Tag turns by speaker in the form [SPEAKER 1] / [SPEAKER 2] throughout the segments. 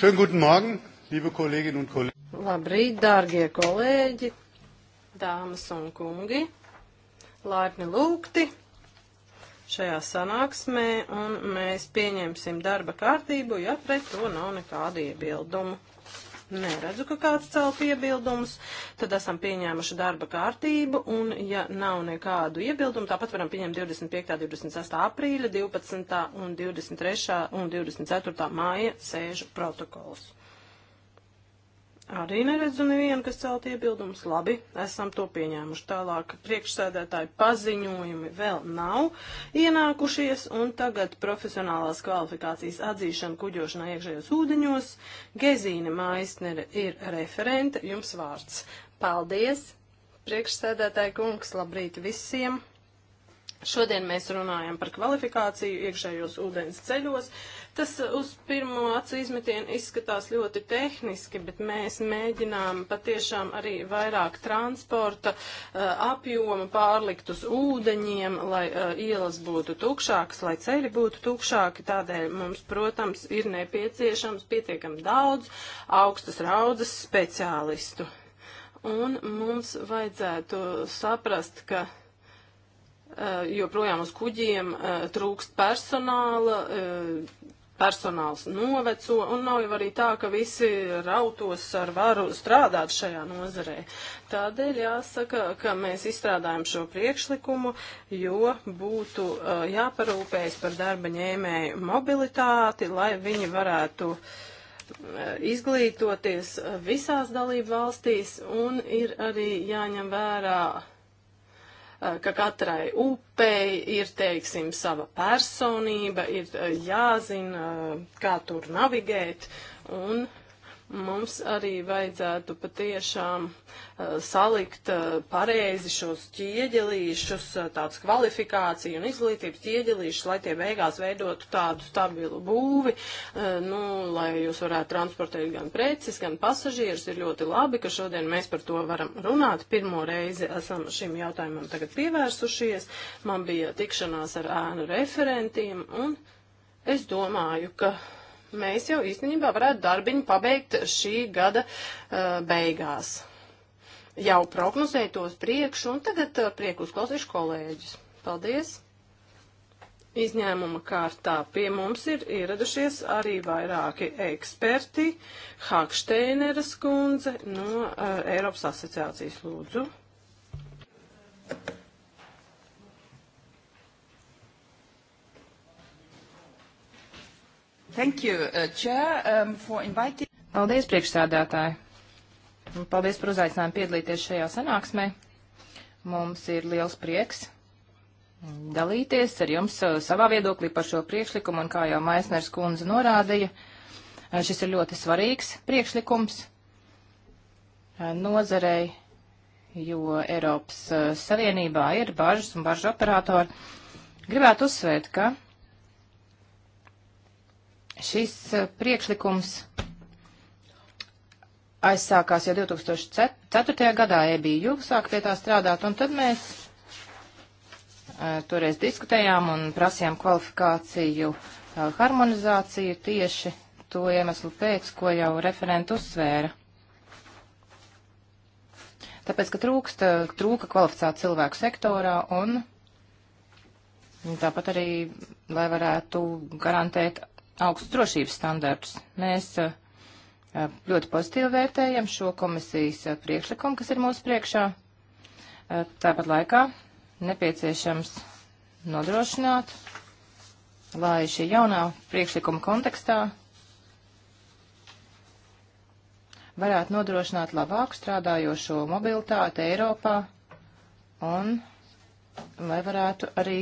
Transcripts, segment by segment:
[SPEAKER 1] Schönen guten Morgen, liebe Kolleginnen un kolēģi. Labrīt, dārgie kolēģi, dāmas un kungi, laipni lūgti šajā sanāksmē, un mēs pieņemsim darba kārtību, ja pret to nav nekāda iebildumu. Neredzu, ka kāds cel piebildumus, tad esam pieņēmuši darba kārtību, un ja nav nekādu iebildumu, tāpat varam pieņemt 25., 26. aprīļa, 12. un 23. un 24. māja sēžu protokols. Arī neredzu nevienu, kas celt iebildumus. Labi, esam to pieņēmuši. Tālāk priekšsēdētāji paziņojumi vēl nav ienākušies, un tagad profesionālās kvalifikācijas atzīšana kuģošanā iekšējos ūdeņos. Gezīne Maisnere ir referente, jums vārds. Paldies, priekšsēdētāji kungs, labrīt visiem! Šodien mēs runājam par kvalifikāciju iekšējos ūdens ceļos. Tas uh, uz pirmo acu izmetienu izskatās ļoti tehniski, bet mēs mēģinām patiešām arī vairāk transporta uh, apjomu pārlikt uz ūdeņiem, lai uh, ielas būtu tukšākas, lai ceļi būtu tukšāki. Tādēļ mums, protams, ir nepieciešams pietiekam daudz augstas raudzes speciālistu. Un mums vajadzētu saprast, ka Eh, joprojām uz kuģiem eh, trūkst personāla, eh, personāls noveco, un nav jau arī tā, ka visi rautos ar varu strādāt šajā nozarē. Tādēļ jāsaka, ka mēs izstrādājam šo priekšlikumu, jo būtu uh, jāparūpējas par darba ņēmēju mobilitāti, lai viņi varētu uh, izglītoties visās dalību valstīs, un ir arī jāņem vērā uh, Eh, ka katrai upei ir, teiksim, sava personība, ir eh, jāzina, eh, kā tur navigēt, un Mums arī vajadzētu patiešām uh, salikt uh, pareizi šos ķieģelīšus, uh, tāds kvalifikāciju un izglītības ķieģelīšus, lai tie beigās veidotu tādu stabilu būvi, nu, lai jūs varētu transportēt gan preces, gan pasažierus. Ir ļoti labi, ka šodien mēs par to varam runāt. Pirmo reizi esam šim jautājumam tagad pievērsušies. Man bija tikšanās ar ēnu referentiem un es domāju, ka mēs jau īstenībā varētu darbiņu pabeigt šī gada uh, beigās. Jau prognozēju tos priekšu, un tagad uh, prieku uzklausīšu kolēģis. Paldies! Izņēmuma kārtā pie mums ir ieradušies arī vairāki eksperti. Hakšteineras kundze no uh, Eiropas asociācijas lūdzu. Thank you.
[SPEAKER 2] Thank you, uh, Chair, um, for inviting. Paldies, priekšsādātāji. Un paldies par uzaicinājumu piedalīties šajā sanāksmē. Mums ir liels prieks dalīties ar jums uh, savā viedoklī par šo priekšlikumu, un kā jau Maisners kundze norādīja, uh, šis ir ļoti svarīgs priekšlikums uh, nozarei, jo Eiropas Savienībā ir bažas un bažu operatori. Gribētu uzsvērt, ka Šis eh, priekšlikums aizsākās jau 2004. gadā, EBU sāk pie tā strādāt, un tad mēs eh, toreiz diskutējām un prasījām kvalifikāciju eh, harmonizāciju tieši to iemeslu pēc, ko jau referenti uzsvēra. Tāpēc, ka trūksta, trūka kvalificētu cilvēku sektorā un tāpat arī, lai varētu garantēt augstus drošības standartus. Mēs eh, eh, ļoti pozitīvi vērtējam šo komisijas eh, priekšlikumu, kas ir mūsu priekšā. Tāpat laikā nepieciešams nodrošināt, lai šī jaunā priekšlikuma kontekstā varētu nodrošināt labāku strādājošo mobilitāti Eiropā un lai varētu arī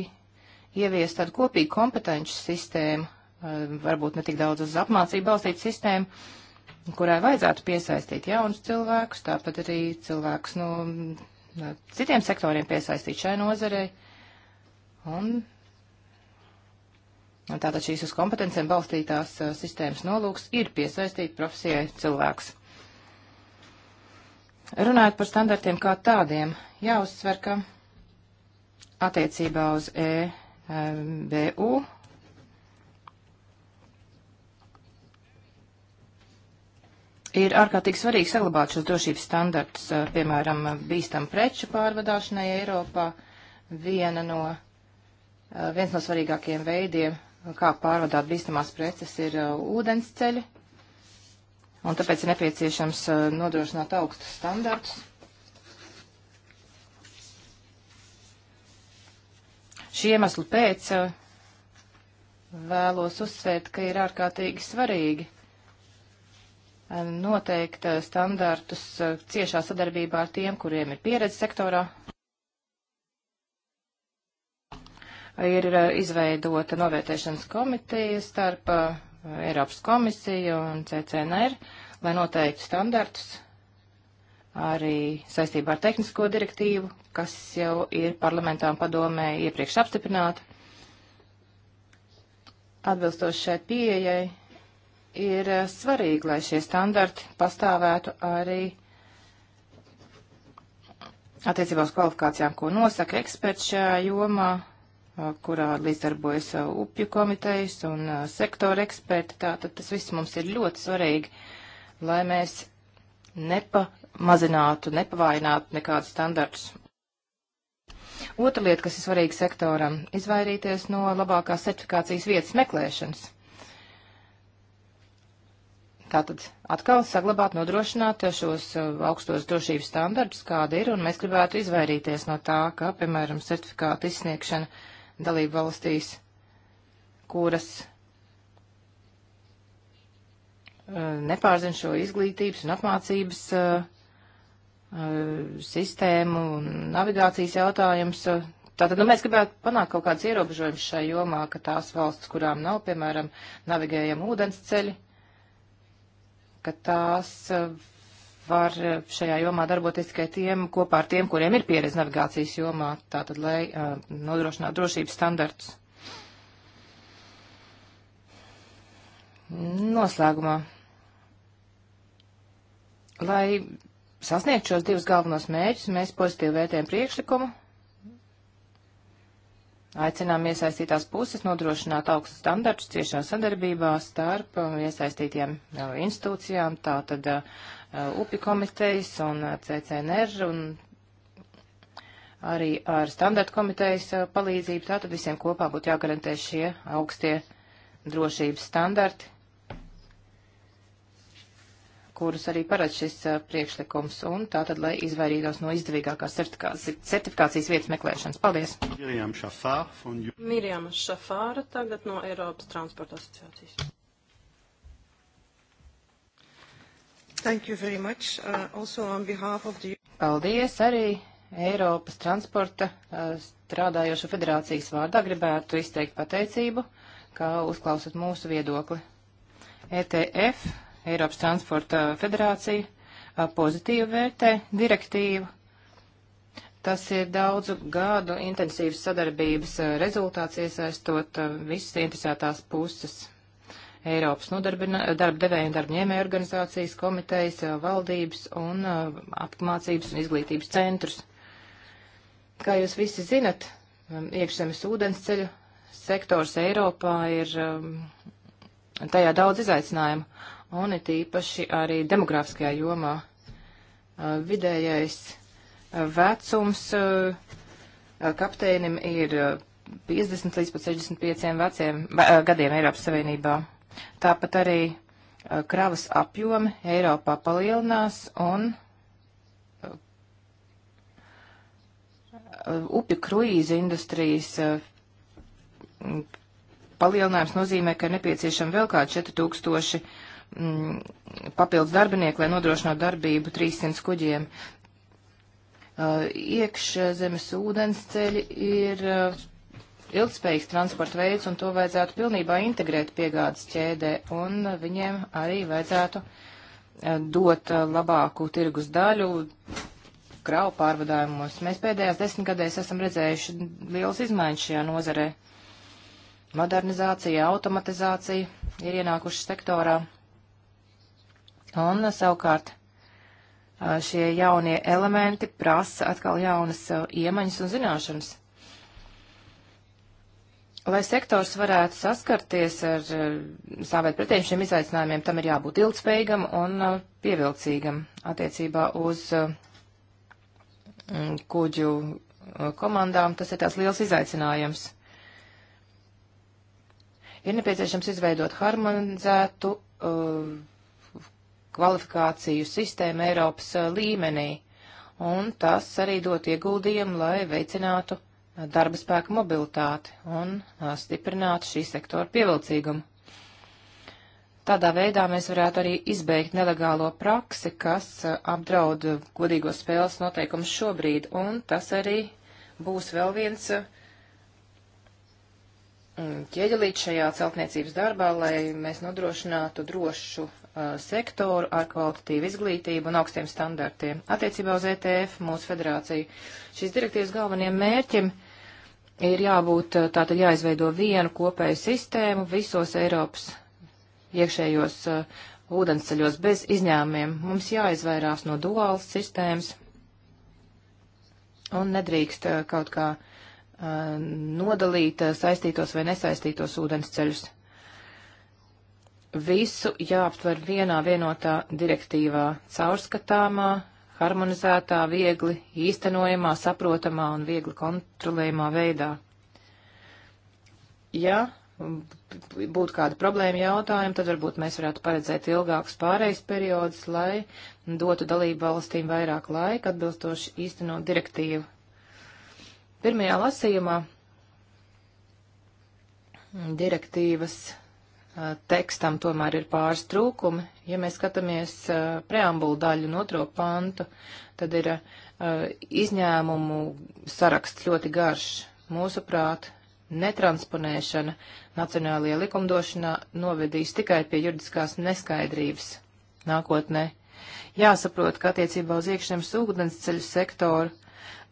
[SPEAKER 2] ieviest tādu kopīgu kompetenci sistēmu Eh, varbūt ne tik daudz uz apmācību balstīt sistēmu, kurai vajadzētu piesaistīt jaunus cilvēkus, tāpat arī cilvēkus no, no citiem sektoriem piesaistīt šai nozarei. Un, un tātad šīs uz kompetencijām balstītās eh, sistēmas nolūks ir piesaistīt profesijai cilvēkus. Runājot par standartiem kā tādiem, jāuzsver, ka attiecībā uz EBU eh, Ir ārkārtīgi svarīgi saglabāt šos drošības standartus, piemēram, bīstam preču pārvadāšanai Eiropā. Viena no, viens no svarīgākajiem veidiem, kā pārvadāt bīstamās preces, ir ūdensceļi. Un tāpēc ir nepieciešams nodrošināt augstus standartus. Šī iemesla pēc vēlos uzsvērt, ka ir ārkārtīgi svarīgi noteikt eh, standartus eh, ciešā sadarbībā ar tiem, kuriem ir pieredze sektorā. Ir eh, izveidota novērtēšanas komiteja starp Eiropas komisiju un CCNR, lai noteiktu standartus arī saistībā ar tehnisko direktīvu, kas jau ir parlamentā un padomē iepriekš apstiprināta. Atbilstoši šai pieejai ir eh, svarīgi, lai šie standarti pastāvētu arī attiecībā uz kvalifikācijām, ko nosaka eksperts šajā jomā, eh, kurā līdzdarbojas eh, upju komitejas un sektora eksperti. Tātad tas viss mums ir ļoti svarīgi, lai mēs nepamazinātu, nepavainātu nekādus standartus. Otra lieta, kas ir svarīga sektoram - izvairīties no labākās certifikācijas vietas meklēšanas. Tātad atkal saglabāt, nodrošināt šos uh, augstos drošības standartus, kāda ir, un mēs gribētu izvairīties no tā, ka, piemēram, certifikāta izsniegšana dalību valstīs, kuras uh, nepārzin šo izglītības un apmācības uh, sistēmu un navigācijas jautājums. Tātad nu, mēs gribētu panākt kaut kādas ierobežojumus šai jomā, ka tās valsts, kurām nav, piemēram, navigējama ūdens ceļi, ka tās eh, var šajā jomā darboties tikai tiem kopā ar tiem, kuriem ir pieredze navigācijas jomā, tātad, lai eh, nodrošinātu drošības standartus. Noslēgumā. Lai sasniegtu šos divus galvenos mērķus, mēs pozitīvi vērtējam priekšlikumu Aicinām iesaistītās puses nodrošināt augstu standartu ciešā sadarbībā starp uh, iesaistītiem uh, institūcijām, tātad uh, UPI komitejas un CCNR un arī ar standartu komitejas palīdzību. Tātad visiem kopā būtu jāgarantē šie augstie drošības standarti kurus arī paredz šis priekšlikums, un tātad, lai izvairītos no izdevīgākās certifikācijas vietas meklēšanas. Paldies!
[SPEAKER 1] Mirjām Šafāra, un... Mirjām Šafāra tagad no Eiropas transporta asociācijas. Thank you very much. Uh, also on behalf of the...
[SPEAKER 2] Paldies arī Eiropas transporta uh, strādājošo federācijas vārdā gribētu izteikt pateicību, ka uzklausat mūsu viedokli. ETF Eiropas transporta federācija pozitīvi vērtē direktīvu. Tas ir daudzu gadu intensīvas sadarbības rezultāts, iesaistot visas interesētās puses. Eiropas darba devēja un darba ņēmēja organizācijas, komitejas, valdības un apmācības un izglītības centrus. Kā jūs visi zinat, iekšzemes ūdensceļu sektors Eiropā ir tajā daudz izaicinājumu, un it īpaši arī demografiskajā jomā. Uh, vidējais uh, vecums uh, kapteinim ir 50 līdz pat 65 veciem, gadiem Eiropas Savienībā. Tāpat arī kravas apjomi Eiropā palielinās un upju kruīza industrijas palielinājums nozīmē, ka ir nepieciešama vēl kādi 4000 mm, papildus darbinieku, lai nodrošinātu darbību 300 kuģiem. Uh, iekšzemes uh, ūdens ceļi ir uh, ilgspējīgs transporta veids, un to vajadzētu pilnībā integrēt piegādes ķēdē, un viņiem arī vajadzētu uh, dot uh, labāku tirgus daļu kravu pārvadājumos. Mēs pēdējās desmitgadēs esam redzējuši liels izmaiņas šajā nozarē. Modernizācija, automatizācija ir ienākuši sektorā. Un savukārt šie jaunie elementi prasa atkal jaunas iemaņas un zināšanas. Lai sektors varētu saskarties ar stāvēt pretiem šiem izaicinājumiem, tam ir jābūt ilgspējīgam un pievilcīgam attiecībā uz kuģu komandām. Tas ir tās liels izaicinājums. Ir nepieciešams izveidot harmonizētu uh, kvalifikāciju sistēmu Eiropas līmenī, un tas arī dot ieguldījumu, lai veicinātu darba spēka mobilitāti un stiprinātu šī sektora pievilcīgumu. Tādā veidā mēs varētu arī izbeigt nelegālo praksi, kas apdraud godīgos spēles noteikumus šobrīd, un tas arī būs vēl viens ķieģelīt šajā celtniecības darbā, lai mēs nodrošinātu drošu Uh, sektoru ar kvalitatīvu izglītību un augstiem standartiem. Attiecībā uz ETF mūsu federāciju šīs direktīvas galvenajiem mērķim ir jābūt, uh, tātad jāizveido vienu kopēju sistēmu visos Eiropas iekšējos uh, ūdensceļos bez izņēmumiem. Mums jāizvairās no duālas sistēmas un nedrīkst uh, kaut kā uh, nodalīt uh, saistītos vai nesaistītos ūdensceļus visu jāaptver vienā vienotā direktīvā - caurskatāmā, harmonizētā, viegli īstenojamā, saprotamā un viegli kontrolējumā veidā. Ja būtu kāda problēma jautājuma, tad varbūt mēs varētu paredzēt ilgākus pārejas periodus, lai dotu dalību valstīm vairāk laika atbilstoši īstenot direktīvu. Pirmajā lasījumā direktīvas Eh, tekstam tomēr ir pāris trūkumi. Ja mēs skatāmies eh, preambulu daļu un otro pantu, tad ir eh, izņēmumu saraksts ļoti garš. Mūsuprāt, netransponēšana nacionālajā likumdošanā novedīs tikai pie juridiskās neskaidrības nākotnē. Jāsaprot, ka attiecībā uz iekšzemes ūdensceļu sektoru,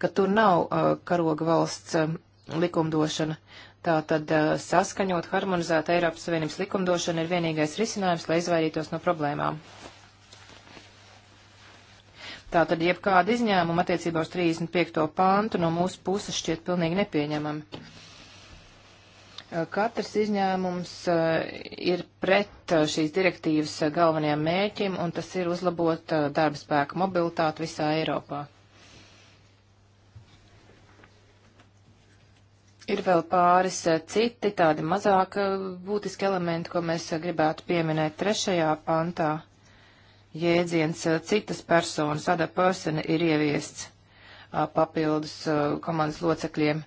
[SPEAKER 2] ka tur nav uh, karoga valsts uh, likumdošana, Tātad eh, saskaņot, harmonizēt Eiropas Savienības likumdošanu ir vienīgais risinājums, lai izvairītos no problēmām. Tātad jebkāda izņēmuma attiecībā uz 35. pāntu no mūsu puses šķiet pilnīgi nepieņemama. Eh, katrs izņēmums eh, ir pret šīs direktīvas galvenajiem mēķim, un tas ir uzlabot darba spēka mobilitāti visā Eiropā. Ir vēl pāris eh, citi tādi mazāk eh, būtiski elementi, ko mēs eh, gribētu pieminēt trešajā pantā. Jēdziens citas personas, ada persona, ir ieviests papildus komandas locekļiem,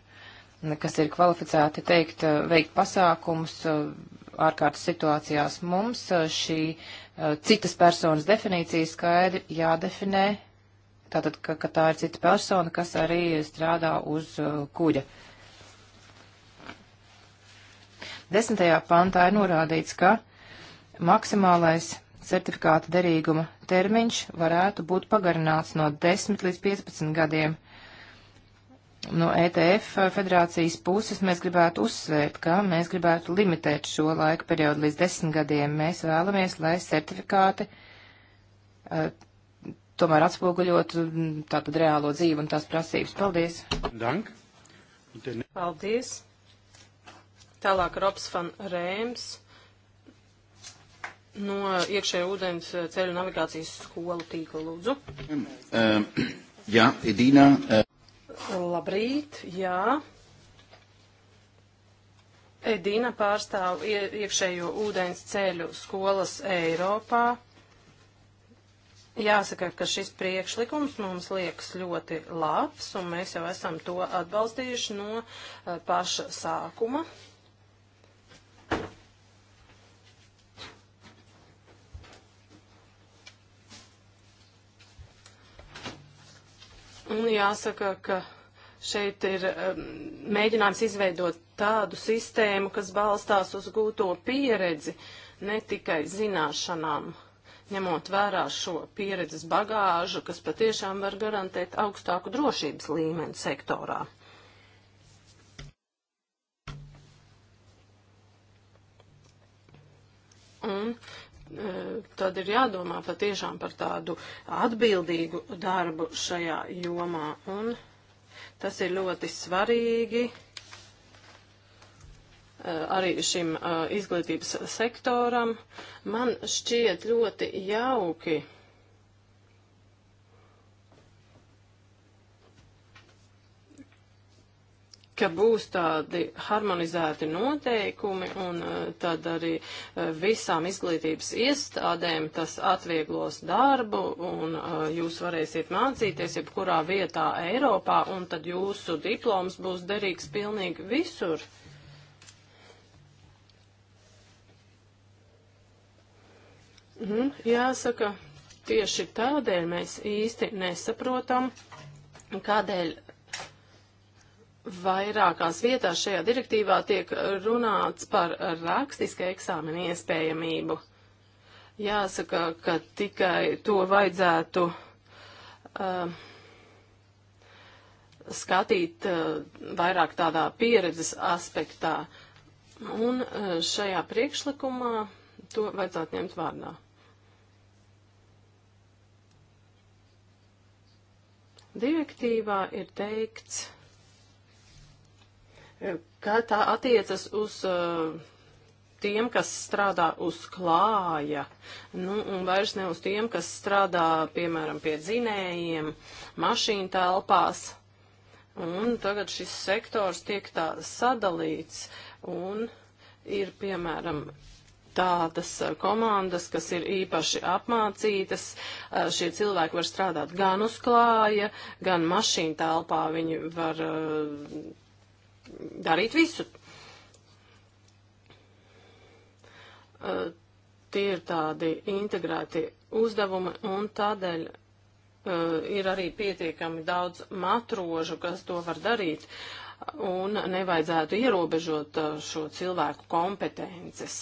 [SPEAKER 2] kas ir kvalificēti teikt, veikt pasākumus ārkārtas situācijās. Mums šī citas personas definīcija skaidri jādefinē, tātad, ka, ka tā ir cita persona, kas arī strādā uz kuģa. Uh, Desmitajā pantā ir norādīts, ka maksimālais certifikāta derīguma termiņš varētu būt pagarināts no 10 līdz 15 gadiem. No ETF federācijas puses mēs gribētu uzsvērt, ka mēs gribētu limitēt šo laika periodu līdz 10 gadiem. Mēs vēlamies, lai certifikāti uh, tomēr atspoguļotu tātad reālo dzīvi un tās prasības. Paldies! Dank. Paldies!
[SPEAKER 1] Tālāk Robs van Rēms no iekšējā ūdens eh, ceļu navigācijas skolu tīkla lūdzu.
[SPEAKER 3] Um, jā, Edīnā. Uh.
[SPEAKER 1] Eh, Labrīt, jā. Edīna pārstāv iekšējo ūdens ceļu skolas Eiropā. Jāsaka, ka šis priekšlikums mums liekas ļoti labs, un mēs jau esam to atbalstījuši no paša sākuma. Uh, Un jāsaka, ka šeit ir um, mēģinājums izveidot tādu sistēmu, kas balstās uz gūto pieredzi, ne tikai zināšanām, ņemot vērā šo pieredzes bagāžu, kas patiešām var garantēt augstāku drošības līmeni sektorā. Un Eh, tad ir jādomā patiešām par tādu atbildīgu darbu šajā jomā. Un tas ir ļoti svarīgi eh, arī šim eh, izglītības sektoram. Man šķiet ļoti jauki ka būs tādi harmonizēti noteikumi un eh, tad arī eh, visām izglītības iestādēm tas atvieglos darbu un eh, jūs varēsiet mācīties jebkurā vietā Eiropā un tad jūsu diploms būs derīgs pilnīgi visur. Mm, jāsaka, tieši tādēļ mēs īsti nesaprotam, kādēļ vairākās vietās šajā direktīvā tiek runāts par rakstiska eksāmena iespējamību. Jāsaka, ka tikai to vajadzētu uh, skatīt uh, vairāk tādā pieredzes aspektā. Un uh, šajā priekšlikumā to vajadzētu ņemt vārdā. Direktīvā ir teikts, kā tā attiecas uz uh, tiem, kas strādā uz klāja, nu, un vairs ne uz tiem, kas strādā, piemēram, pie dzinējiem, mašīnu telpās. Un tagad šis sektors tiek tā sadalīts, un ir, piemēram, tādas eh, komandas, kas ir īpaši apmācītas. Eh, šie cilvēki var strādāt gan uz klāja, gan mašīnu telpā. Viņi var uh, darīt visu. Uh, tie ir tādi integrēti uzdevumi un tādēļ uh, ir arī pietiekami daudz matrožu, kas to var darīt un nevajadzētu ierobežot uh, šo cilvēku kompetences.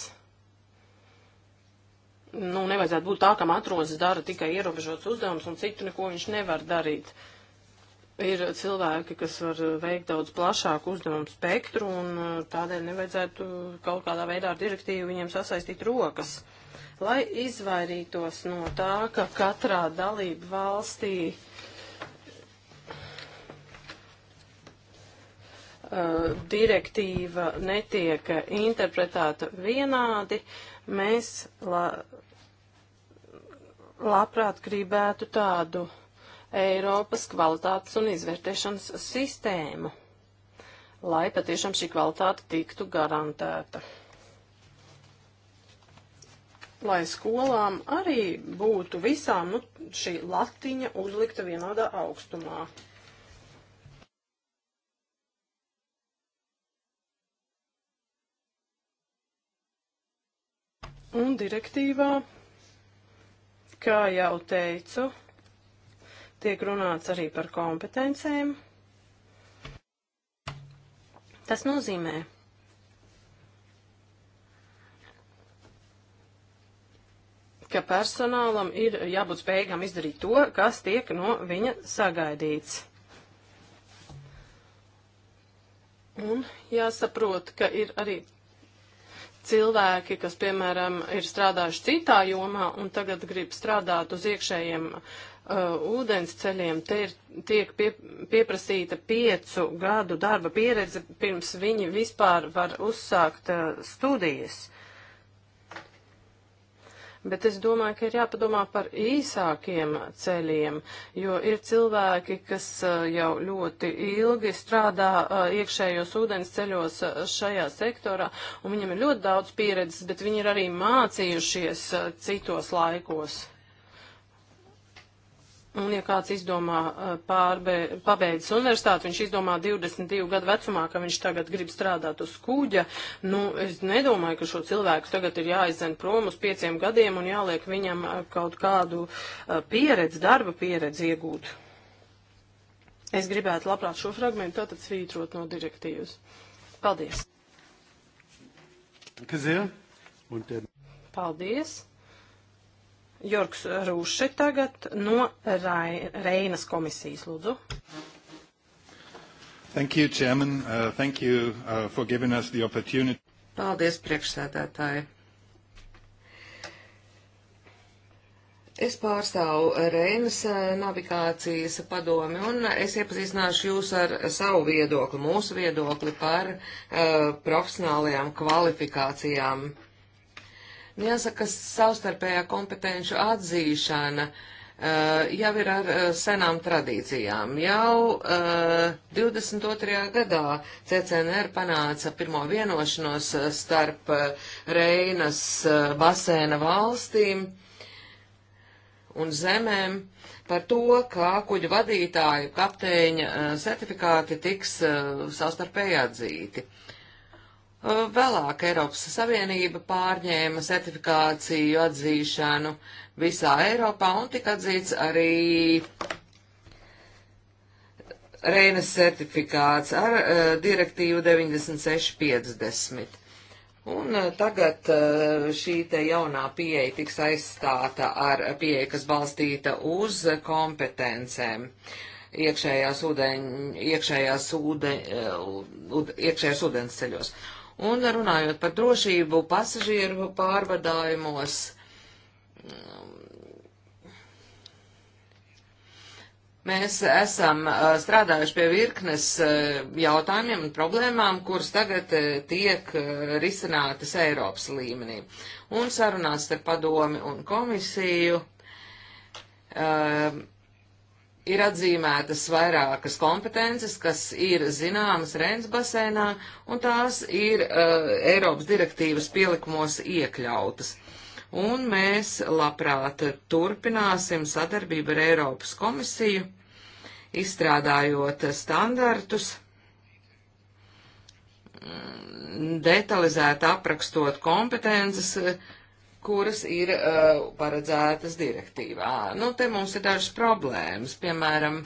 [SPEAKER 1] Nu, nevajadzētu būt tā, ka matrozes dara tikai ierobežots uzdevums un citu neko viņš nevar darīt. Uh, ir cilvēki, kas var veikt daudz plašāku uzdevumu spektru, un uh, tādēļ nevajadzētu kaut kādā veidā ar direktīvu viņiem sasaistīt rokas. Lai izvairītos no tā, ka katrā dalība valstī uh, direktīva netiek interpretēta vienādi, mēs la, labprāt gribētu tādu uh, Eiropas kvalitātes un izvērtēšanas sistēmu, lai patiešām šī kvalitāte tiktu garantēta. Lai skolām arī būtu visām nu, šī latiņa uzlikta vienādā augstumā. Un direktīvā, kā jau teicu, tiek runāts arī par kompetencēm. Tas nozīmē, ka personālam ir jābūt spējīgam izdarīt to, kas tiek no viņa sagaidīts. Un jāsaprot, ka ir arī cilvēki, kas, piemēram, ir strādājuši citā jomā un tagad grib strādāt uz iekšējiem uh, ūdens ceļiem te ir, tiek pie, pieprasīta piecu gadu darba pieredze, pirms viņi vispār var uzsākt uh, studijas. Bet es domāju, ka ir jāpadomā par īsākiem ceļiem, jo ir cilvēki, kas uh, jau ļoti ilgi strādā uh, iekšējos ūdens ceļos uh, šajā sektorā, un viņam ir ļoti daudz pieredzes, bet viņi ir arī mācījušies citos laikos. Un, ja kāds izdomā eh, pārbe, pabeidz universitāti, viņš izdomā 22 gadu vecumā, ka viņš tagad grib strādāt uz kuģa, nu, es nedomāju, ka šo cilvēku tagad ir jāizzen prom uz pieciem gadiem un jāliek viņam eh, kaut kādu eh, pieredzi, darba pieredzi iegūt. Es gribētu labprāt šo fragmentu tātad svītrot no direktīvas. Paldies! Paldies! Jorgs Rūši tagad no Reinas komisijas lūdzu.
[SPEAKER 2] Thank you, Chairman. Uh, thank you uh, for giving us the opportunity.
[SPEAKER 3] Paldies, priekšsēdētāji. Es pārstāvu Reinas uh, navigācijas padomi un es iepazīstināšu jūs ar savu viedokli, mūsu viedokli par uh, profesionālajām kvalifikācijām uh, Jāsaka, savstarpējā kompetenču atzīšana uh, jau ir ar uh, senām tradīcijām. Jau uh, eh, 22. gadā CCNR panāca pirmo vienošanos starp uh, Reinas uh, basēna valstīm un zemēm par to, kā kuģu vadītāju kapteiņa certifikāti tiks uh, savstarpēji atzīti. Uh, vēlāk Eiropas Savienība pārņēma certifikāciju atzīšanu visā Eiropā un tika atzīts arī Reinas certifikāts ar uh, direktīvu 9650. Un uh, tagad uh, šī te jaunā pieeja tiks aizstāta ar pieeju, kas balstīta uz kompetencēm. Uh, iekšējās, ūdeņ, iekšējās, ūde, uh, iekšējās ūdens ceļos. Un runājot par drošību pasažieru pārvadājumos, mēs esam uh, strādājuši pie virknes uh, jautājumiem un problēmām, kuras tagad uh, tiek risinātas Eiropas līmenī. Un sarunās ar padomi un komisiju. Uh, ir atzīmētas vairākas kompetences, kas ir zināmas Rēns basēnā, un tās ir uh, Eiropas direktīvas pielikumos iekļautas. Un mēs labprāt turpināsim sadarbību ar Eiropas komisiju, izstrādājot standartus, mm, detalizēti aprakstot kompetences, uh, kuras ir uh, paredzētas direktīvā. Nu, te mums ir dažas problēmas, piemēram,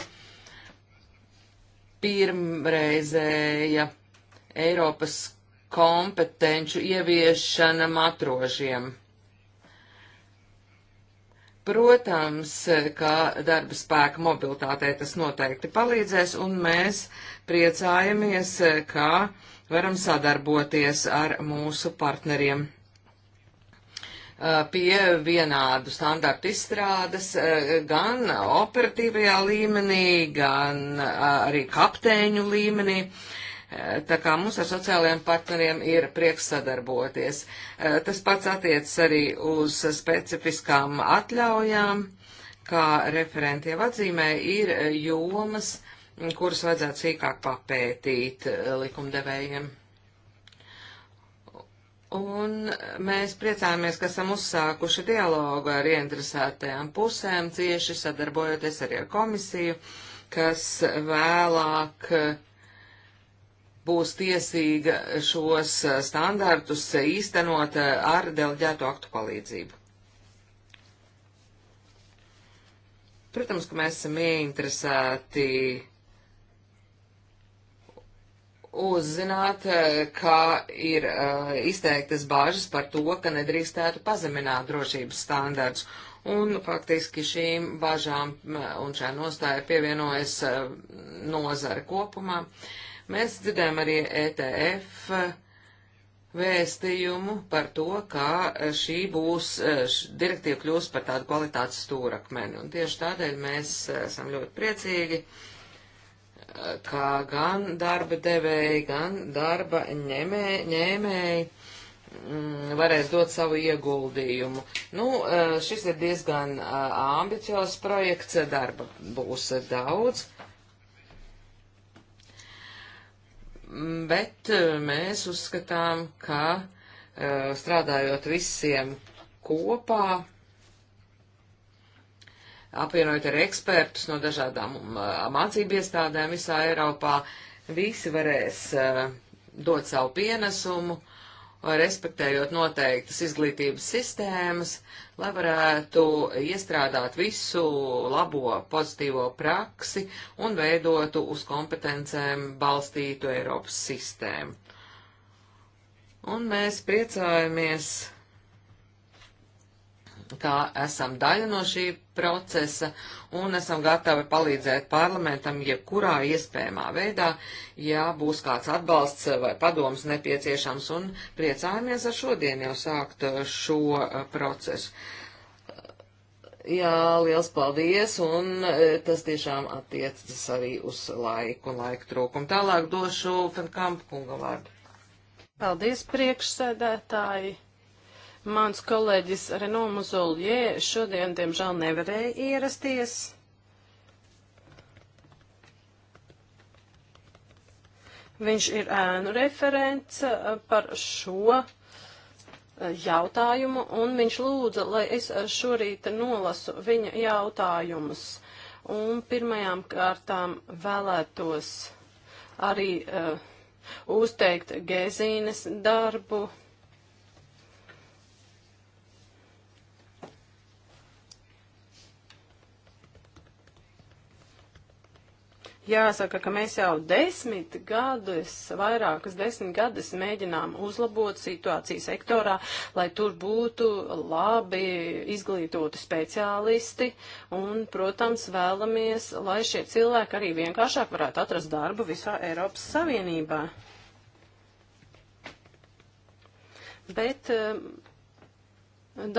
[SPEAKER 3] pirmreizēja Eiropas kompetenču ieviešana matrožiem. Protams, ka darba spēka mobilitātei tas noteikti palīdzēs, un mēs priecājamies, ka varam sadarboties ar mūsu partneriem. Eh, pie vienādu standartu izstrādes eh, gan operatīvajā līmenī, gan eh, arī kapteiņu līmenī. Tā kā mums ar sociālajiem partneriem ir prieks sadarboties. Tas pats attiecas arī uz specifiskām atļaujām, kā referentie atzīmē, ir jomas, kuras vajadzētu sīkāk papētīt likumdevējiem. Un mēs priecājamies, ka esam uzsākuši dialogu ar ieinteresētajām pusēm, cieši sadarbojoties arī ar komisiju, kas vēlāk eh, būs tiesīga šos eh, standartus īstenot eh, ar deleģēto aktu palīdzību. Protams, ka mēs esam ieinteresēti uzzināt, eh, kā ir uh, izteiktas bāžas par to, ka nedrīkstētu pazemināt drošības standārts. Un faktiski šīm bažām eh, un šai nostāja pievienojas uh, nozare kopumā. Mēs dzirdējām arī ETF vēstījumu par to, ka šī būs, š, direktīva kļūs par tādu kvalitātes stūrakmeni. Un tieši tādēļ mēs esam ļoti priecīgi. Uh, kā gan darba devēji, gan darba ņemē, ņēmēji mm, varēs dot savu ieguldījumu. Nu, e, šis ir diezgan e, ambiciozs projekts, e, darba būs daudz, bet mēs uzskatām, ka strādājot visiem kopā, apvienojot ar ekspertus no dažādām uh, mācību iestādēm visā Eiropā, visi varēs uh, dot savu pienesumu, respektējot noteiktas izglītības sistēmas, lai varētu iestrādāt visu labo pozitīvo praksi un veidotu uz kompetencēm balstītu Eiropas sistēmu. Un mēs priecājamies, kā esam daļa no šī procesa un esam gatavi palīdzēt parlamentam jebkurā iespējamā veidā, ja būs kāds atbalsts vai padoms nepieciešams un priecājamies ar šodien jau sākt šo uh, procesu. Jā, liels paldies, un uh, tas tiešām attiecas arī uz laiku un laika trūkumu. Tālāk došu Fenkampu kunga vārdu.
[SPEAKER 1] Paldies, priekšsēdētāji! Mans kolēģis Reno Muzoljē šodien, diemžēl, nevarēja ierasties. Viņš ir ēnu referents eh, par šo eh, jautājumu, un viņš lūdza, lai es eh, šorīt nolasu viņa jautājumus. Un pirmajām kārtām vēlētos arī uh, uzteikt Gēzīnes darbu Jāsaka, ka mēs jau desmit gadus, vairākas desmit gadus mēģinām uzlabot situāciju sektorā, lai tur būtu labi izglītoti speciālisti un, protams, vēlamies, lai šie cilvēki arī vienkāršāk varētu atrast darbu visā Eiropas Savienībā. Bet eh,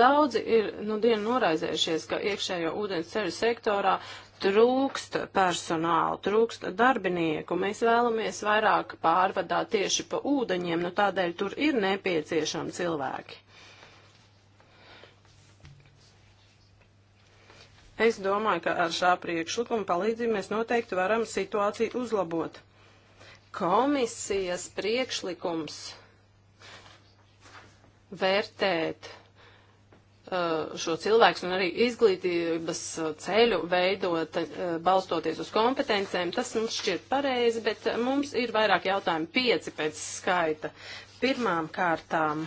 [SPEAKER 1] Daudzi ir nu dienu noraizējušies, ka iekšējo ūdens ceļu sektorā trūkst personāla, trūkst darbinieku. Mēs vēlamies vairāk pārvadāt tieši pa ūdeņiem, nu tādēļ tur ir nepieciešami cilvēki. Es domāju, ka ar šā priekšlikuma palīdzību mēs noteikti varam situāciju uzlabot. Komisijas priekšlikums vērtēt Uh, šo cilvēku un arī izglītības uh, ceļu veidot uh, balstoties uz kompetencēm. Tas mums šķiet pareizi, bet mums ir vairāk jautājumu pieci pēc skaita. Pirmām kārtām,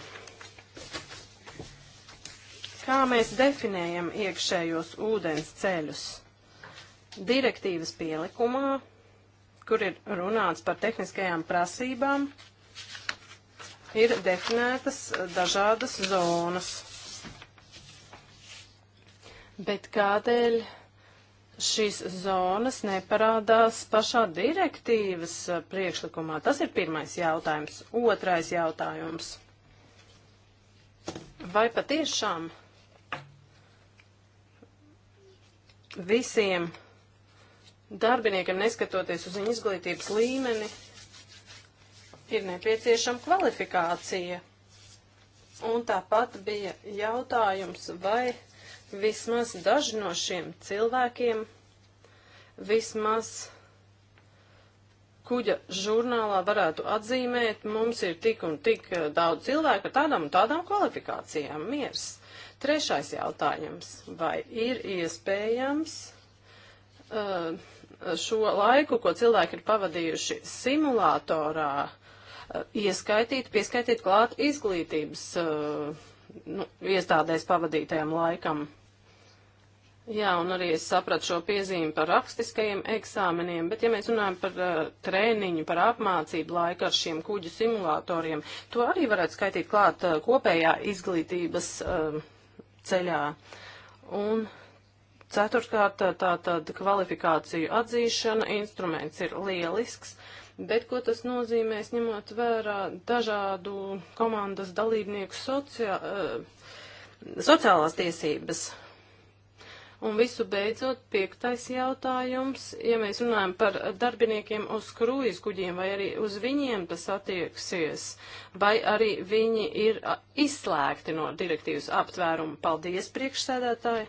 [SPEAKER 1] kā mēs definējam iekšējos ūdens ceļus? Direktīvas pielikumā, kur ir runāts par tehniskajām prasībām, ir definētas dažādas zonas bet kādēļ šīs zonas neparādās pašā direktīvas eh, priekšlikumā? Tas ir pirmais jautājums. Otrais jautājums. Vai patiešām visiem darbiniekam, neskatoties uz viņu izglītības līmeni, ir nepieciešama kvalifikācija? Un tāpat bija jautājums, vai vismaz daži no šiem cilvēkiem, vismaz kuģa žurnālā varētu atzīmēt, mums ir tik un tik eh, daudz cilvēku ar tādām un tādām kvalifikācijām. Miers. Trešais jautājums. Vai ir iespējams uh, šo laiku, ko cilvēki ir pavadījuši simulatorā, uh, ieskaitīt, pieskaitīt klāt izglītības uh, nu, iestādēs pavadītajam laikam. Jā, un arī es sapratu šo piezīmi par rakstiskajiem eksāmeniem, bet ja mēs runājam par uh, trēniņu, par apmācību laiku ar šiem kuģu simulatoriem, to arī varētu skaitīt klāt uh, kopējā izglītības uh, ceļā. Un ceturtkārt, uh, tā tad kvalifikāciju atzīšana, instruments ir lielisks, bet ko tas nozīmēs ņemot vērā dažādu komandas dalībnieku sociā, eh, sociālās tiesības? Un visu beidzot, piektais jautājums, ja mēs runājam par darbiniekiem uz kruīz kuģiem, vai arī uz viņiem tas attieksies, vai arī viņi ir izslēgti no direktīvas aptvērumu. Paldies, priekšsēdētāji!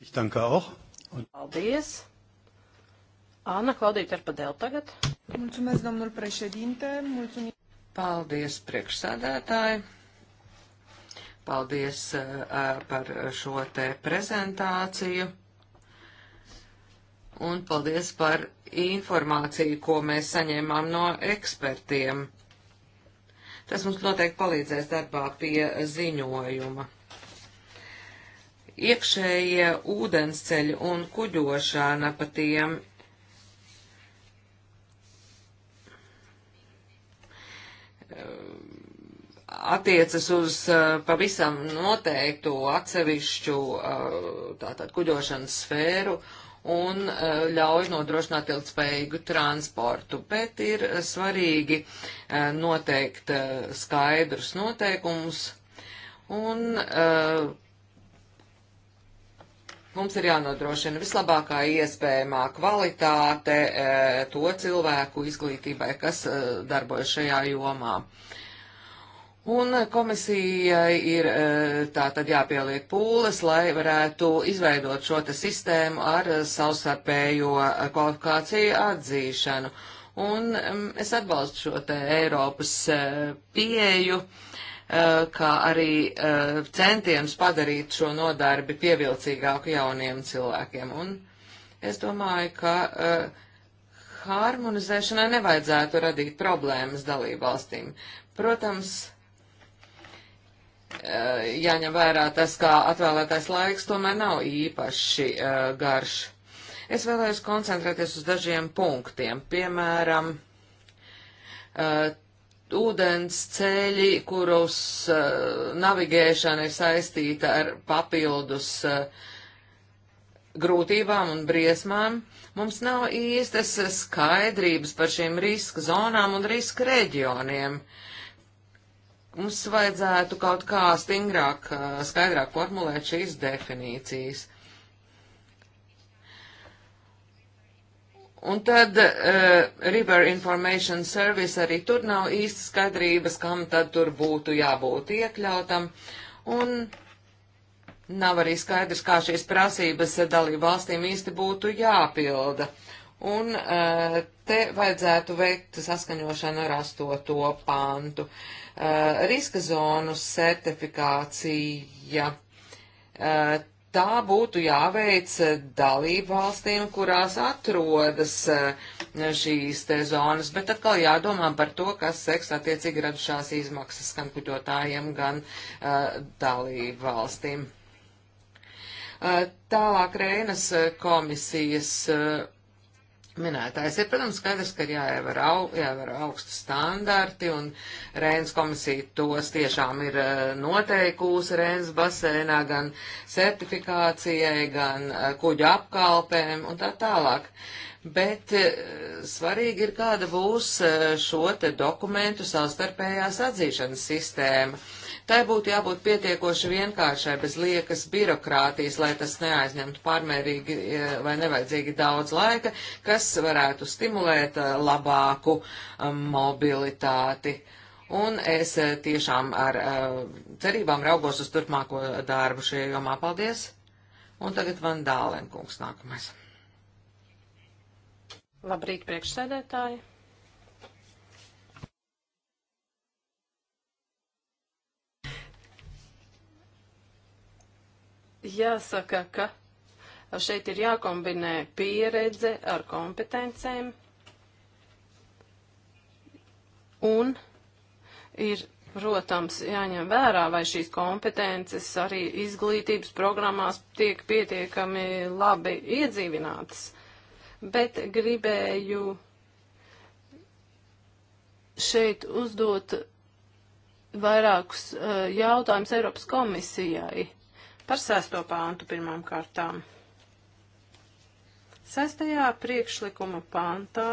[SPEAKER 3] Ich danke auch.
[SPEAKER 1] Un... Paldies! Anna Klaudīte ar padēlu tagad. Mulțumesc, domnul președinte. Mulțumim. Paldies,
[SPEAKER 3] priekšsādātāji. Paldies uh, par šo te prezentāciju. Un paldies par informāciju, ko mēs saņēmām no ekspertiem. Tas mums noteikti palīdzēs darbā pie ziņojuma. Iekšējie ūdensceļi un kuģošana pa tiem attiecas uz pavisam noteiktu atsevišķu tātad kuģošanas sfēru un ļauj nodrošināt ilgspējīgu transportu, bet ir svarīgi noteikt skaidrus noteikumus un uh, Mums ir jānodrošina vislabākā iespējamā kvalitāte e, to cilvēku izglītībai, kas e, darbojas šajā jomā. Un komisijai ir e, tā tad jāpieliek pūles, lai varētu izveidot šo te sistēmu ar savstarpējo kvalifikāciju atzīšanu. Un mm, es atbalstu šo te Eiropas pieju. Uh, Eh, kā arī eh, centienus padarīt šo nodarbi pievilcīgāku jauniem cilvēkiem. Un es domāju, ka eh, harmonizēšanai nevajadzētu radīt problēmas dalībvalstīm. Protams, jāņem vērā tas, kā atvēlētais laiks tomēr nav īpaši garš. Es vēlējos koncentrēties uz dažiem punktiem, piemēram, ūdens ceļi, kurus uh, navigēšana ir saistīta ar papildus uh, grūtībām un briesmām. Mums nav īstas skaidrības par šīm riska zonām un riska reģioniem. Mums vajadzētu kaut kā stingrāk, uh, skaidrāk formulēt šīs definīcijas. Un tad uh, River Information Service arī tur nav īsti skaidrības, kam tad tur būtu jābūt iekļautam. Un nav arī skaidrs, kā šīs prasības dalību valstīm īsti būtu jāpilda. Un uh, te vajadzētu veikt saskaņošanu ar astoto pantu. Uh, riska zonu certifikācija. Uh, tā būtu jāveic dalību valstīm, kurās atrodas eh, šīs te zonas, bet atkal jādomā par to, kas seks attiecīgi radušās izmaksas gan kuģotājiem, gan uh, dalību valstīm. Uh, tālāk Reinas komisijas uh, minētājs. Ir, protams, skaidrs, ka ir jāievēr, au, jāievēr augstu standarti, un Rēnas komisija tos tiešām ir eh, noteikusi Rēnas basēnā gan certifikācijai, gan eh, kuģu apkalpēm un tā tālāk. Bet eh, svarīgi ir, kāda būs šo te dokumentu savstarpējās atzīšanas sistēma. Uh, Tai būtu jābūt pietiekoši vienkāršai, bez liekas birokrātijas, lai tas neaizņemtu pārmērīgi e, vai nevajadzīgi daudz laika, kas varētu stimulēt e, labāku e, mobilitāti. Un es tiešām ar cerībām raugos uz turpmāko darbu šajā jomā. Paldies! Un tagad Van Dālenkungs nākamais.
[SPEAKER 1] Labrīt, priekšsēdētāji! Jāsaka, ka šeit ir jākombinē pieredze ar kompetencēm un ir, protams, jāņem vērā, vai šīs kompetences arī izglītības programmās tiek pietiekami labi iedzīvinātas. Bet gribēju šeit uzdot vairākus uh, jautājumus Eiropas komisijai. Par sesto pāntu pirmām kārtām. Sestajā priekšlikuma pāntā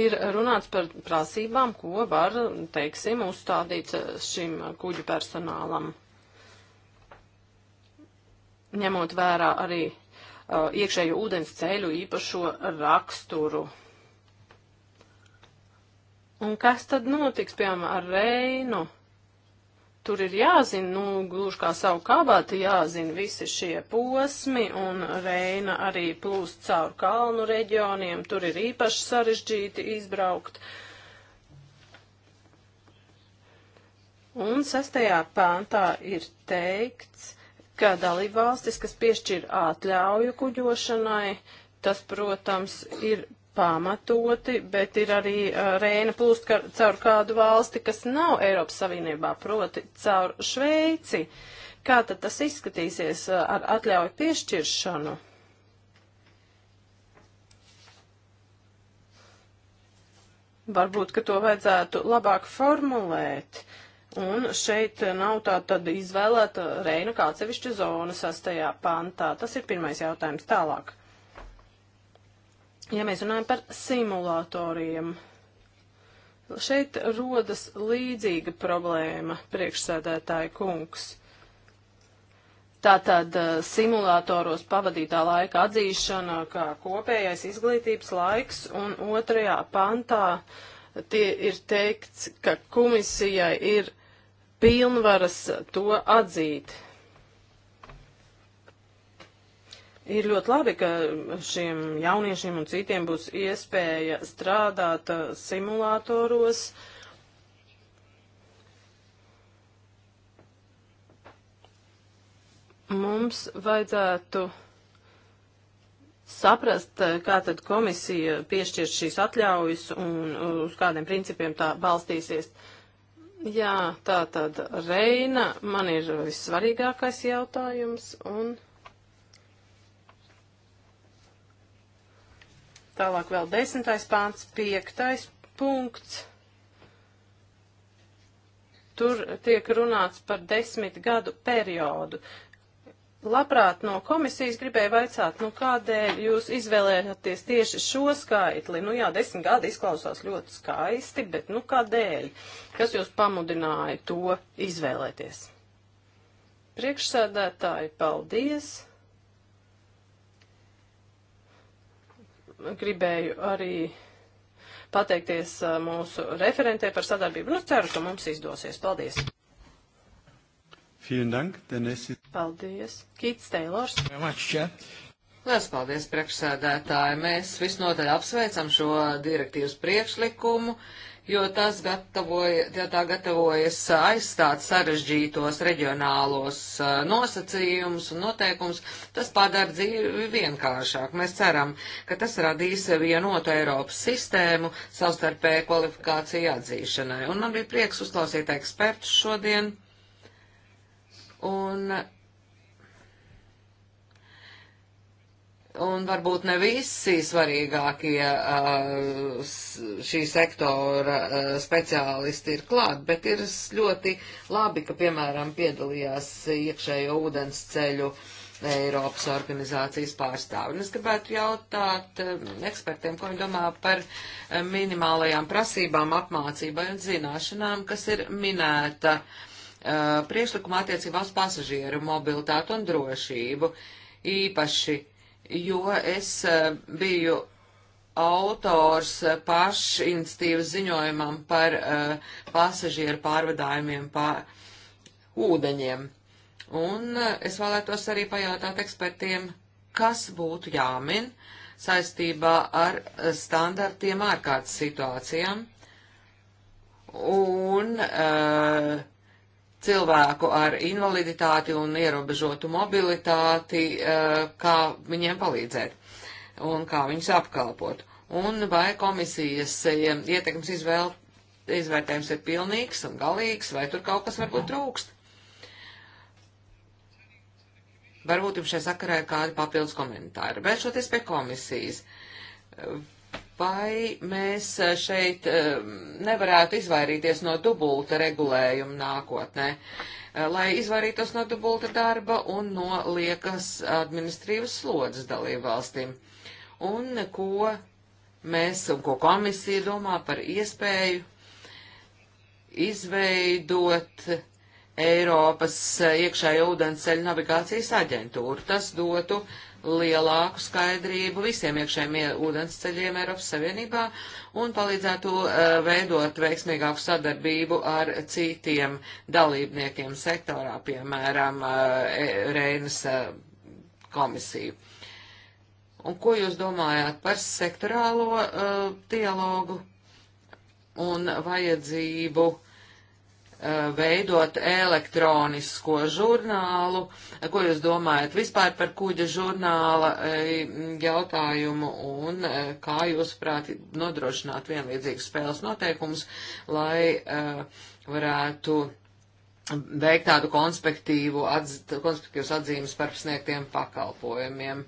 [SPEAKER 1] ir runāts par prasībām, ko var, teiksim, uzstādīt šim kuģu personālam. Ņemot vērā arī uh, iekšējo ūdens ceļu īpašo raksturu. Un kas tad notiks, piemēram, ar Reinu? tur ir jāzina, nu, gluži kā savu kabāti, jāzina visi šie posmi, un Reina arī plūst caur kalnu reģioniem, tur ir īpaši sarežģīti izbraukt. Un sastajā pāntā ir teikts, ka dalībvalstis, kas piešķir atļauju kuģošanai, tas, protams, ir pamatoti, bet ir arī uh, Rēna plūst ka, caur kādu valsti, kas nav Eiropas Savienībā, proti caur Šveici. Kā tad tas izskatīsies uh, ar atļauju piešķiršanu? Varbūt, ka to vajadzētu labāk formulēt. Un šeit nav tā tad izvēlēta Reina kā atsevišķa zona sastajā pantā. Tas ir pirmais jautājums tālāk. Ja mēs runājam par simulatoriem, šeit rodas līdzīga problēma, priekšsēdētāja kungs. Tātad eh, simulātoros pavadītā laika atzīšana kā kopējais izglītības laiks un otrajā pantā tie ir teikts, ka komisijai ir pilnvaras to atzīt. Ir ļoti labi, ka šiem jauniešiem un citiem būs iespēja strādāt uh, simulātoros. Mums vajadzētu saprast, uh, kā tad komisija piešķir šīs atļaujas un uh, uz kādiem principiem tā balstīsies. Jā, tā tad Reina man ir vissvarīgākais jautājums un. Tālāk vēl desmitais pāns, piektais punkts. Tur tiek runāts par desmit gadu periodu. Labprāt no komisijas gribēju vaicāt, nu kādēļ jūs izvēlējāties tieši šo skaitli? Nu jā, desmit gadi izklausās ļoti skaisti, bet nu kādēļ? Kas jūs pamudināja to izvēlēties? Priekšsēdētāji, paldies! gribēju arī pateikties mūsu referentē par sadarbību. Nu, ceru, ka mums izdosies. Paldies! Dank, is... Paldies! Kīts Teilors! Lielas paldies,
[SPEAKER 3] priekšsēdētāji! Mēs visnotaļ apsveicam šo direktīvas priekšlikumu jo tas gatavoja, ja tā gatavojas aizstāt sarežģītos reģionālos nosacījumus un noteikumus, tas padara dzīvi vienkāršāk. Mēs ceram, ka tas radīs vienotu Eiropas sistēmu savstarpēju kvalifikāciju atzīšanai. Un man bija prieks uzklausīt ekspertus šodien. Un Un varbūt ne visi svarīgākie uh, šī sektora uh, speciālisti ir klāt, bet ir ļoti labi, ka, piemēram, piedalījās iekšējo ūdens ceļu Eiropas organizācijas pārstāvi. Un es gribētu jautāt uh, ekspertiem, ko viņi domā par uh, minimālajām prasībām, apmācībai un zināšanām, kas ir minēta uh, priekšlikuma attiecībā uz pasažieru mobilitātu un drošību. Īpaši jo es eh, biju autors eh, pašinstīvas ziņojumam par uh, pasažieru pārvadājumiem pa ūdeņiem. Un uh, es vēlētos arī pajautāt ekspertiem, kas būtu jāmin saistībā ar standartiem ārkārtas situācijām. Un uh, cilvēku ar invaliditāti un ierobežotu mobilitāti, eh, kā viņiem palīdzēt un kā viņus apkalpot. Un vai komisijas eh, ietekmes izvēl, izvērtējums ir pilnīgs un galīgs, vai tur kaut kas varbūt trūkst? Varbūt jums šajā sakarā ir kādi papildus komentāri. Vēršoties pie komisijas, Vai mēs eh, šeit eh, nevarētu izvairīties no dubulta regulējuma nākotnē, eh, lai izvairītos no dubulta darba un no liekas administrīvas slodzes dalībvalstīm? Un ko mēs un ko komisija domā par iespēju izveidot Eiropas iekšējo ūdensceļu navigācijas aģentūru? Tas dotu uh, lielāku skaidrību visiem iekšējiem ūdensceļiem Eiropas Savienībā un palīdzētu uh, veidot veiksmīgāku sadarbību ar citiem dalībniekiem sektorā, piemēram, uh, Reinas uh, komisiju. Un ko jūs domājāt par sektorālo dialogu un vajadzību? Eh, veidot elektronisko žurnālu. Eh, ko jūs domājat vispār par kuģa žurnāla eh, jautājumu un kā jūs prāt nodrošināt vienlīdzīgus spēles noteikumus, lai varētu veikt tādu konspektīvu atz, konspektīvas atzīmes par sniegtiem pakalpojumiem?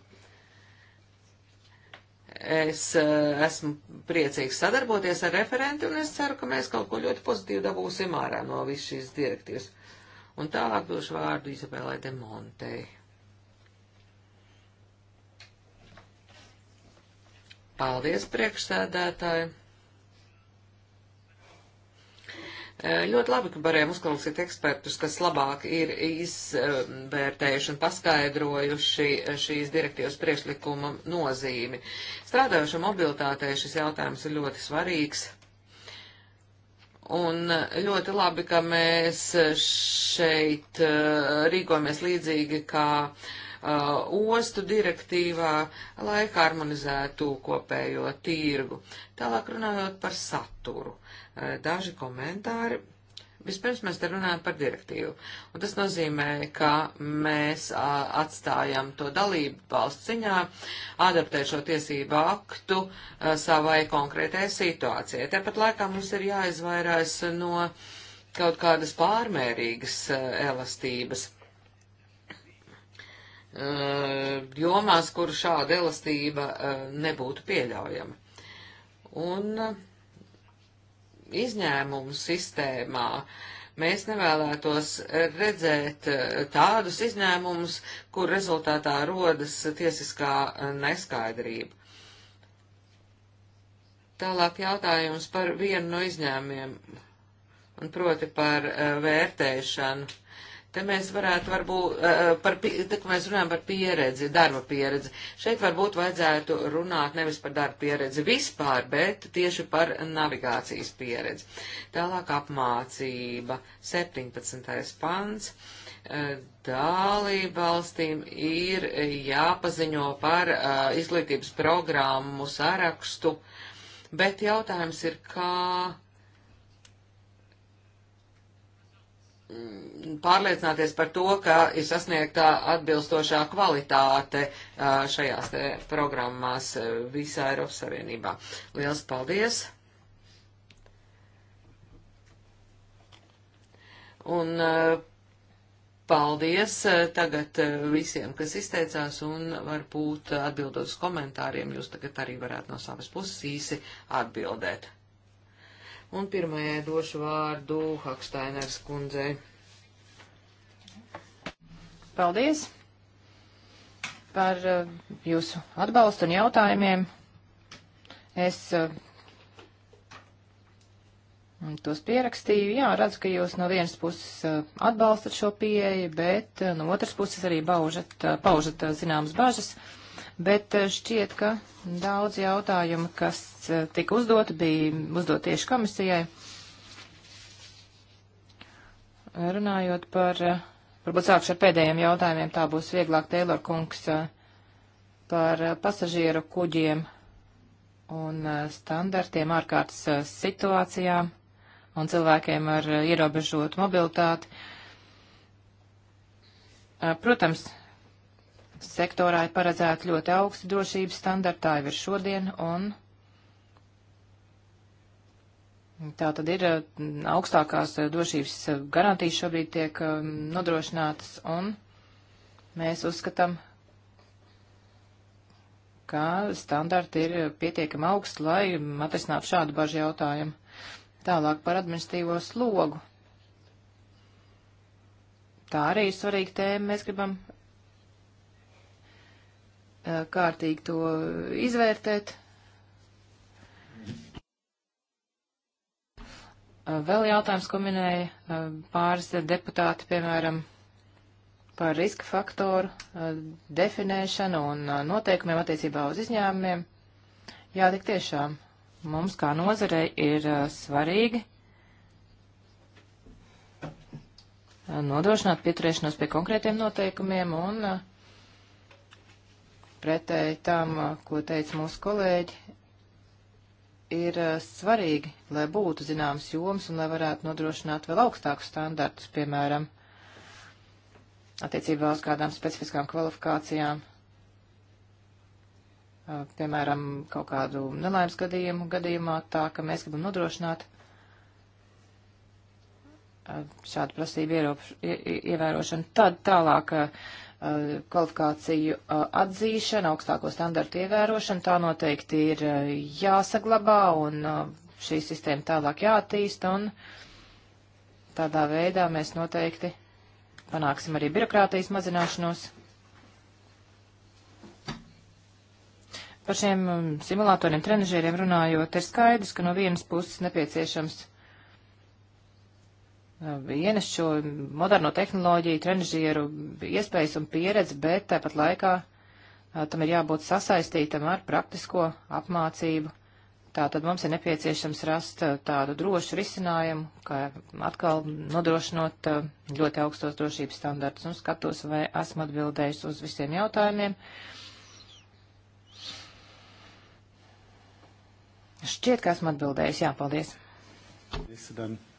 [SPEAKER 3] Es eh, esmu priecīgs sadarboties ar referenti, un es ceru, ka mēs kaut ko ļoti pozitīvu dabūsim ārā no visas šīs direktīvas. Un tālāk došu vārdu Izabelai de Montei. Paldies, priekšsēdētāji! Eh, ļoti labi, ka varējām uzklausīt ekspertus, kas labāk ir izvērtējuši un paskaidrojuši eh, šīs direktīvas priekšlikuma nozīmi. Strādājušam mobilitātei šis jautājums ir ļoti svarīgs. Un eh, ļoti labi, ka mēs šeit rīkojamies līdzīgi kā uh, ostu direktīvā, lai harmonizētu kopējo tirgu. Tālāk runājot par saturu. Eh, daži komentāri. Vispirms mēs te runājam par direktīvu, un tas nozīmē, ka mēs a, eh, atstājam to dalību valsts ziņā, adaptēt šo tiesību aktu a, eh, savai konkrētajai situācijai. Tāpat laikā mums ir jāizvairās no kaut kādas pārmērīgas a, elastības jomās, kur šāda elastība nebūtu pieļaujama. Un izņēmumu sistēmā. Mēs nevēlētos redzēt eh, tādus izņēmumus, kur rezultātā rodas tiesiskā eh, neskaidrība. Tālāk jautājums par vienu no izņēmumiem, un proti par eh, vērtēšanu Te mēs varētu varbūt, eh, eh, par, te, mēs runājam par pieredzi, darba pieredzi. Šeit varbūt vajadzētu runāt nevis par darba pieredzi vispār, bet tieši par navigācijas pieredzi. Tālāk apmācība, 17. pants eh, dalību valstīm ir jāpaziņo par uh, izglītības programmu sarakstu, bet jautājums ir, kā Mm, pārliecināties par to, ka ir sasniegtā atbilstošā kvalitāte šajās programmās visā Eiropas Savienībā. Liels paldies! Un paldies tagad visiem, kas izteicās, un varbūt atbildot uz komentāriem, jūs tagad arī varētu no savas puses īsi atbildēt. Un pirmajai došu vārdu Haksteiners kundzei.
[SPEAKER 2] Paldies par uh, jūsu atbalstu un jautājumiem. Es uh, tos pierakstīju. Jā, redzu, ka jūs no vienas puses uh, atbalstat šo pieeju, bet uh, no otras puses arī baužat, uh, paužat uh, zināmas bažas. Uh, bet eh, šķiet, ka daudz jautājumu, kas eh, tika uzdoti, bija uzdot tieši komisijai. Runājot par, eh, varbūt sākšu ar pēdējiem jautājumiem, tā būs vieglāk, Teilor kungs, par pasažieru kuģiem un standartiem ārkārtas situācijām un cilvēkiem ar ierobežotu mobilitāti. Protams, sektorā ir paredzēti ļoti augsti drošības standarti, tā jau ir šodien, un tā tad ir mm, augstākās eh, drošības eh, garantijas šobrīd tiek eh, nodrošinātas, un mēs uzskatām, ka standarti ir pietiekami augsti, lai atrisinātu šādu bažu jautājumu. Tālāk par administratīvo slogu. Tā arī ir svarīga tēma. Mēs gribam Eh, kārtīgi to izvērtēt. Eh, vēl jautājums, ko minēja eh, pāris deputāti, piemēram, par riska faktoru definēšanu un noteikumiem attiecībā uz izņēmumiem. Jā, tik tiešām mums kā nozarei ir svarīgi nodrošināt pieturēšanos pie konkrētiem noteikumiem un uh, pretēji tam, ko teica mūsu kolēģi, ir svarīgi, lai būtu zināmas jomas un lai varētu nodrošināt vēl augstākus standartus, piemēram, attiecībā uz kādām specifiskām kvalifikācijām, piemēram, kaut kādu nelaimes gadījumu gadījumā, tā ka mēs gribam nodrošināt šādu prasību ievērošanu. Tad tālāk kvalifikāciju atzīšana, augstāko standartu ievērošana, tā noteikti ir jāsaglabā un šī sistēma tālāk jātīsta un tādā veidā mēs noteikti panāksim arī birokrātijas mazināšanos. Par šiem simulatoriem, trenažieriem runājot, ir skaidrs, ka no vienas puses nepieciešams uh, vienas šo moderno tehnoloģiju, trenižieru iespējas un pieredzi, bet tāpat laikā tam ir jābūt sasaistītam ar praktisko apmācību. Tātad mums ir nepieciešams rast tādu drošu risinājumu, kā atkal nodrošinot ļoti augstos drošības standartus. Un skatos, vai esmu atbildējis uz visiem jautājumiem. Šķiet, ka esmu atbildējis. Jā, paldies.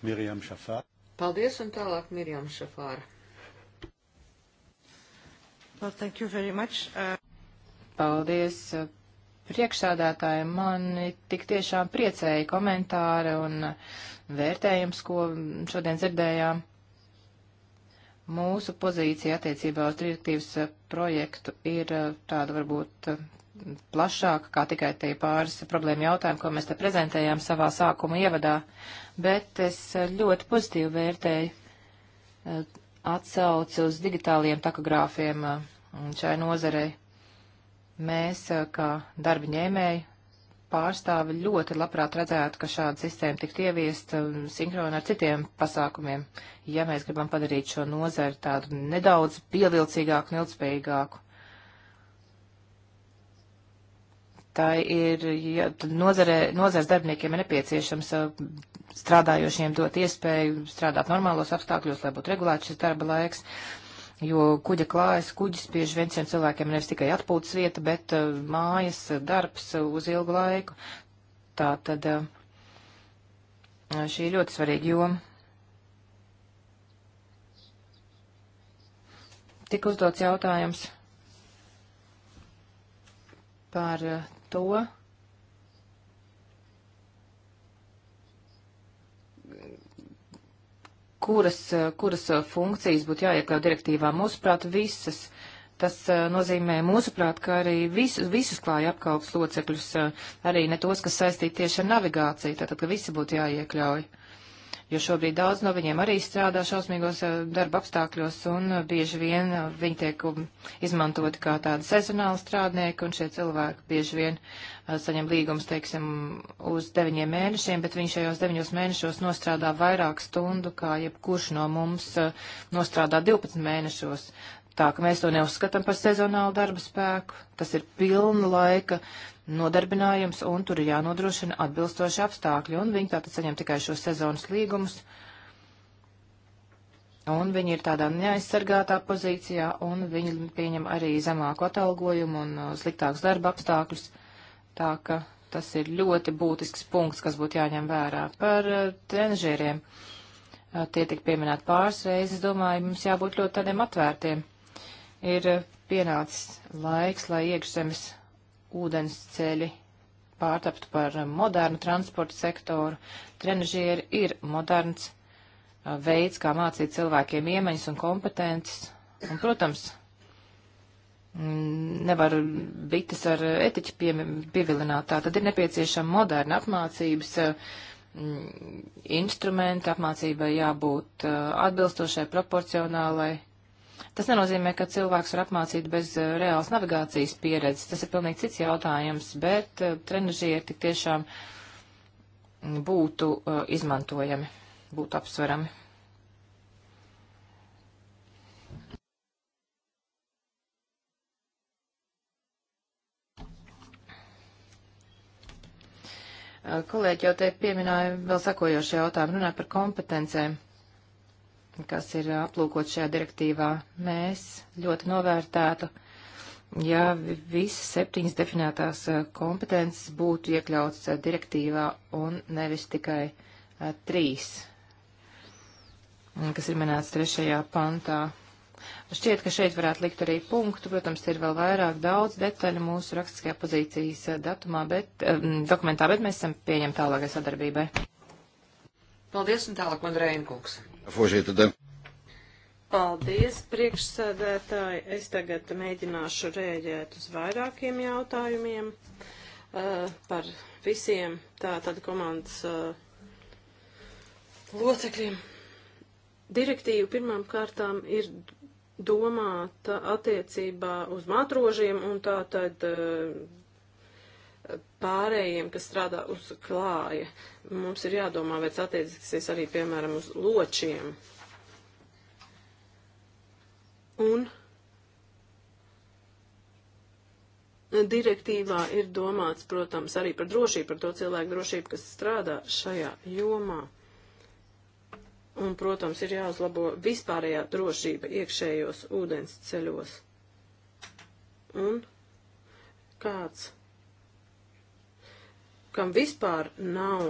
[SPEAKER 1] Miriam Šafā.
[SPEAKER 3] Paldies un tālāk Mirjam Šafāra. Well, thank you very much. Uh...
[SPEAKER 2] Paldies uh, priekšsādātāji. Mani tik tiešām priecēja komentāri un uh, vērtējums, ko šodien dzirdējām. Mūsu pozīcija attiecībā uz direktīvas uh, projektu ir tāda varbūt plašāk, kā tikai tie pāris problēma jautājumi, ko mēs te prezentējām savā sākuma ievadā, bet es ļoti pozitīvi vērtēju eh, atsauci uz digitāliem takogrāfiem eh, šai nozarei. Mēs, eh, kā darba ņēmēji, pārstāvi ļoti labprāt redzētu, ka šāda sistēma tiktu ieviest sinhroni ar citiem pasākumiem, ja mēs gribam padarīt šo nozari tādu nedaudz pievilcīgāku un ilgspējīgāku. iedzīvotāji ir, ja nozare, nozars darbiniekiem ir nepieciešams strādājošiem dot iespēju strādāt normālos apstākļos, lai būtu regulēts šis darba laiks, jo kuģa klājas, kuģis bieži vien šiem cilvēkiem nevis tikai atpūtas vieta, bet mājas darbs uz ilgu laiku. Tā tad šī ir ļoti svarīga joma. Tik uzdots jautājums par to, kuras, kuras funkcijas būtu jāiekļaut direktīvā. Mūsuprāt, visas. Tas eh, nozīmē, mūsuprāt, ka arī visus, visus klāja apkalpes locekļus, eh, arī ne tos, kas saistīti tieši ar navigāciju, tātad, ka visi būtu jāiekļauj. Uh, jo šobrīd daudz no viņiem arī strādā šausmīgos eh, darba apstākļos un eh, bieži vien eh, viņi tiek um, izmantoti kā tādi sezonāli strādnieki un šie cilvēki bieži vien saņem līgums, teiksim, uz deviņiem mēnešiem, bet viņš šajos deviņos mēnešos nostrādā vairāk stundu, kā jebkurš no mums nostrādā 12 mēnešos. Tā ka mēs to neuzskatām par sezonālu darba spēku. Tas ir pilna laika nodarbinājums, un tur ir jānodrošina atbilstoši apstākļi, un viņi tātad saņem tikai šos sezonas līgumus, un viņi ir tādā neaizsargātā pozīcijā, un viņi pieņem arī zemāku atalgojumu un uh, sliktākus darba apstākļus, tā ka tas ir ļoti būtisks punkts, kas būtu jāņem vērā par uh, trenažieriem. Uh, tie tik pieminēti pāris reizes, es domāju, mums jābūt ļoti tādiem atvērtiem. Ir pienācis laiks, lai iekšzemes ūdens ceļi pārtaptu par modernu transporta sektoru. Trenažieri ir moderns uh, veids, kā mācīt cilvēkiem iemaņas un kompetences. Un, protams, mm, nevar bites ar etiķi pie, pievilināt. Tā tad ir nepieciešama moderna apmācības uh, mm, instrumenti, apmācībai jābūt uh, atbilstošai, proporcionālai, Tas nenozīmē, ka cilvēks var apmācīt bez eh, reāls navigācijas pieredzes. Tas ir pilnīgi cits jautājums, bet eh, trenažieri tik tiešām būtu eh, izmantojami, būtu apsverami. Kolēģi jau te pieminēja vēl sakojošu jautājumu, runāja par kompetencēm kas ir aplūkot šajā direktīvā, mēs ļoti novērtētu, ja visas septiņas definētās eh, kompetences būtu iekļautas eh, direktīvā un nevis tikai eh, trīs, kas ir minēts trešajā pantā. Šķiet, ka šeit varētu likt arī punktu. Protams, ir vēl vairāk daudz detaļu mūsu rakstiskajā pozīcijas datumā, bet, um, dokumentā, bet mēs esam pieņem tālākai sadarbībai.
[SPEAKER 1] Paldies un tālāk, Andrēna kungs. Voorzitter, dank.
[SPEAKER 2] Paldies,
[SPEAKER 1] priekšsēdētāji. Es tagad mēģināšu rēģēt uz vairākiem jautājumiem uh, par visiem tātad komandas uh, locekļiem. Direktīva pirmām kārtām ir domāta attiecībā uz matrožiem un tātad uh, pārējiem, kas strādā uz klāja. Mums ir jādomā, vai tas attieksies arī, piemēram, uz ločiem. Un direktīvā ir domāts, protams, arī par drošību, par to cilvēku drošību, kas strādā šajā jomā. Un, protams, ir jāuzlabo vispārējā drošība iekšējos ūdens ceļos. Un kāds kam vispār nav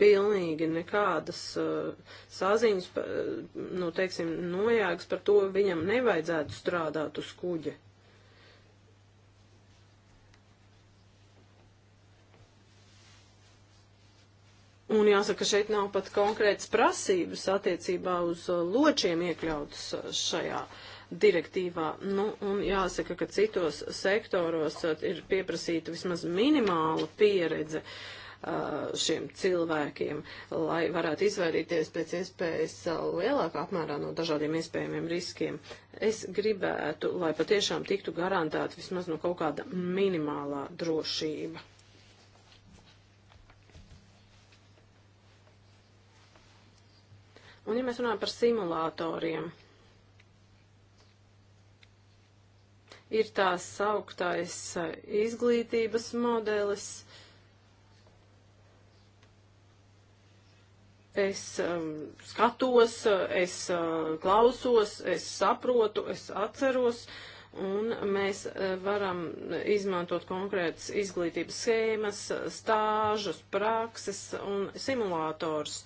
[SPEAKER 1] pilnīgi nekādas uh, saziņas, pa, uh, nu, teiksim, nojāgas par to, viņam nevajadzētu strādāt uz kuģa. Un jāsaka, šeit nav pat konkrētas prasības attiecībā uz uh, ločiem iekļautas uh, šajā uh, direktīvā. Nu, un jāsaka, ka citos sektoros uh, ir pieprasīta vismaz minimāla pieredze uh, šiem cilvēkiem, lai varētu izvairīties pēc iespējas uh, lielākā apmērā no dažādiem iespējamiem riskiem. Es gribētu, lai patiešām tiktu garantēta vismaz no kaut kāda minimālā drošība. Un, ja mēs runājam par simulatoriem, ir tās sauktais eh, izglītības modelis. Es um, skatos, eh, es uh, klausos, es saprotu, es atceros, un mēs uh, varam izmantot konkrētas izglītības schēmas, stāžus, prakses un simulators,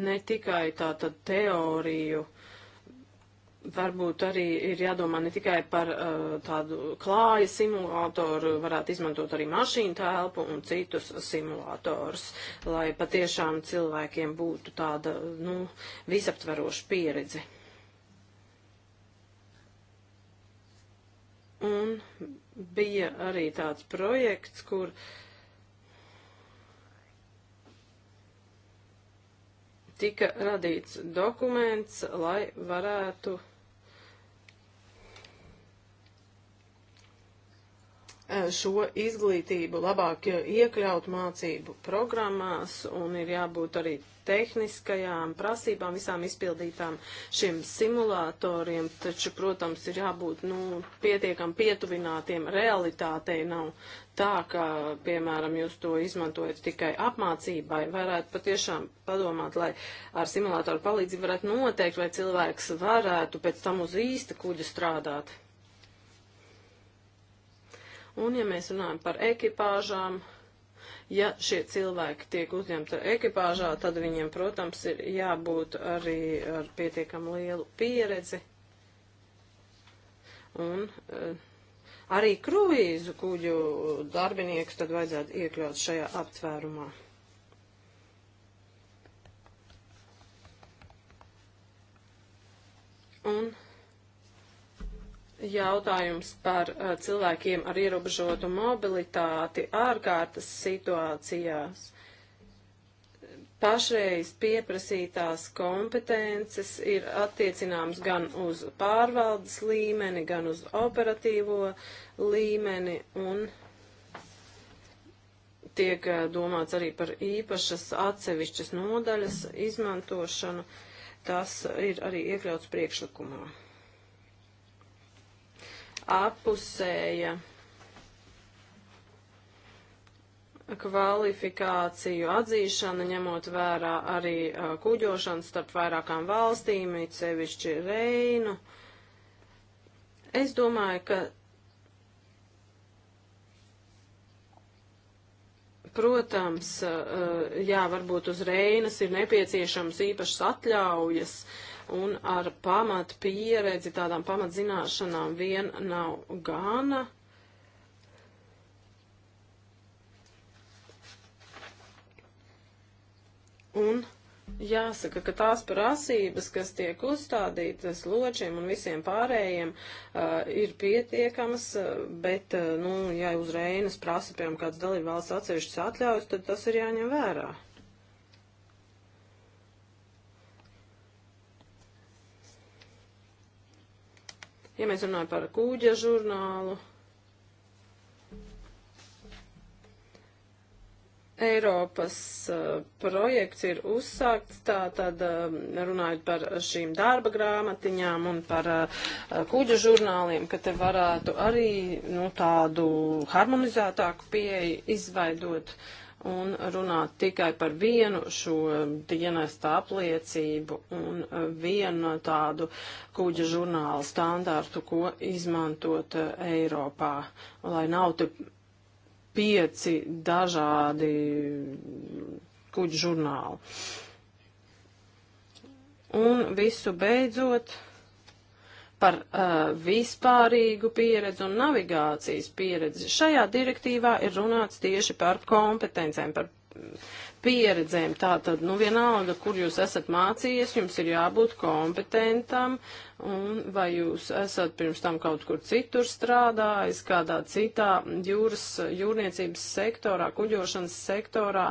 [SPEAKER 1] ne tikai tātad teoriju uh, varbūt arī ir jādomā ne tikai par uh, tādu klāja simulātoru, varētu izmantot arī mašīnu telpu un citus simulātors, lai patiešām cilvēkiem būtu tāda, nu, visaptveroša pieredze. Un bija arī tāds projekts, kur uh, tika radīts dokuments, lai varētu eh, šo izglītību labāk iekļaut mācību programmās un ir jābūt arī tehniskajām prasībām, visām izpildītām šiem simulatoriem, taču, protams, ir jābūt nu, pietiekam pietuvinātiem realitātei. Nav tā, ka, piemēram, jūs to izmantojat tikai apmācībai. Varētu patiešām padomāt, lai ar simulatoru palīdzību varētu noteikt, vai cilvēks varētu pēc tam uz īsta kuģa strādāt. Un, ja mēs runājam par ekipāžām, Ja šie cilvēki tiek uzņemti ekipāžā, tad viņiem, protams, ir jābūt arī ar pietiekam lielu pieredzi. Un eh, arī kruīzu kuģu darbiniekus tad vajadzētu iekļaut šajā aptvērumā. Un jautājums par uh, cilvēkiem ar ierobežotu mobilitāti ārkārtas situācijās. Pašreiz pieprasītās kompetences ir attiecināmas gan uz pārvaldes līmeni, gan uz operatīvo līmeni un tiek uh, domāts arī par īpašas atsevišķas nodaļas izmantošanu. Tas ir arī iekļauts priekšlikumā apusēja kvalifikāciju atzīšana, ņemot vērā arī kuģošanu starp vairākām valstīm, it sevišķi Reinu. Es domāju, ka Protams, eh, jā, varbūt uz Reinas ir nepieciešams īpašas atļaujas, un ar pamat pieredzi, tādām pamat zināšanām vien nav gana. Un Jāsaka, ka tās prasības, kas tiek uzstādītas ločiem un visiem pārējiem, uh, ir pietiekamas, bet, uh, nu, ja uz Reinas prasa, piemēram, kāds dalībvalsts atsevišķas atļaujas, tad tas ir jāņem vērā. Ja mēs runājam par kūģa žurnālu, uh, Eiropas uh, projekts ir uzsākts, tātad uh, eh, runājot par šīm darba grāmatiņām un par uh, kuģa žurnāliem, ka te varētu arī nu, tādu harmonizētāku pieeju izveidot un runāt tikai par vienu šo dienesta apliecību un vienu tādu kuģa žurnālu standārtu, ko izmantot Eiropā, lai nav te pieci dažādi kuģu žurnāli. Un visu beidzot par uh, vispārīgu pieredzi un navigācijas pieredzi. Šajā direktīvā ir runāts tieši par kompetencēm, par pieredzēm. Tātad, nu vienalga, kur jūs esat mācījies, jums ir jābūt kompetentam, un vai jūs esat pirms tam kaut kur citur strādājis, kādā citā jūras, jūrniecības sektorā, kuģošanas sektorā,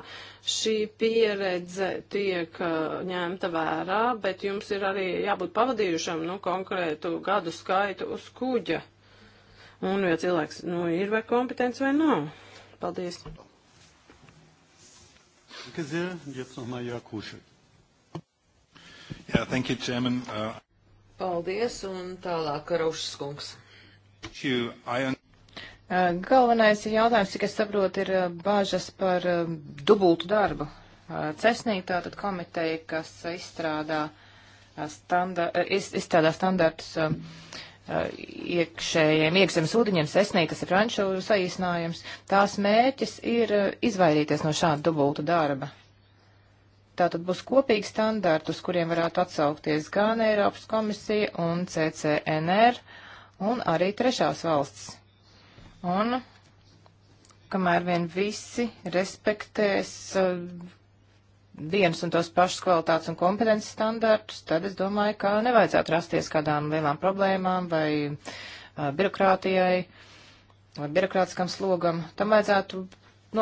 [SPEAKER 1] šī pieredze tiek uh, ņemta vērā, bet jums ir arī jābūt pavadījušam, nu, konkrētu gadu skaitu uz kuģa. Un, ja cilvēks, nu, ir vai kompetents vai nav. Paldies.
[SPEAKER 2] Danke sehr. Und jetzt nochmal Jörg Kuschel. Jā, thank you, Chairman. Uh, Paldies, un tālāk Raušas kungs. You, I... Uh, galvenais jautājums, cik es saprotu, ir uh, bāžas par um, dubultu darbu. Uh, Cesnī tātad komiteja, kas izstrādā, standa, iz, izstrādā standartus. Mm iekšējiem iekšzemes ūdeņiem sesnī, kas ir franču saīsinājums, tās mērķis ir eh, izvairīties no šāda dubulta darba. Tātad būs kopīgi standarti, uz kuriem varētu atsaukties gan Eiropas komisija un CCNR un arī trešās valsts. Un kamēr vien visi respektēs eh, vienus un tos pašus kvalitātes un kompetences standartus, tad es domāju, ka nevajadzētu rasties kādām lielām problēmām vai uh, birokrātijai vai birokrātiskam slogam. Tam vajadzētu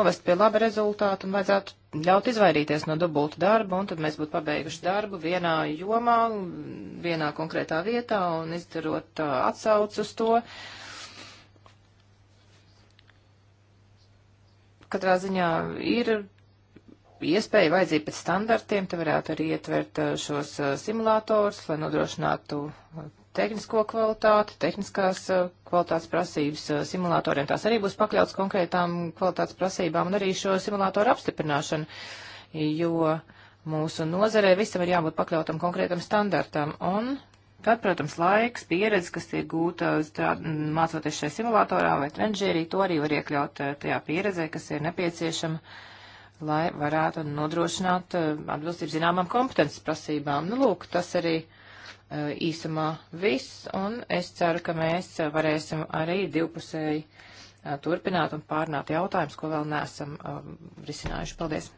[SPEAKER 2] novest pie laba rezultāta un vajadzētu ļaut izvairīties no dubulta darba, un tad mēs būtu pabeiguši darbu vienā jomā, vienā konkrētā vietā un izdarot uh, atsaucu uz to. Katrā ziņā ir iespēja vajadzība pēc standartiem, te varētu arī ietvert uh, šos uh, simulātors, lai nodrošinātu uh, tehnisko kvalitāti, tehniskās kvalitātes prasības simulatoriem. Tās arī būs pakļauts konkrētām kvalitātes prasībām un arī šo simulātoru apstiprināšanu, jo mūsu nozarē visam ir jābūt pakļautam konkrētam standartam. Un tad, protams, laiks, pieredze, kas tiek gūta strād, mācoties šajā simulatorā vai trenžierī, to arī var iekļaut tajā pieredzē, kas ir nepieciešama lai varētu nodrošināt eh, atbilstību zināmām kompetences prasībām. Nu, lūk, tas arī eh, īsumā viss, un es ceru, ka mēs varēsim arī divpusēji eh, turpināt un pārnāt jautājumus, ko vēl neesam risinājuši. Paldies!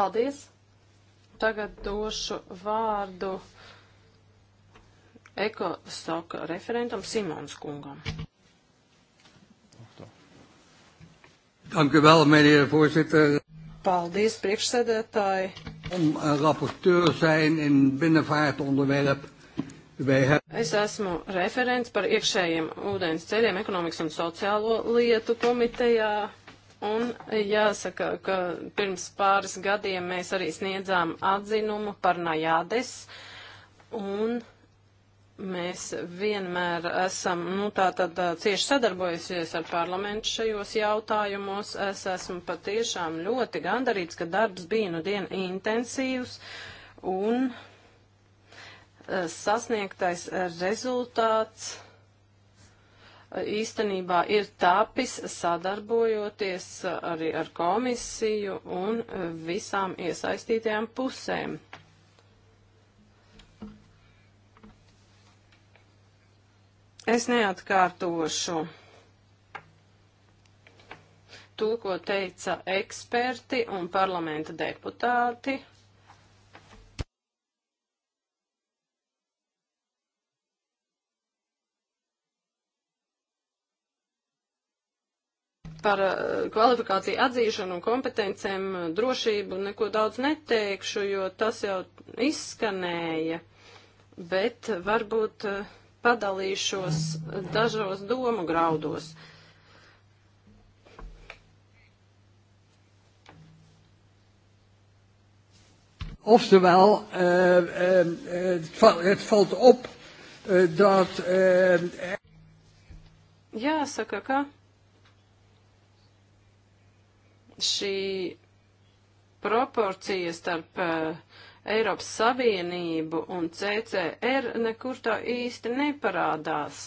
[SPEAKER 1] Paldies! Tagad došu vārdu ekosoka referentam Simons kungam.
[SPEAKER 3] Dank u wel, meneer de voorzitter.
[SPEAKER 1] Paldies, priekšsēdētāji.
[SPEAKER 3] Om eh, rapporteur zijn in binnenvaartonderwerp.
[SPEAKER 1] Es esmu referents par iekšējiem ūdens ceļiem ekonomikas un sociālo lietu komitejā. Un jāsaka, ka pirms pāris gadiem mēs arī sniedzām atzinumu par Najādes. Un Mēs vienmēr esam, nu, tā tad cieši sadarbojusies ar parlamentu šajos jautājumos. Es esmu patiešām ļoti gandarīts, ka darbs bija nu diena intensīvs un sasniegtais rezultāts īstenībā ir tapis sadarbojoties arī ar komisiju un visām iesaistītajām pusēm. Es neatkārtošu to, ko teica eksperti un parlamenta deputāti. par eh, kvalifikāciju atzīšanu un kompetencēm eh, drošību neko daudz neteikšu, jo tas jau izskanēja, bet varbūt uh, padalīšos dažos domu graudos. Oftewel, uh, uh, het, val, het valt op uh, dat. Uh, Jāsaka, ka šī proporcija starp uh, Eiropas Savienību un CCR nekur tā īsti neparādās.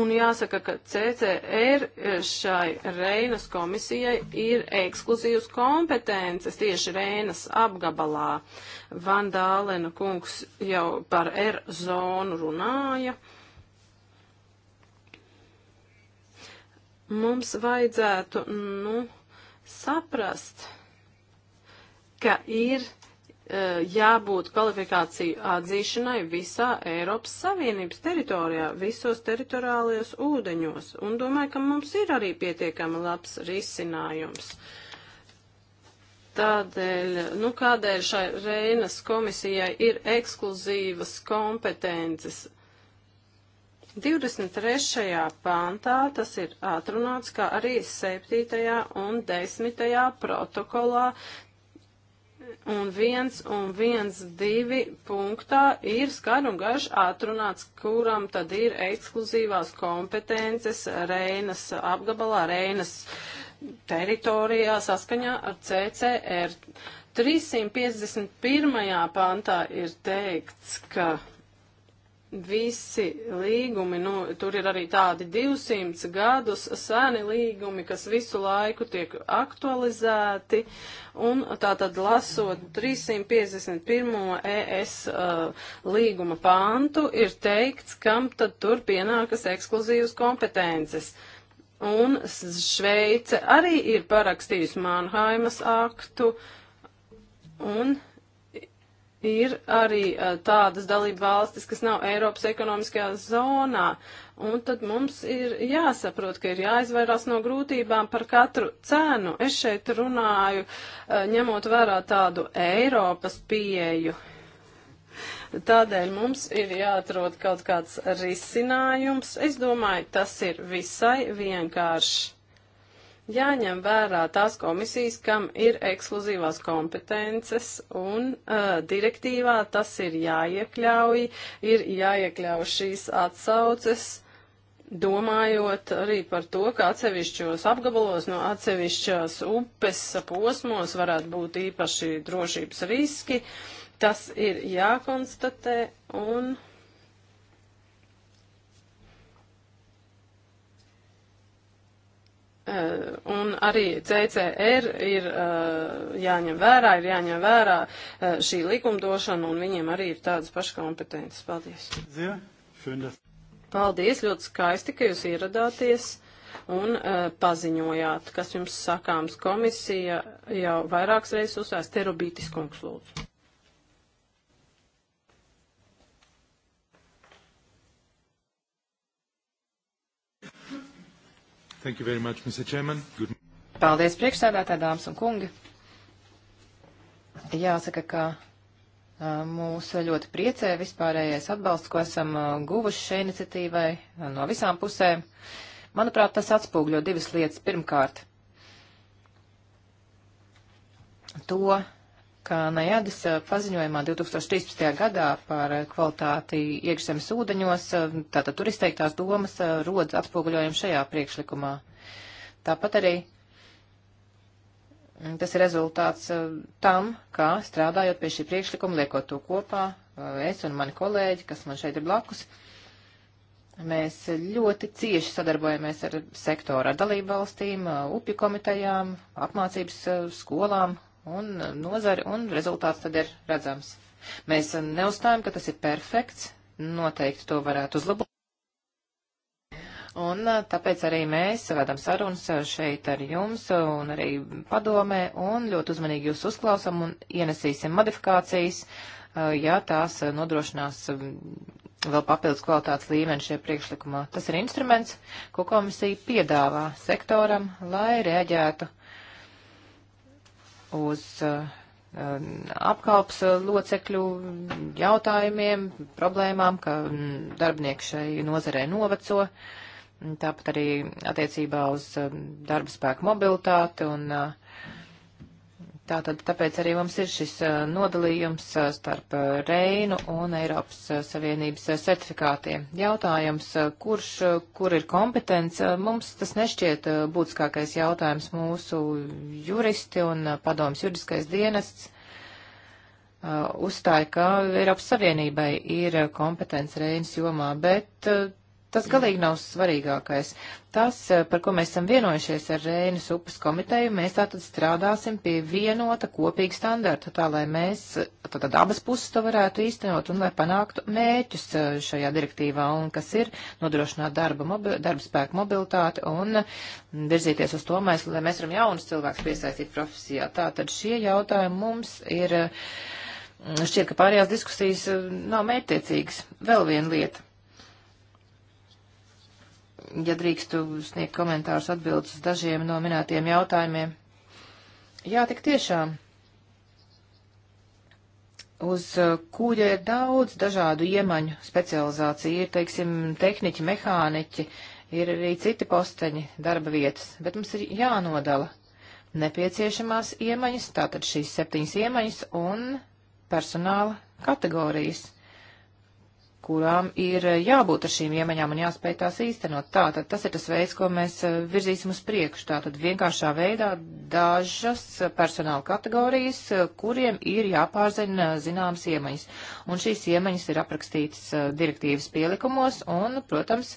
[SPEAKER 1] Un jāsaka, ka CCR šai Reinas komisijai ir ekskluzīvas kompetences tieši Reinas apgabalā. Vandālena kungs jau par R zonu runāja. Mums vajadzētu, nu, saprast ka ir e, jābūt kvalifikāciju atzīšanai visā Eiropas Savienības teritorijā, visos teritoriālajos ūdeņos, un domāju, ka mums ir arī pietiekami labs risinājums. Tādēļ, nu kādēļ šai Reinas komisijai ir ekskluzīvas kompetences 23. pāntā tas ir atrunāts, kā arī 7. un 10. protokolā un viens un viens divi punktā ir skaidri un gaiši atrunāts, kuram tad ir ekskluzīvās kompetences Reinas apgabalā, Reinas teritorijā saskaņā ar CCR. 351. pantā ir teikts, ka visi līgumi, nu, tur ir arī tādi 200 gadus seni līgumi, kas visu laiku tiek aktualizēti, un tātad lasot 351. ES uh, līguma pāntu, ir teikts, kam tad tur pienākas ekskluzīvas kompetences. Un Šveice arī ir parakstījusi Mannheimas aktu, un ir arī tādas dalība valstis, kas nav Eiropas ekonomiskajā zonā. Un tad mums ir jāsaprot, ka ir jāizvairās no grūtībām par katru cenu. Es šeit runāju, ņemot vērā tādu Eiropas pieeju. Tādēļ mums ir jāatrod kaut kāds risinājums. Es domāju, tas ir visai vienkārši jāņem vērā tās komisijas, kam ir ekskluzīvās kompetences, un uh, direktīvā tas ir jāiekļauj, ir jāiekļauj šīs atsauces, domājot arī par to, ka atsevišķos apgabalos no atsevišķās upes posmos varētu būt īpaši drošības riski. Tas ir jākonstatē un. Uh, Eh, un arī CCR ir eh, jāņem vērā, ir jāņem vērā eh, šī likumdošana, un viņiem arī ir tādas paškompetences. Paldies! Paldies, ļoti skaisti, ka jūs ieradāties un paziņojāt, kas jums sakāms komisija jau vairākas reizes uzsvērs terobītis kungs lūdzu.
[SPEAKER 3] Thank you very much, Mr. Chairman. Good...
[SPEAKER 2] Paldies, priekšsēdētāji, dāmas un kungi. Jāsaka, ka Mūs ļoti priecē vispārējais atbalsts, ko esam guvuši šai iniciatīvai no visām pusēm. Manuprāt, tas atspūgļo divas lietas. Pirmkārt, to, ka Najadas eh, paziņojumā 2013. gadā par eh, kvalitāti iekšzemes ūdeņos, eh, tātad tur izteiktās domas rodas atspoguļojumu šajā priekšlikumā. Tāpat arī mm, tas ir rezultāts tam, kā strādājot pie šī priekšlikuma, liekot to kopā, es un mani kolēģi, kas man šeit ir blakus, mēs ļoti cieši sadarbojamies ar sektoru, ar dalību valstīm, upju komitejām, apmācības skolām un uh, nozari, un rezultāts tad ir redzams. Mēs uh, neuzstājam, ka tas ir perfekts, noteikti to varētu uzlabot. Un uh, tāpēc arī mēs vedam sarunas šeit ar jums un arī padomē un ļoti uzmanīgi jūs uzklausam un ienesīsim modifikācijas, ja tās nodrošinās um, vēl papildus kvalitātes līmeni šajā priekšlikumā. Tas ir instruments, ko komisija piedāvā sektoram, lai rēģētu uz um, apkalps uh, locekļu jautājumiem, problēmām, ka mm, darbinieki šai nozarē noveco, mm, tāpat arī attiecībā uz um, darba spēku mobilitāti un uh, Tātad tāpēc arī mums ir šis nodalījums starp Reinu un Eiropas Savienības certifikātiem. Jautājums, kurš, kur ir kompetents, mums tas nešķiet būtiskākais jautājums mūsu juristi un padomas juridiskais dienests uzstāja, ka Eiropas Savienībai ir kompetence Reinas jomā, bet Tas galīgi nav svarīgākais. Tas, eh, par ko mēs esam vienojušies ar Rēnas upes komiteju, mēs tātad strādāsim pie vienota kopīga standarta, tā lai mēs tātad abas puses to varētu īstenot un lai panāktu mēķus eh, šajā direktīvā un kas ir nodrošināt darba, mobi darba spēku mobilitāti un virzīties uz to, mēs, lai mēs varam jaunus cilvēkus piesaistīt profesijā. Tātad šie jautājumi mums ir. Eh, šķiet, ka pārējās diskusijas nav mērķtiecīgas. Vēl viena lieta ja drīkstu sniegt komentārus atbildes uz dažiem no minētiem jautājumiem. Jā, tik tiešām. Uz uh, kūģa ir daudz dažādu iemaņu specializāciju. Ir, teiksim, tehniķi, mehāniķi, ir arī citi posteņi, darba vietas, bet mums ir jānodala nepieciešamās iemaņas, tātad šīs septiņas iemaņas un personāla kategorijas kurām ir eh, jābūt ar šīm iemaņām un jāspēj tās īstenot. Tātad tas ir tas veids, ko mēs eh, virzīsim uz priekšu. Tātad vienkāršā veidā dažas eh, personāla kategorijas, kuriem ir jāpārzina zināmas iemaņas. Un šīs iemaņas ir aprakstītas direktīvas pielikumos un, protams,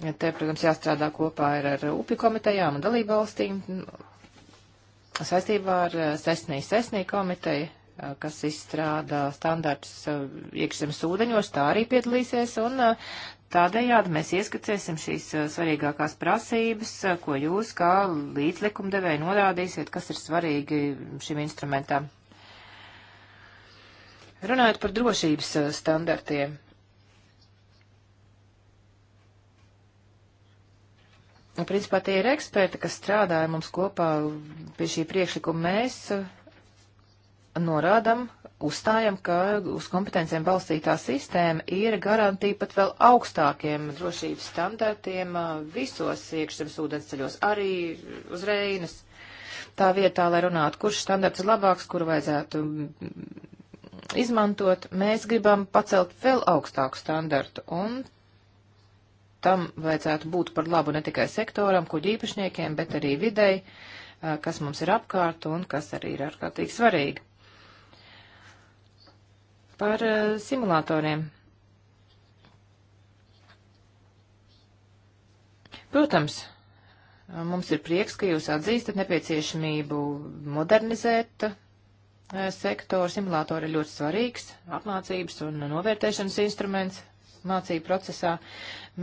[SPEAKER 2] te, protams, jāstrādā kopā ar, ar upju komitejām un dalību valstīm nu, saistībā ar sesnī, sesnī komiteju Eh, kas izstrādā standartus eh, iekšzemes ūdeņos, tā arī piedalīsies, un eh, tādējādi mēs ieskacēsim šīs svarīgākās prasības, ko jūs kā līdzlikumdevēji norādīsiet, kas ir svarīgi šim instrumentam. Runājot par drošības standartiem. Nu, principā tie ir eksperti, kas strādāja mums kopā pie šī priekšlikuma. Mēs norādam, uzstājam, ka uz kompetencijiem balstītā sistēma ir garantīja pat vēl augstākiem drošības standartiem visos iekšzemes ūdensceļos, arī uz Reinas. Tā vietā, lai runātu, kurš standarts ir labāks, kuru vajadzētu izmantot, mēs gribam pacelt vēl augstāku standartu, un tam vajadzētu būt par labu ne tikai sektoram, kuģi īpašniekiem, bet arī videi, kas mums ir apkārt un kas arī ir ārkārtīgi svarīgi par eh, simulatoriem. Protams, eh, mums ir prieks, ka jūs atzīstat nepieciešamību modernizēt eh, sektoru. Simulātori ir ļoti svarīgs apmācības un novērtēšanas instruments mācību procesā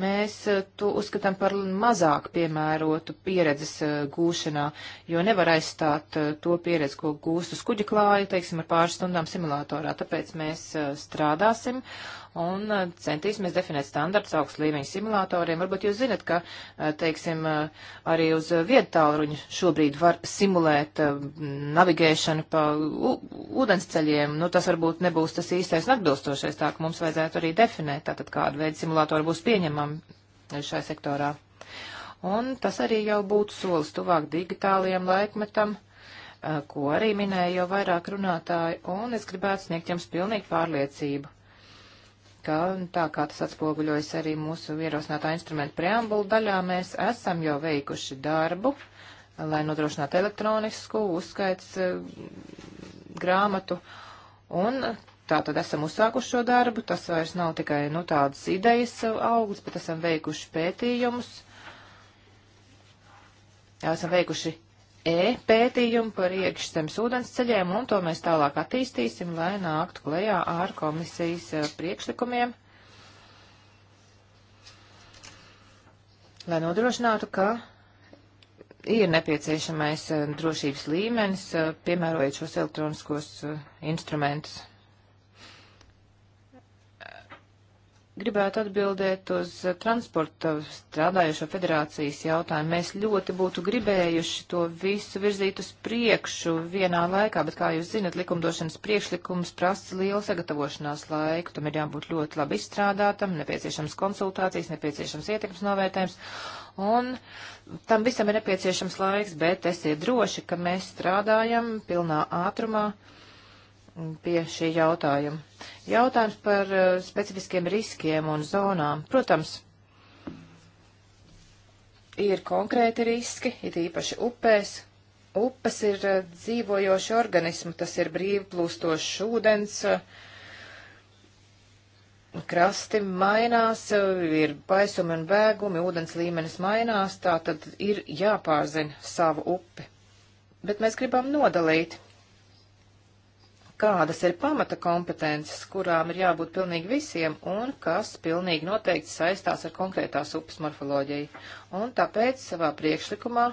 [SPEAKER 2] mēs eh, to uzskatām par mazāk piemērotu pieredzes eh, gūšanā, jo nevar aizstāt eh, to pieredzi, ko gūst uz kuģa klāja, teiksim, ar pāris stundām simulatorā. Tāpēc mēs strādāsim un centīsimies definēt standarts augstu līmeņu simulatoriem. Varbūt jūs zinat, ka, teiksim, arī uz viedtālruņu šobrīd var simulēt navigēšanu pa ūdensceļiem. Nu, tas varbūt nebūs tas īstais un atbilstošais, tā ka mums vajadzētu arī definēt, tātad kādu veidu simulātori būs pieņemami uzņēmumam šai sektorā. Un tas arī jau būtu solis tuvāk digitālajiem laikmetam, ko arī minēja jau vairāk runātāji, un es gribētu sniegt jums pilnīgi pārliecību, ka tā kā tas atspoguļojas arī mūsu ierosinātā instrumenta preambulu daļā, mēs esam jau veikuši darbu, lai nodrošinātu elektronisku uzskaits grāmatu, un Tā tad esam uzsākuši šo darbu, tas vairs nav tikai nu, tādas idejas augsts, bet esam veikuši pētījumus, esam veikuši e-pētījumu par iekšzemes ūdens ceļiem, un to mēs tālāk attīstīsim, lai nāktu klajā ar komisijas eh, priekšlikumiem, lai nodrošinātu, ka ir nepieciešamais eh, drošības līmenis, eh, piemērojot šos elektroniskos instrumentus. Gribētu atbildēt uz transporta strādājošo federācijas jautājumu. Mēs ļoti būtu gribējuši to visu virzīt uz priekšu vienā laikā, bet, kā jūs zinat, likumdošanas priekšlikums prasa lielu sagatavošanās laiku. Tam ir jābūt ļoti labi izstrādātam, nepieciešams konsultācijas, nepieciešams ietekmes novērtējums. Un tam visam ir nepieciešams laiks, bet esiet droši, ka mēs strādājam pilnā ātrumā. Uh, pie šī jautājuma. Jautājums par uh, specifiskiem riskiem un zonām. Protams, ir konkrēti riski, it īpaši upēs. Upes ir uh, dzīvojoši organismi, tas ir brīvi plūstošs ūdens, uh, krasti mainās, ir baisumi un bēgumi, ūdens līmenis mainās, tā tad ir jāpārzina savu upi. Bet mēs gribam nodalīt kādas ir pamata kompetences, kurām ir jābūt pilnīgi visiem un kas pilnīgi noteikti saistās ar konkrētās upes morfoloģiju. Un tāpēc savā priekšlikumā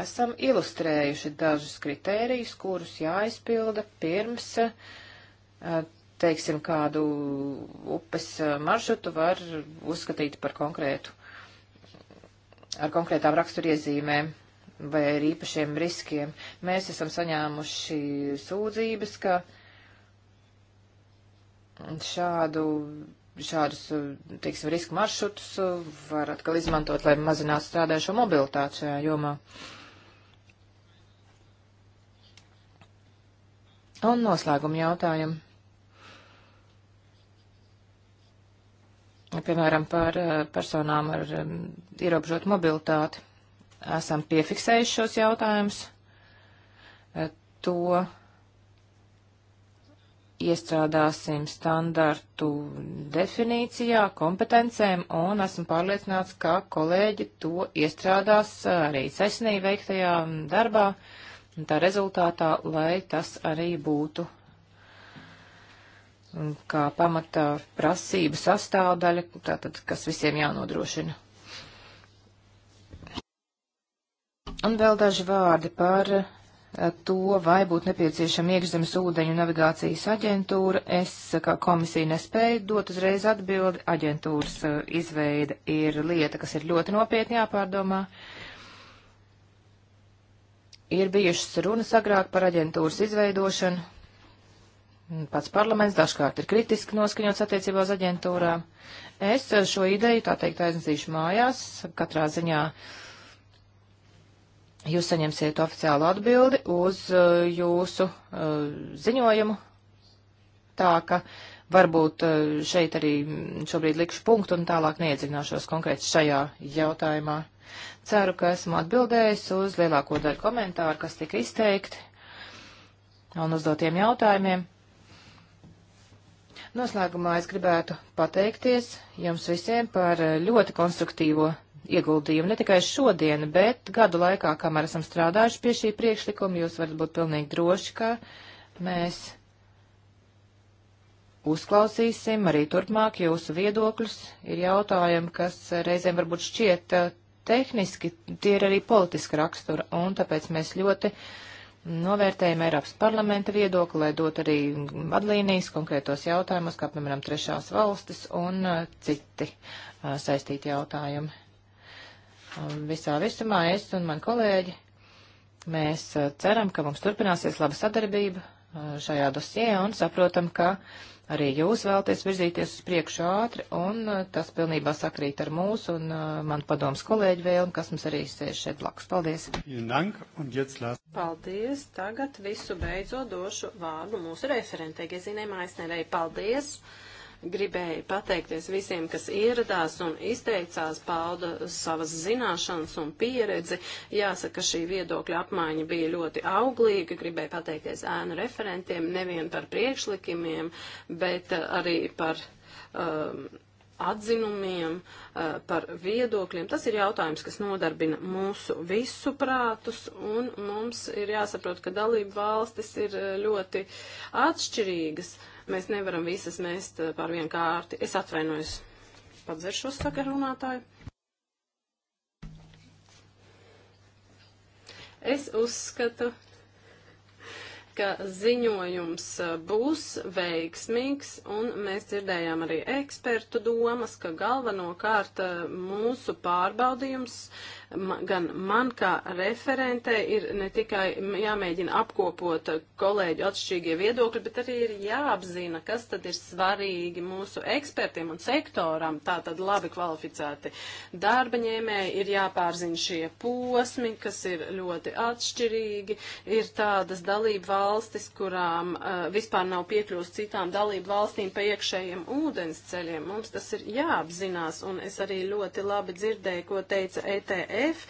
[SPEAKER 2] esam ilustrējuši dažus kritērijus, kurus jāizpilda pirms, eh, teiksim, kādu upes eh, maršrutu var uzskatīt par konkrētu, ar konkrētām raksturiezīmēm vai ar īpašiem riskiem. Mēs esam saņēmuši sūdzības, ka šādu, šādus, teiksim, risku maršrutus var atkal izmantot, lai mazinātu strādājušo mobilitāti šajā jomā. Un noslēguma jautājumu. Piemēram, par eh, personām ar eh, ierobežotu mobilitāti esam piefiksējuši šos jautājumus. Eh, to iestrādāsim standartu definīcijā, kompetencēm, un esmu pārliecināts, ka kolēģi to iestrādās eh, arī sesnī veiktajā darbā, un tā rezultātā, lai tas arī būtu mm, kā pamata prasību sastāvdaļa, tātad, kas visiem jānodrošina. Un vēl daži vārdi par eh, to, vai būtu nepieciešama iekšzemes ūdeņu navigācijas aģentūra. Es, eh, kā komisija, nespēju dot uzreiz atbildi. Aģentūras eh, izveida ir lieta, kas ir ļoti nopietni jāpārdomā. Ir bijušas runas agrāk par aģentūras izveidošanu. Pats parlaments dažkārt ir kritiski noskaņots attiecībā uz aģentūrām. Es šo ideju, tā teikt, aiznesīšu mājās. Katrā ziņā uh, jūs saņemsiet oficiālu atbildi uz uh, jūsu uh, ziņojumu. Tā ka varbūt uh, šeit arī šobrīd likšu punktu un tālāk neiedziļināšos konkrēti šajā jautājumā. Ceru, ka esmu atbildējis uz lielāko daļu komentāru, kas tika izteikti un uzdotiem jautājumiem. Noslēgumā es gribētu pateikties jums visiem par uh, ļoti konstruktīvo ieguldījumu ne tikai šodien, bet gadu laikā, kamēr esam strādājuši pie šī priekšlikuma, jūs varat būt pilnīgi droši, ka mēs uzklausīsim arī turpmāk jūsu viedokļus. Ir jautājumi, kas reizēm varbūt šķiet eh, tehniski, tie ir arī politiska rakstura, un tāpēc mēs ļoti novērtējam Eiropas parlamenta viedokli, lai dot arī vadlīnijas konkrētos jautājumus, kā piemēram trešās valstis un eh, citi eh, saistīti jautājumi. Visā visumā es un mani kolēģi, mēs uh, ceram, ka mums turpināsies laba sadarbība uh, šajā dosijā un saprotam, ka arī jūs vēlties virzīties uz priekšu ātri, un uh, tas pilnībā sakrīt ar mūsu un man padoms kolēģi vēlmi, kas mums arī sēž šeit blakus. Paldies!
[SPEAKER 1] Paldies! Tagad visu beidzot došu vārdu mūsu referentē, Gezinē Maisnerei. Paldies! Gribēju pateikties visiem, kas ieradās un izteicās, pauda savas zināšanas un pieredzi. Jāsaka, šī viedokļa apmaiņa bija ļoti auglīga. Gribēju pateikties ēnu referentiem nevien par priekšlikumiem, bet uh, arī par. Um, atzinumiem, uh, par viedokļiem. Tas ir jautājums, kas nodarbina mūsu visu prātus, un mums ir jāsaprot, ka dalību valstis ir uh, ļoti atšķirīgas. Mēs nevaram visas mēst eh, par vienu kārti. Es atvainojos. Padzeršos, saka runātāju. Es uzskatu, ka ziņojums eh, būs veiksmīgs, un mēs dzirdējām arī ekspertu domas, ka galvenokārt eh, mūsu pārbaudījums uh, gan man kā referentei ir ne tikai jāmēģina apkopot kolēģu atšķirīgie viedokļi, bet arī ir jāapzina, kas tad ir svarīgi mūsu ekspertiem un sektoram, tā tad labi kvalificēti darba ņēmēji, ir jāpārzina šie posmi, kas ir ļoti atšķirīgi, ir tādas dalība valstis, kurām uh, vispār nav piekļūst citām dalību valstīm pa iekšējiem ūdens ceļiem. Mums tas ir jāapzinās, un es arī ļoti labi dzirdēju, ko teica ETS e EGF,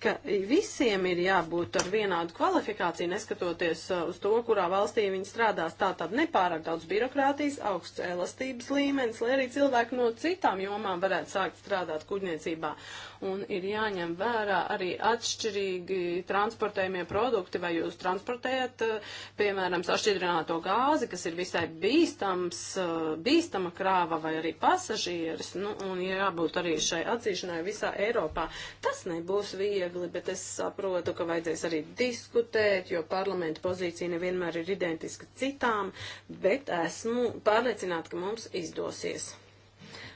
[SPEAKER 1] ka visiem ir jābūt ar vienādu kvalifikāciju, neskatoties uh, uz to, kurā valstī viņi strādās. Tātad nepārāk daudz birokrātijas, augsts elastības līmenis, lai arī cilvēki no citām jomām varētu sākt strādāt kuģniecībā un ir jāņem vērā arī atšķirīgi transportējumie produkti, vai jūs transportējat, eh, piemēram, sašķidrināto gāzi, kas ir visai bīstams, eh, bīstama krāva vai arī pasažieris, nu, un ir jābūt arī šai atzīšanai visā Eiropā. Tas nebūs viegli, bet es saprotu, ka vajadzēs arī diskutēt, jo parlamenta pozīcija nevienmēr ir identiska citām, bet esmu pārliecināta, ka mums izdosies.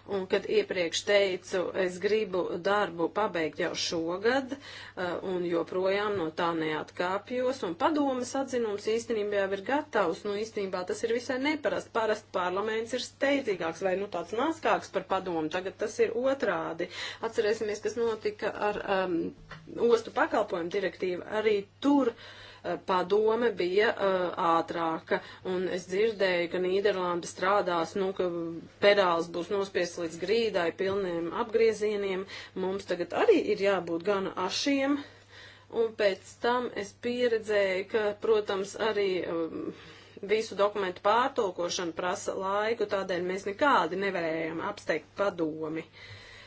[SPEAKER 1] Un, kad iepriekš teicu, es gribu darbu pabeigt jau šogad, eh, un joprojām no tā neatkāpjos, un padomas atzinums īstenībā jau ir gatavs, nu īstenībā tas ir visai neparasti. Parasti parlaments ir steidzīgāks vai nu tāds nāskāks par padomu, tagad tas ir otrādi. Atcerēsimies, kas notika ar um, ostu pakalpojumu direktīvu. Arī tur uh, padome bija eh, ātrāka. Un es dzirdēju, ka Nīderlanda strādās, nu, ka pedāls būs nospiests līdz grīdai, pilniem apgriezieniem. Mums tagad arī ir jābūt gana ašiem. Un pēc tam es pieredzēju, ka, protams, arī um, visu dokumentu pārtulkošana prasa laiku, tādēļ mēs nekādi nevarējām apsteigt padomi. Uh,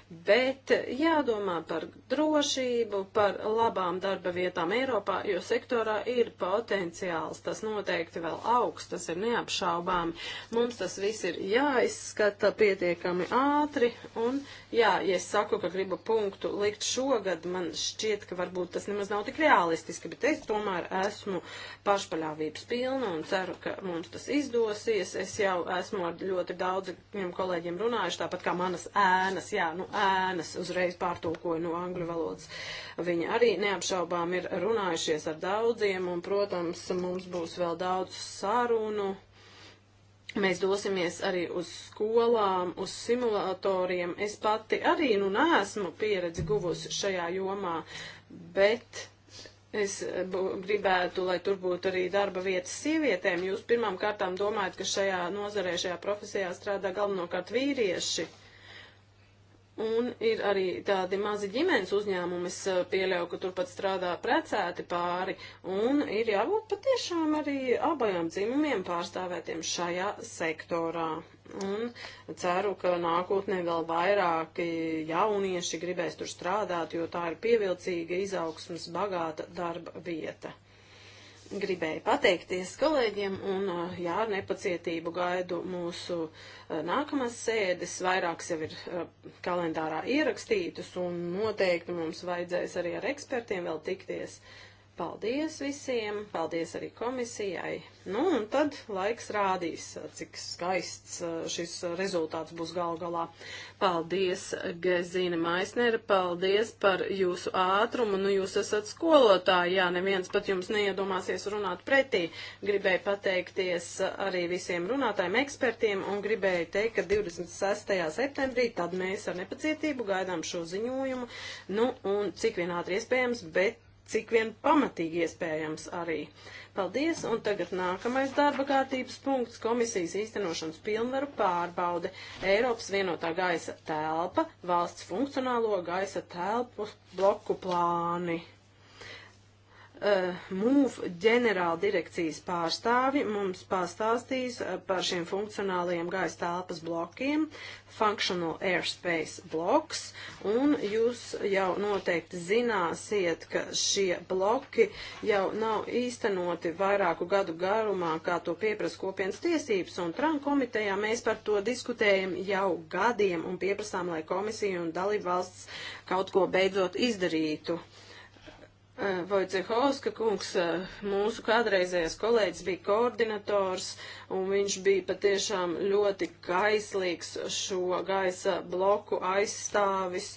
[SPEAKER 1] bet jādomā par drošību, par labām darba vietām Eiropā, jo sektorā ir potenciāls, tas noteikti vēl augsts, tas ir neapšaubām. Mums tas viss ir jāizskata pietiekami ātri, un jā, ja es saku, ka gribu punktu likt šogad, man šķiet, ka varbūt tas nemaz nav tik realistiski, bet es tomēr esmu pašpaļāvības pilna un ceru, ka mums tas izdosies. Es jau esmu ar ļoti daudziem kolēģiem runājuši, tāpat kā manas ēnas. Jā, nu, ēnas, uzreiz pārtulkoju no angļu valodas. Viņi arī neapšaubām ir runājušies ar daudziem, un, protams, mums būs vēl daudz sarunu. Mēs dosimies arī uz skolām, uz simulatoriem. Es pati arī, nu, neesmu pieredzi guvusi šajā jomā, bet es gribētu, lai tur būtu arī darba vietas sievietēm. Jūs pirmām kārtām domājat, ka šajā nozarē, šajā profesijā strādā galvenokārt vīrieši. Uh, Un ir arī tādi mazi ģimenes uzņēmumi, es eh, pieļauju, ka turpat strādā precēti pāri, un ir jābūt patiešām arī abajām dzimumiem pārstāvētiem šajā sektorā. Un ceru, ka nākotnē vēl vairāk jaunieši gribēs tur strādāt, jo tā ir pievilcīga izaugsmas bagāta darba vieta gribēju pateikties kolēģiem un, uh, jā, ar nepacietību gaidu mūsu uh, nākamās sēdes. Vairākas jau ir uh, kalendārā ierakstītas un noteikti mums vajadzēs arī ar ekspertiem vēl tikties. Paldies visiem, paldies arī komisijai. Nu, un tad laiks rādīs, cik skaists uh, šis rezultāts būs gal galā. Paldies, Gezīna Maisnere, paldies par jūsu ātrumu. Nu, jūs esat skolotāji, jā, neviens pat jums neiedomāsies runāt pretī. Gribēju pateikties arī visiem runātājiem ekspertiem un gribēju teikt, ka 26. septembrī tad mēs ar nepacietību gaidām šo ziņojumu. Nu, un cik vien ātri iespējams, bet cik vien pamatīgi iespējams arī. Paldies, un tagad nākamais darba kārtības punkts - komisijas īstenošanas pilnvaru pārbaude Eiropas vienotā gaisa telpa, valsts funkcionālo gaisa telpu bloku plāni uh, MUF ģenerāla direkcijas pārstāvi mums pastāstīs uh, par šiem funkcionālajiem gaisa telpas blokiem, Functional Airspace Blocks, un jūs jau noteikti zināsiet, ka šie bloki jau nav īstenoti vairāku gadu garumā, kā to pieprasa kopienas tiesības, un Trump komitejā mēs par to diskutējam jau gadiem un pieprasām, lai komisija un dalība valsts kaut ko beidzot izdarītu. Uh, Eh, Vojcehovska kungs, eh, mūsu kādreizējais kolēģis, bija koordinators, un viņš bija patiešām ļoti kaislīgs šo gaisa bloku aizstāvis,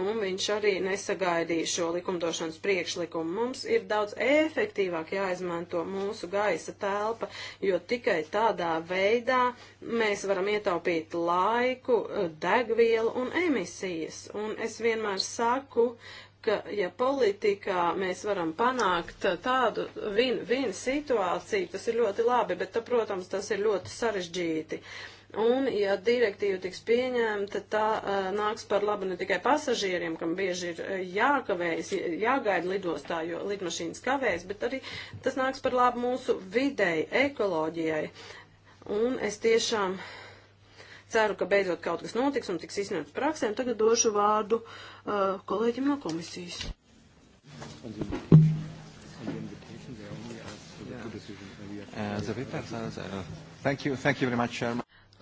[SPEAKER 1] un viņš arī nesagaidīja šo likumdošanas priekšlikumu. Mums ir daudz efektīvāk jāizmanto mūsu gaisa telpa, jo tikai tādā veidā mēs varam ietaupīt laiku, eh, degvielu un emisijas. Un es vienmēr saku, uh, ka, ja politikā mēs varam panākt tādu vien situāciju, tas ir ļoti labi, bet, tā, protams, tas ir ļoti sarežģīti. Un, ja direktīva tiks pieņemta, tā uh, nāks par labu ne tikai pasažieriem, kam bieži ir jākavējas, jāgaida lidostā, jo lidmašīnas kavējas, bet arī tas nāks par labu mūsu videi, ekoloģijai. Un es tiešām ceru, ka beidzot kaut kas notiks un tiks izņemts praksēm. Tagad došu vārdu uh, uh, kolēģim no komisijas. Uh,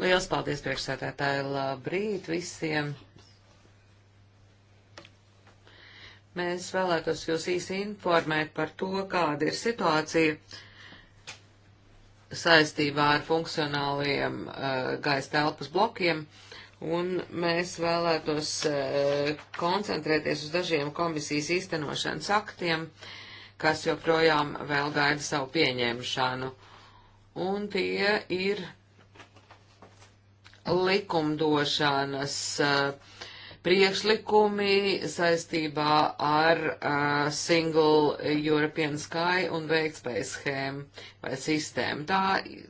[SPEAKER 3] Liels paldies priekšsēdētāji, labrīt visiem! Mēs vēlētos jūs īsi informēt par to, kāda ir situācija saistībā ar funkcionāliem uh, gaisa telpas blokiem. Uh, un mēs vēlētos eh, koncentrēties uz dažiem komisijas īstenošanas aktiem, kas joprojām vēl gaida savu pieņemšanu. Un tie ir likumdošanas eh, priekšlikumi saistībā ar eh, Single European Sky un veiktspējas schēmu vai sistēmu. Tā,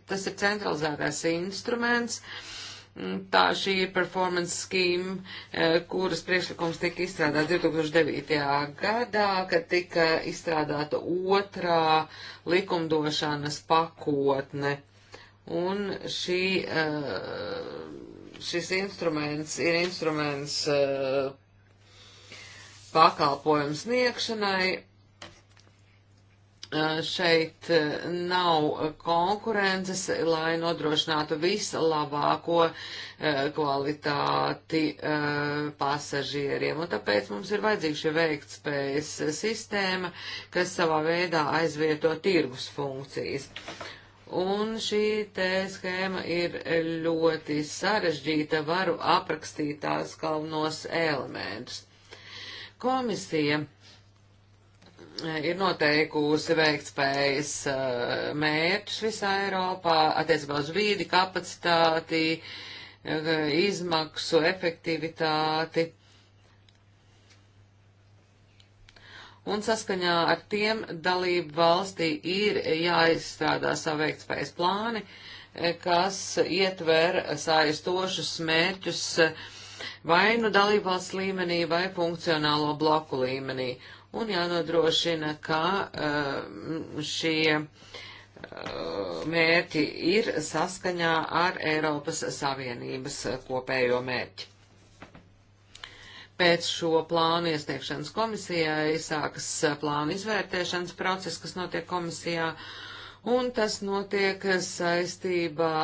[SPEAKER 3] tas ir centralizētais instruments. Uh, Mm, tā šī ir performance scheme, e, kuras priekšlikums tika izstrādāts 2009. gadā, kad tika izstrādāta otrā likumdošanas pakotne. Un šī, e, šis instruments ir instruments e, pakalpojums sniegšanai šeit nav konkurences, lai nodrošinātu vislabāko kvalitāti pasažieriem. Un tāpēc mums ir vajadzīga šī veiktspējas sistēma, kas savā veidā aizvieto tirgus funkcijas. Un šī te schēma ir ļoti sarežģīta, varu aprakstīt tās galvenos elementus. Komisija ir noteikusi veiktspējas eh, mērķus visā Eiropā attiecībā uz vīdi, kapacitāti, eh, izmaksu, efektivitāti. un saskaņā ar tiem dalību valstī ir jāizstrādā savu veiktspējas plāni, eh, kas ietver saistošus mērķus vai nu dalībvalsts līmenī, vai funkcionālo bloku līmenī un jānodrošina, ka uh, šie uh, mērķi ir saskaņā ar Eiropas Savienības kopējo mērķi. Pēc šo plānu iesniegšanas komisijai sākas plānu izvērtēšanas process, kas notiek komisijā, un tas notiek saistībā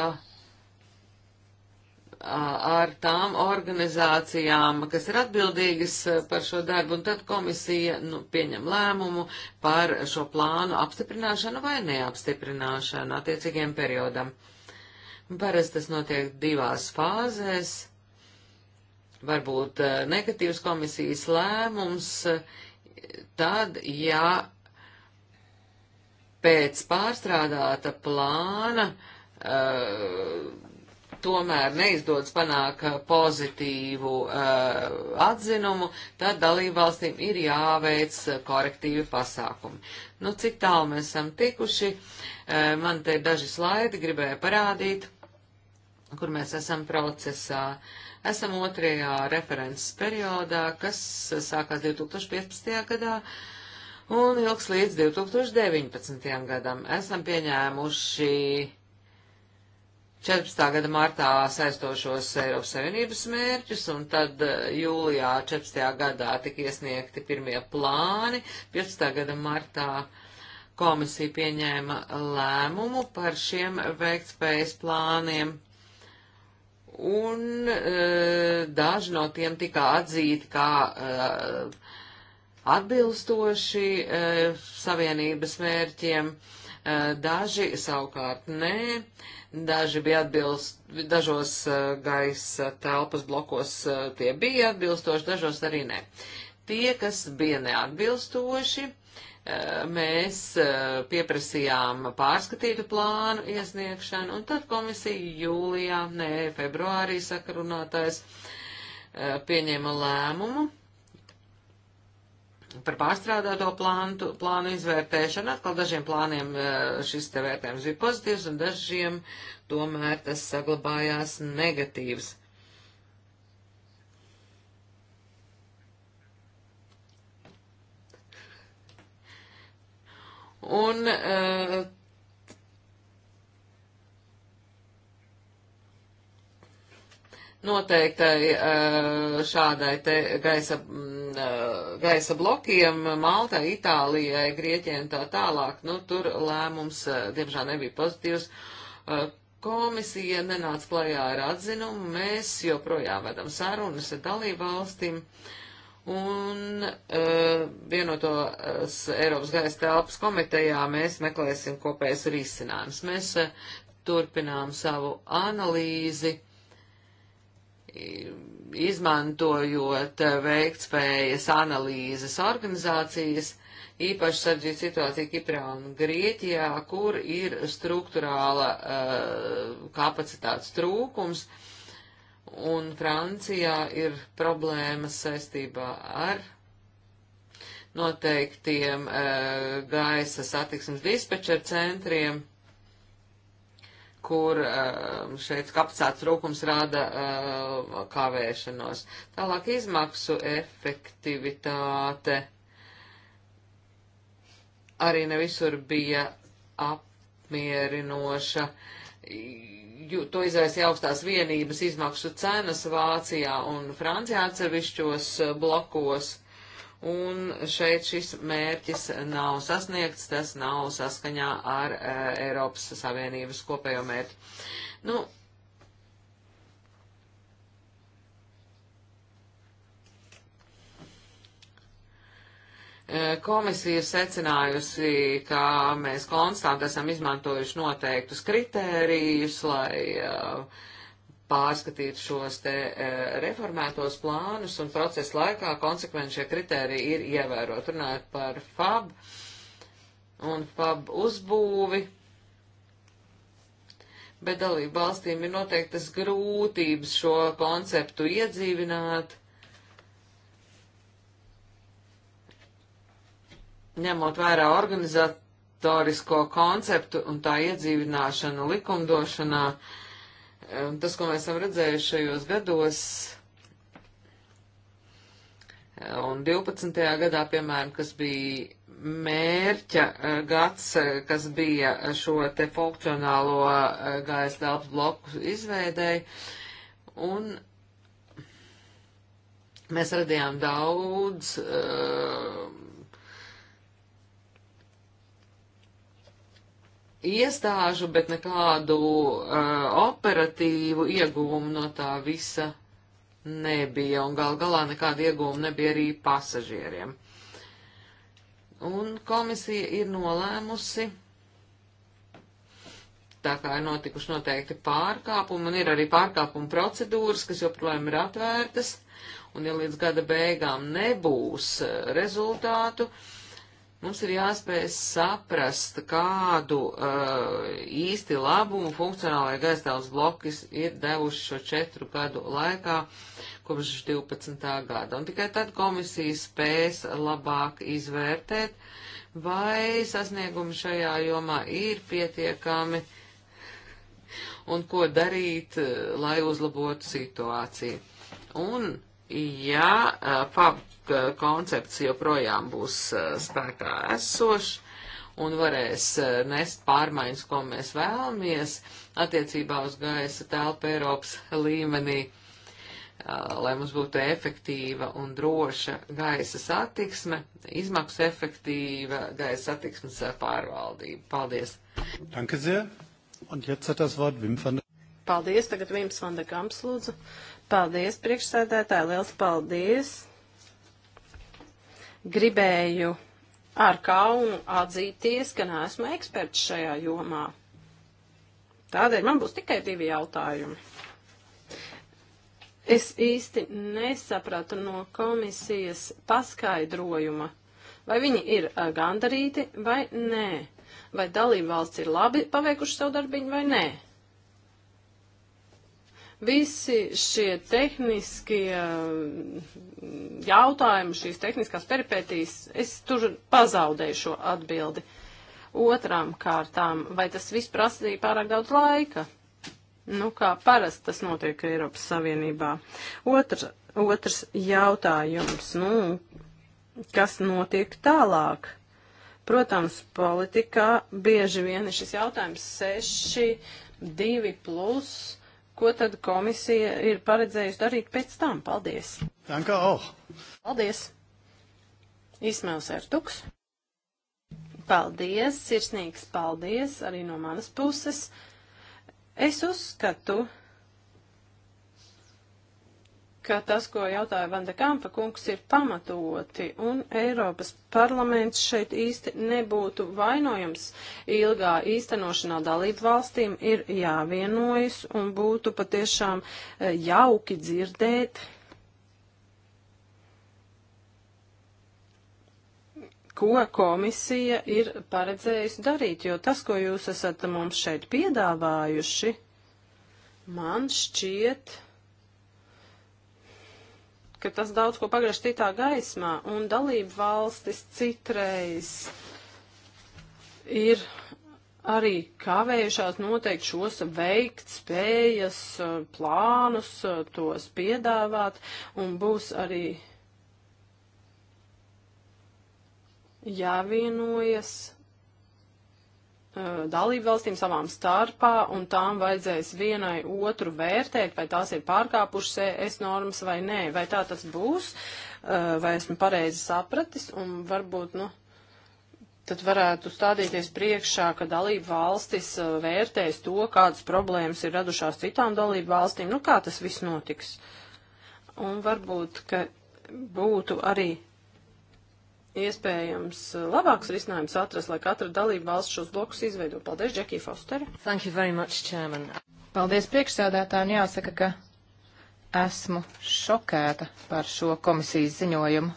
[SPEAKER 3] ar tām organizācijām, kas ir atbildīgas par šo darbu, un tad komisija nu, pieņem lēmumu par šo plānu apstiprināšanu vai neapstiprināšanu attiecīgiem periodam. Parasti tas notiek divās fāzēs. Varbūt negatīvs komisijas lēmums, tad, ja pēc pārstrādāta plāna uh, tomēr neizdodas panākt pozitīvu uh, atzinumu, tad dalībvalstīm ir jāveic korektīvi pasākumi. Nu, cik tālu mēs esam tikuši, uh, man te ir daži slaidi, gribēju parādīt, kur mēs esam procesā. Esam otrajā references periodā, kas sākās 2015. gadā un ilgs līdz 2019. gadam. Esam pieņēmuši uh, 14. gada martā saistošos Eiropas Savienības mērķus, un tad eh, jūlijā 14. gadā tika iesniegti pirmie plāni. 15. gada martā komisija pieņēma lēmumu par šiem veiktspējas plāniem un e, daži no tiem tika atzīti kā e, atbilstoši e, savienības mērķiem, e, daži savukārt nē. E, Daži bija atbilst, dažos eh, gaisa telpas blokos eh, tie bija atbilstoši, dažos arī ne. Tie, kas bija neatbilstoši, eh, mēs pieprasījām pārskatītu plānu iesniegšanu, un tad komisija jūlijā, nē, februārī sakarunātājs pieņēma lēmumu par pārstrādāto plānu, plānu izvērtēšanu. Atkal dažiem plāniem e, šis te vērtējums bija pozitīvs, un dažiem tomēr tas saglabājās negatīvs. Un uh, noteiktai eh, šādai te gaisa, mm, eh, gaisa blokiem Maltai, Itālijai, Grieķijai un tā tālāk, nu tur lēmums, eh, diemžēl, nebija pozitīvs. Komisija nenāca klajā ar atzinumu, mēs joprojām vedam sarunas ar dalību valstīm. Un uh, vienotās Eiropas gaisa telpas komitejā mēs meklēsim kopējas risinājumus. Mēs uh, turpinām savu analīzi uh, izmantojot veiktspējas analīzes organizācijas, īpaši sarežģīta situācija Kiprā un Grieķijā, kur ir struktūrāla uh, kapacitātes trūkums, un Francijā ir problēmas saistībā ar noteiktiem uh, gaisa satiksmes dispečer centriem kur eh, šeit kapacitātes trūkums rada eh, kavēšanos. Tālāk izmaksu efektivitāte arī ne visur bija apmierinoša. To izraisīja augstās vienības izmaksu cenas Vācijā un Francijā atsevišķos eh, blokos un šeit šis mērķis nav sasniegts, tas nav saskaņā ar e, Eiropas Savienības kopējo mērķi. Nu, e, Komisija ir secinājusi, ka mēs konstant esam izmantojuši noteiktus kritērijus, lai uh, pārskatīt šos te e, reformētos plānus un procesa laikā konsekventi šie kriteriji ir ievērot. Runājot par FAB un FAB uzbūvi, bet dalību valstīm ir noteiktas grūtības šo konceptu iedzīvināt, ņemot vērā organizatorisko konceptu un tā iedzīvināšanu likumdošanā. Uh, Tas, ko mēs esam redzējuši šajos gados, un 12. gadā, piemēram, kas bija mērķa eh, gads, eh, kas bija šo te funkcionālo eh, gaisa telpas bloku izveidēji, un mēs redzējām daudz uh, iestāžu, bet nekādu uh, operatīvu ieguvumu no tā visa nebija, un gal galā nekāda ieguvuma nebija arī pasažieriem. Un komisija ir nolēmusi, tā kā ir notikuši noteikti pārkāpumi, un ir arī pārkāpuma procedūras, kas joprojām ir atvērtas, un ja līdz gada beigām nebūs eh, rezultātu, uh, Mums ir jāspēj saprast, kādu uh, īsti labumu funkcionālajai gaistāvs blokis ir devuši šo četru gadu laikā kopš 12. gada. Un tikai tad komisija spēs labāk izvērtēt, vai sasniegumi šajā jomā ir pietiekami un ko darīt, uh, lai uzlabotu situāciju. Un ja pub koncepts joprojām būs spēkā esošs un varēs nest pārmaiņas, ko mēs vēlamies attiecībā uz gaisa telpu Eiropas līmenī, lai mums būtu efektīva un droša gaisa satiksme, izmaksu efektīva gaisa satiksmes pārvaldība. Paldies!
[SPEAKER 1] Danke sehr! Un jetzt hat das Wort Wim van der Paldies, tagad Vims van der Kamps lūdzu. Uh, Paldies, priekšsēdētāji, liels paldies. Gribēju ar kaunu atzīties, ka neesmu eksperts šajā jomā. Tādēļ man būs tikai divi jautājumi. Es īsti nesapratu no komisijas paskaidrojuma, vai viņi ir gandarīti vai nē, vai dalība valsts ir labi paveikuši savu darbiņu vai nē. Visi šie tehniskie mm, jautājumi, šīs tehniskās peripētīs, es tur pazaudēju šo atbildi. Otrām kārtām, vai tas viss prasīja pārāk daudz laika? Nu, kā parasti tas notiek Eiropas Savienībā. Otrs, otrs jautājums, nu, kas notiek tālāk? Protams, politikā bieži vien ir šis jautājums 6, 2 plus ko tad komisija ir paredzējusi darīt pēc tam? Paldies! Danke auch! Paldies! Ismēls Ertuks! Paldies! Sirsnīgs paldies arī no manas puses! Es uzskatu, ka ka tas, ko jautāja Vanda Kampa kungs, ir pamatoti, un Eiropas parlaments šeit īsti nebūtu vainojams. Ilgā īstenošanā dalību valstīm ir jāvienojas, un būtu patiešām e, jauki dzirdēt, ko komisija ir paredzējusi darīt, jo tas, ko jūs esat mums šeit piedāvājuši, man šķiet, ka tas daudz ko pagriež citā gaismā, un dalību valstis citreiz ir arī kavējušās noteikt šos veikt spējas, plānus, tos piedāvāt, un būs arī jāvienojas Uh, dalību valstīm savām starpā, un tām vajadzēs vienai otru vērtēt, vai tās ir pārkāpušas ES normas vai nē, vai tā tas būs, uh, vai esmu pareizi sapratis, un varbūt, nu, tad varētu stādīties priekšā, ka dalību valstis uh, vērtēs to, kādas problēmas ir radušās citām dalību valstīm, nu, kā tas viss notiks. Un varbūt, ka būtu arī iespējams eh, labāks risinājums atrast, lai katra dalība valsts šos blokus izveido. Paldies, Džekija Fosteri.
[SPEAKER 2] Thank you very much, Chairman. Paldies priekšsēdētājiem. Jāsaka, ka esmu šokēta par šo komisijas ziņojumu.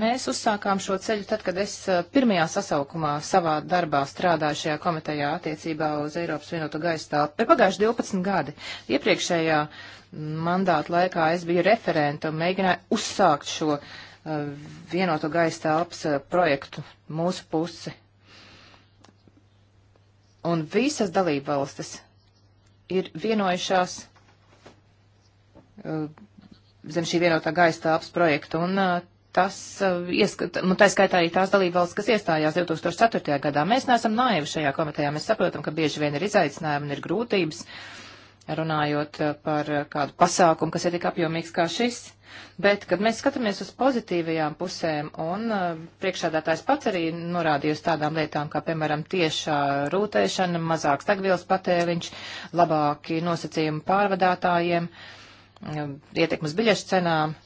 [SPEAKER 2] Mēs uzsākām šo ceļu tad, kad es eh, pirmajā sasaukumā savā darbā strādāju šajā komitejā attiecībā uz Eiropas vienoto gaisa telpu. Ir pagājuši 12 gadi. Iepriekšējā mandāta laikā es biju referenta un mēģināju uzsākt šo uh, vienoto gaisa telpas eh, projektu mūsu pusi. Un visas dalībvalstis ir vienojušās eh, zem šī vienotā gaisa telpas projekta, un eh, tas, un nu, tā skaitā arī tās dalībvalsts, kas iestājās 2004. gadā. Mēs neesam naivi šajā komitejā, mēs saprotam, ka bieži vien ir izaicinājumi un ir grūtības. Uh, runājot eh, par eh, kādu pasākumu, kas ir tik apjomīgs kā šis. Bet, kad mēs skatāmies uz pozitīvajām pusēm, un eh, priekšādātājs pats arī norādīja uz tādām lietām, kā, piemēram, tiešā rūtēšana, mazāks degvielas patēriņš, labāki nosacījumi pārvadātājiem, ietekmes biļešu cenām,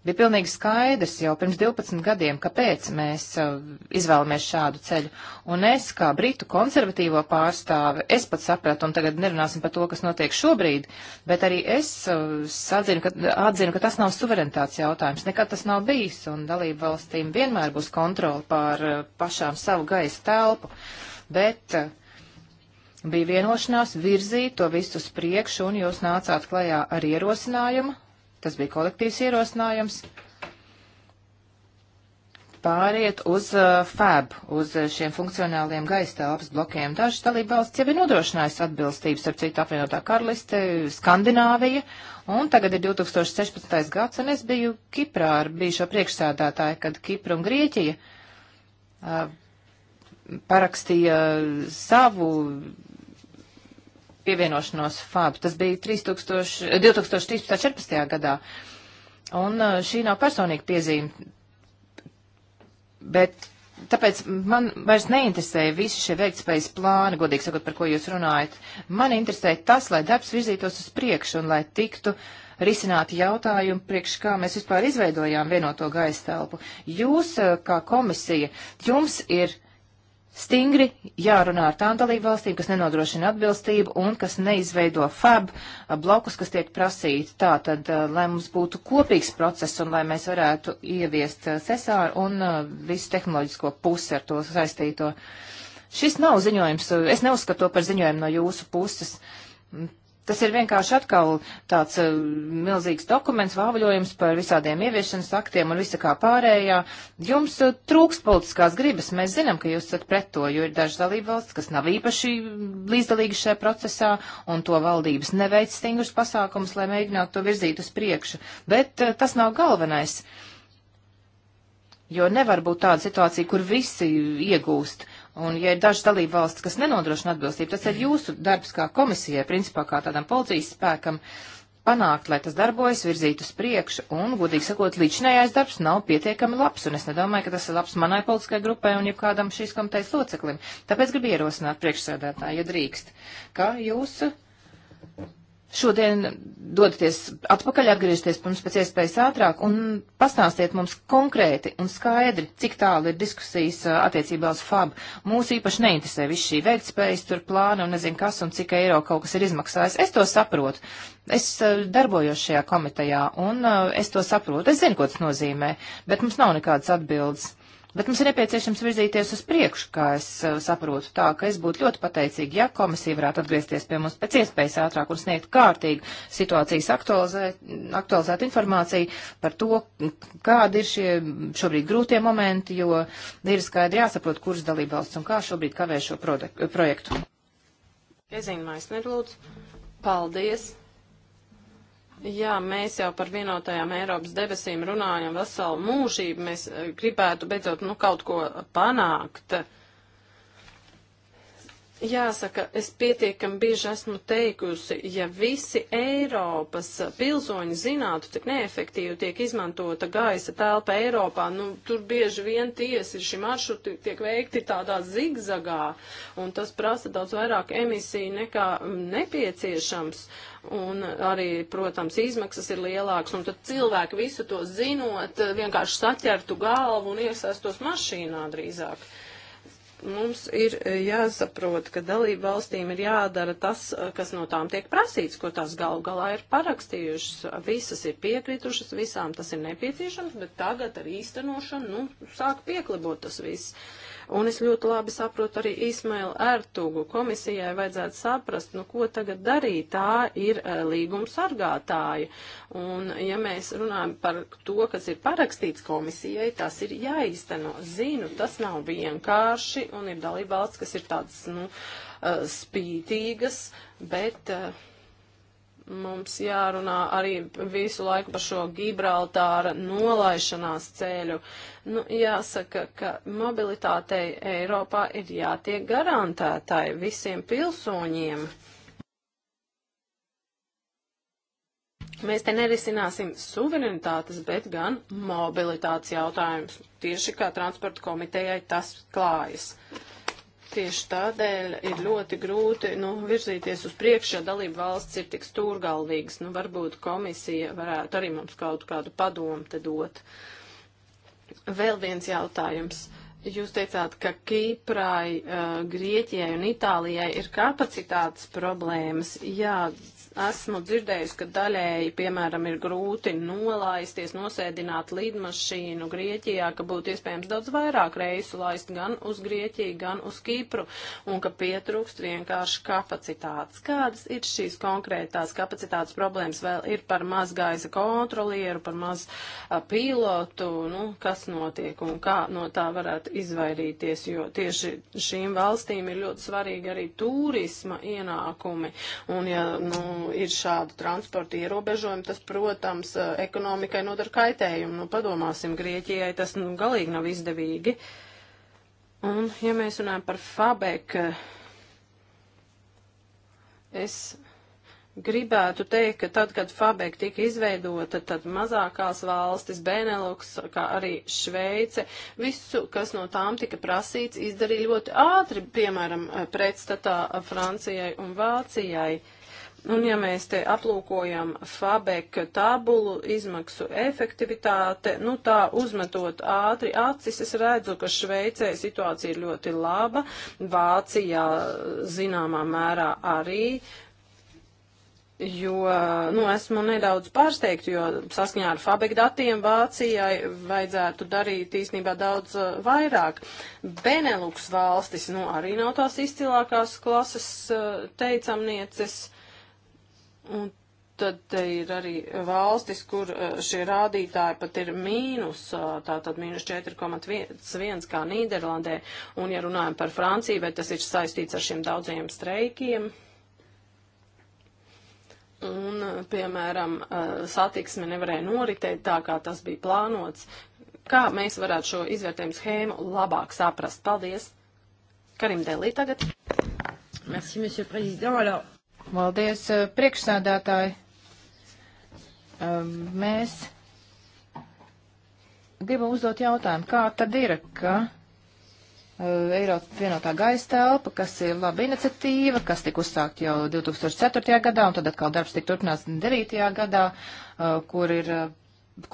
[SPEAKER 2] Bija pilnīgi skaidrs jau pirms 12 gadiem, kāpēc mēs uh, izvēlamies šādu ceļu. Un es, kā britu konservatīvo pārstāve, es pat sapratu, un tagad nerunāsim par to, kas notiek šobrīd, bet arī es uh, sadzinu, ka, atzinu, ka tas nav suverenitāts jautājums. Nekad tas nav bijis, un dalību valstīm vienmēr būs kontroli pār uh, pašām savu gaisa telpu. Bet uh, bija vienošanās virzīt to visu uz priekšu, un jūs nācāt klajā ar ierosinājumu tas bija kolektīvs ierosinājums, pāriet uz uh, FAB, uz uh, šiem funkcionāliem gaistāps blokiem. Dažas dalībvalsts jau ir nodrošinājusi atbilstības, ar citu apvienotā karaliste, Skandināvija, un tagad ir 2016. gads, un es biju Kiprā ar bijušo priekšsēdētāju, kad Kipra un Grieķija uh, parakstīja savu pievienošanos FAB. Tas bija 3000, 2013. Eh, gadā. Un eh, šī nav personīga piezīme, bet tāpēc man vairs neinteresē visi šie veiktspējas plāni, godīgi sakot, par ko jūs runājat. Man interesē tas, lai darbs virzītos uz priekšu un lai tiktu risināti jautājumi, priekš kā mēs vispār izveidojām vienoto gaistelpu. Jūs, eh, kā komisija, jums ir stingri jārunā ar tām dalību valstīm, kas nenodrošina atbilstību un kas neizveido FAB blokus, kas tiek prasīti. Tā tad, eh, lai mums būtu kopīgs process un lai mēs varētu ieviest cesāru eh, un eh, visu tehnoloģisko pusi ar to saistīto. Šis nav ziņojums, es neuzskatu to par ziņojumu no jūsu puses. Tas ir vienkārši atkal tāds uh, milzīgs dokuments, vāvaļojums par visādiem ieviešanas aktiem un visa kā pārējā. Jums uh, trūkst politiskās gribas, mēs zinām, ka jūs esat pret to, jo ir daži dalība valsts, kas nav īpaši līdzdalīgi šajā procesā, un to valdības neveic stingrus pasākums, lai mēģinātu to virzīt uz priekšu. Bet uh, tas nav galvenais, jo nevar būt tāda situācija, kur visi iegūst. Uh, Un, ja ir dažas dalība valsts, kas nenodrošina atbilstību, tas ir jūsu darbs kā komisijai, principā kā tādam policijas spēkam, panākt, lai tas darbojas, virzīt uz priekšu, un, godīgi sakot, līdzinājais darbs nav pietiekami labs, un es nedomāju, ka tas ir labs manai politiskai grupai un jebkādam šīs komitejas loceklim. Tāpēc gribu ierosināt priekšsēdētāju, ja drīkst, ka jūs šodien dodaties atpakaļ, atgriezties mums pēc iespējas ātrāk un pastāstiet mums konkrēti un skaidri, cik tālu ir diskusijas attiecībā uz FAB. Mūs īpaši neinteresē viss šī veiktspējas tur plāna un nezinu kas un cik eiro kaut kas ir izmaksājis. Es to saprotu. Es darbojos šajā komitejā un es to saprotu. Es zinu, ko tas nozīmē, bet mums nav nekādas atbildes. Bet mums ir nepieciešams virzīties uz priekšu, kā es eh, saprotu, tā ka es būtu ļoti pateicīga, ja komisija varētu atgriezties pie mums pēc iespējas ātrāk un sniegt kārtīgu situācijas aktualizētu informāciju par to, kādi ir šie šobrīd grūtie momenti, jo ir skaidri jāsaprot, kuras dalībvalsts un kā šobrīd kavē šo projektu.
[SPEAKER 1] Iezīmēs, nedlūdzu. Paldies! Jā, mēs jau par vienotajām Eiropas debesīm runājam veselu mūžību. Mēs eh, gribētu beidzot nu, kaut ko panākt. Uh, Jāsaka, es pietiekami bieži esmu teikusi, ja visi Eiropas pilsoņi zinātu, cik neefektīvi tiek izmantota gaisa telpa Eiropā, nu, tur bieži vien tiesi šī maršruti tiek veikti tādā zigzagā, un tas prasa daudz vairāk emisiju nekā mm, nepieciešams, un arī, protams, izmaksas ir lielākas, un tad cilvēki visu to zinot, vienkārši saķertu galvu un iesaistos mašīnā drīzāk mums ir e, jāsaprot, ka dalību valstīm ir jādara tas, e, kas no tām tiek prasīts, ko tās galu galā ir parakstījušas. Visas ir piekritušas, visām tas ir nepieciešams, bet tagad ar īstenošanu nu, sāk pieklibot tas viss. Uh, Un es ļoti labi saprotu arī Ismailu Ertugu. Komisijai vajadzētu saprast, nu ko tagad darīt. Tā ir uh, līguma sargātāja. Un ja mēs runājam par to, kas ir parakstīts komisijai, tas ir jāizteno. Zinu, tas nav vienkārši un ir dalībvalsts, kas ir tāds, nu, uh, spītīgas, bet. Uh, Mums jārunā arī visu laiku par šo Gibraltāra nolaišanās ceļu. Nu, jāsaka, ka mobilitātei Eiropā ir jātiek garantētai visiem pilsoņiem. Mēs te nerisināsim suverenitātes, bet gan mobilitātes jautājumus. Tieši kā transporta komitejai tas klājas. Uh, Tieši tādēļ ir ļoti grūti nu, virzīties uz priekšu, ja dalību valsts ir tik stūrgalvīgas. Nu, varbūt komisija varētu arī mums kaut kādu padomu te dot. Vēl viens jautājums. Jūs teicāt, ka Kīprai, uh, Grieķijai un Itālijai ir kapacitātes problēmas. Jā, esmu dzirdējusi, ka daļēji, piemēram, ir grūti nolaisties, nosēdināt lidmašīnu Grieķijā, ka būtu iespējams daudz vairāk reisu laist gan uz Grieķiju, gan uz Kipru, un ka pietrūkst vienkārši kapacitātes. Kādas ir šīs konkrētās kapacitātes problēmas? Vēl ir par maz gaisa kontrolieru, par maz a, pilotu, nu, kas notiek un kā no tā varētu izvairīties, jo tieši šīm valstīm ir ļoti svarīgi arī turisma ienākumi. Un, ja, nu, ir šādi transporta ierobežojumi, tas, protams, eh, ekonomikai nodara kaitējumu. Nu, padomāsim, Grieķijai tas nu, galīgi nav izdevīgi. Un, ja mēs runājam par Fabek, eh, es gribētu teikt, ka tad, kad Fabek tika izveidota, tad mazākās valstis, Benelux, kā arī Šveice, visu, kas no tām tika prasīts, izdarīja ļoti ātri, piemēram, pretstatā Francijai un Vācijai. Un ja mēs te aplūkojam Fabek tabulu izmaksu efektivitāte, nu tā uzmetot ātri acis, es redzu, ka Šveicē situācija ir ļoti laba, Vācijā zināmā mērā arī, uh, jo nu, esmu nedaudz pārsteigta, jo saskaņā ar Fabek datiem Vācijai vajadzētu darīt īstenībā daudz eh, vairāk. Benelux valstis nu, arī nav tās izcilākās klases eh, teicamnieces. Un tad te ir arī valstis, kur eh, šie rādītāji pat ir mīnus, tātad mīnus 4,1 kā Nīderlandē. Un ja runājam par Franciju, vai tas ir saistīts ar šiem daudziem streikiem? Un, eh, piemēram, eh, satiksme nevarēja noritēt tā, kā tas bija plānots. Kā mēs varētu šo izvērtējumu schēmu labāk saprast? Paldies! Karim Delī
[SPEAKER 2] tagad. Merci, monsieur président. Alors... Paldies, eh, priekšsādātāji. Mēs gribam uzdot jautājumu, kā tad ir, ka Eh, Eiropas vienotā gaisa telpa, kas ir laba iniciatīva, kas tika uzsākt jau 2004. gadā, un tad atkal darbs tika turpināts 9. gadā, eh, kur ir eh,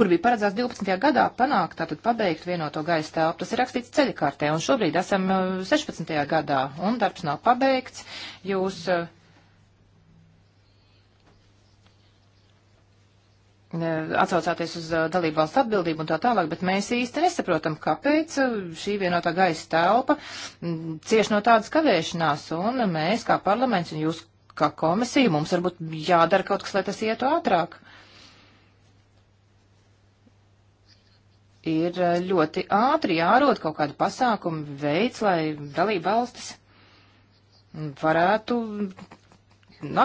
[SPEAKER 2] kur bija paredzēts 12. gadā panākt, tātad pabeigt vienoto gaisa telpu. Tas ir rakstīts ceļakārtē, un šobrīd esam 16. gadā, un darbs nav pabeigts. Jūs uh, atsaucāties uz dalībvalstu atbildību un tā tālāk, bet mēs īsti nesaprotam, kāpēc šī vienotā gaisa telpa cieši no tādas kavēšanās, un mēs kā parlaments un jūs kā komisija, mums varbūt jādara kaut kas, lai tas ietu ātrāk. Ir ļoti ātri jārod kaut kāda pasākuma veids, lai dalība valstis varētu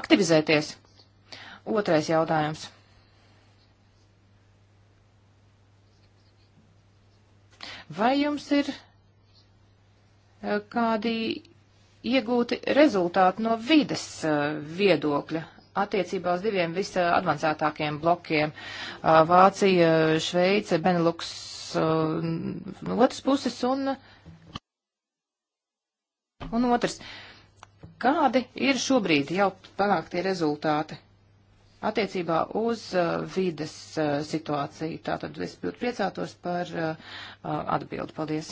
[SPEAKER 2] aktivizēties. Otrais jautājums. Vai jums ir eh, kādi iegūti rezultāti no vides eh, viedokļa attiecībā uz diviem visadvancētākiem blokiem eh, - Vācija, Šveice, Benelux no otras puses un, un otrs. Kādi ir šobrīd jau panāktie rezultāti? Attiecībā uz uh, vides uh, situāciju, tātad es ļoti priecātos par uh, uh atbildi. Paldies.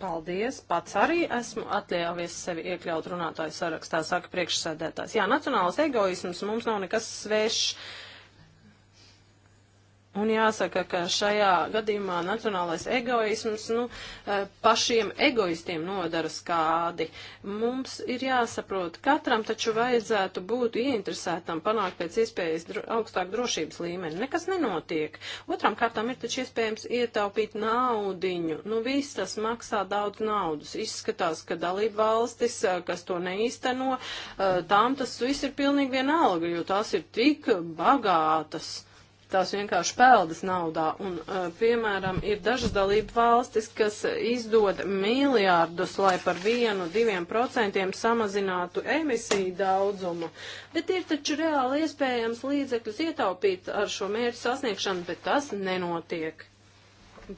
[SPEAKER 1] Paldies. Pats arī esmu atļāvies sevi iekļaut runātāju sarakstā, saka priekšsēdētājs. Jā, nacionāls egoisms mums nav nekas svešs Un jāsaka, ka šajā gadījumā nacionālais egoisms nu, e, pašiem egoistiem nodara skādi. Mums ir jāsaprot, katram taču vajadzētu būt ieinteresētam panākt pēc iespējas dro augstāk drošības līmeni. Nekas nenotiek. Otram kārtām ir taču iespējams ietaupīt naudiņu. Nu, viss tas maksā daudz naudas. Izskatās, ka dalība valstis, e, kas to neīsteno, e, tām tas viss ir pilnīgi vienalga, jo tās ir tik bagātas tās vienkārši peldas naudā. Un, uh, piemēram, ir dažas dalība valstis, kas izdod miljārdus, lai par vienu, diviem procentiem samazinātu emisiju daudzumu. Bet ir taču reāli iespējams līdzekļus ietaupīt ar šo mērķu sasniegšanu, bet tas nenotiek.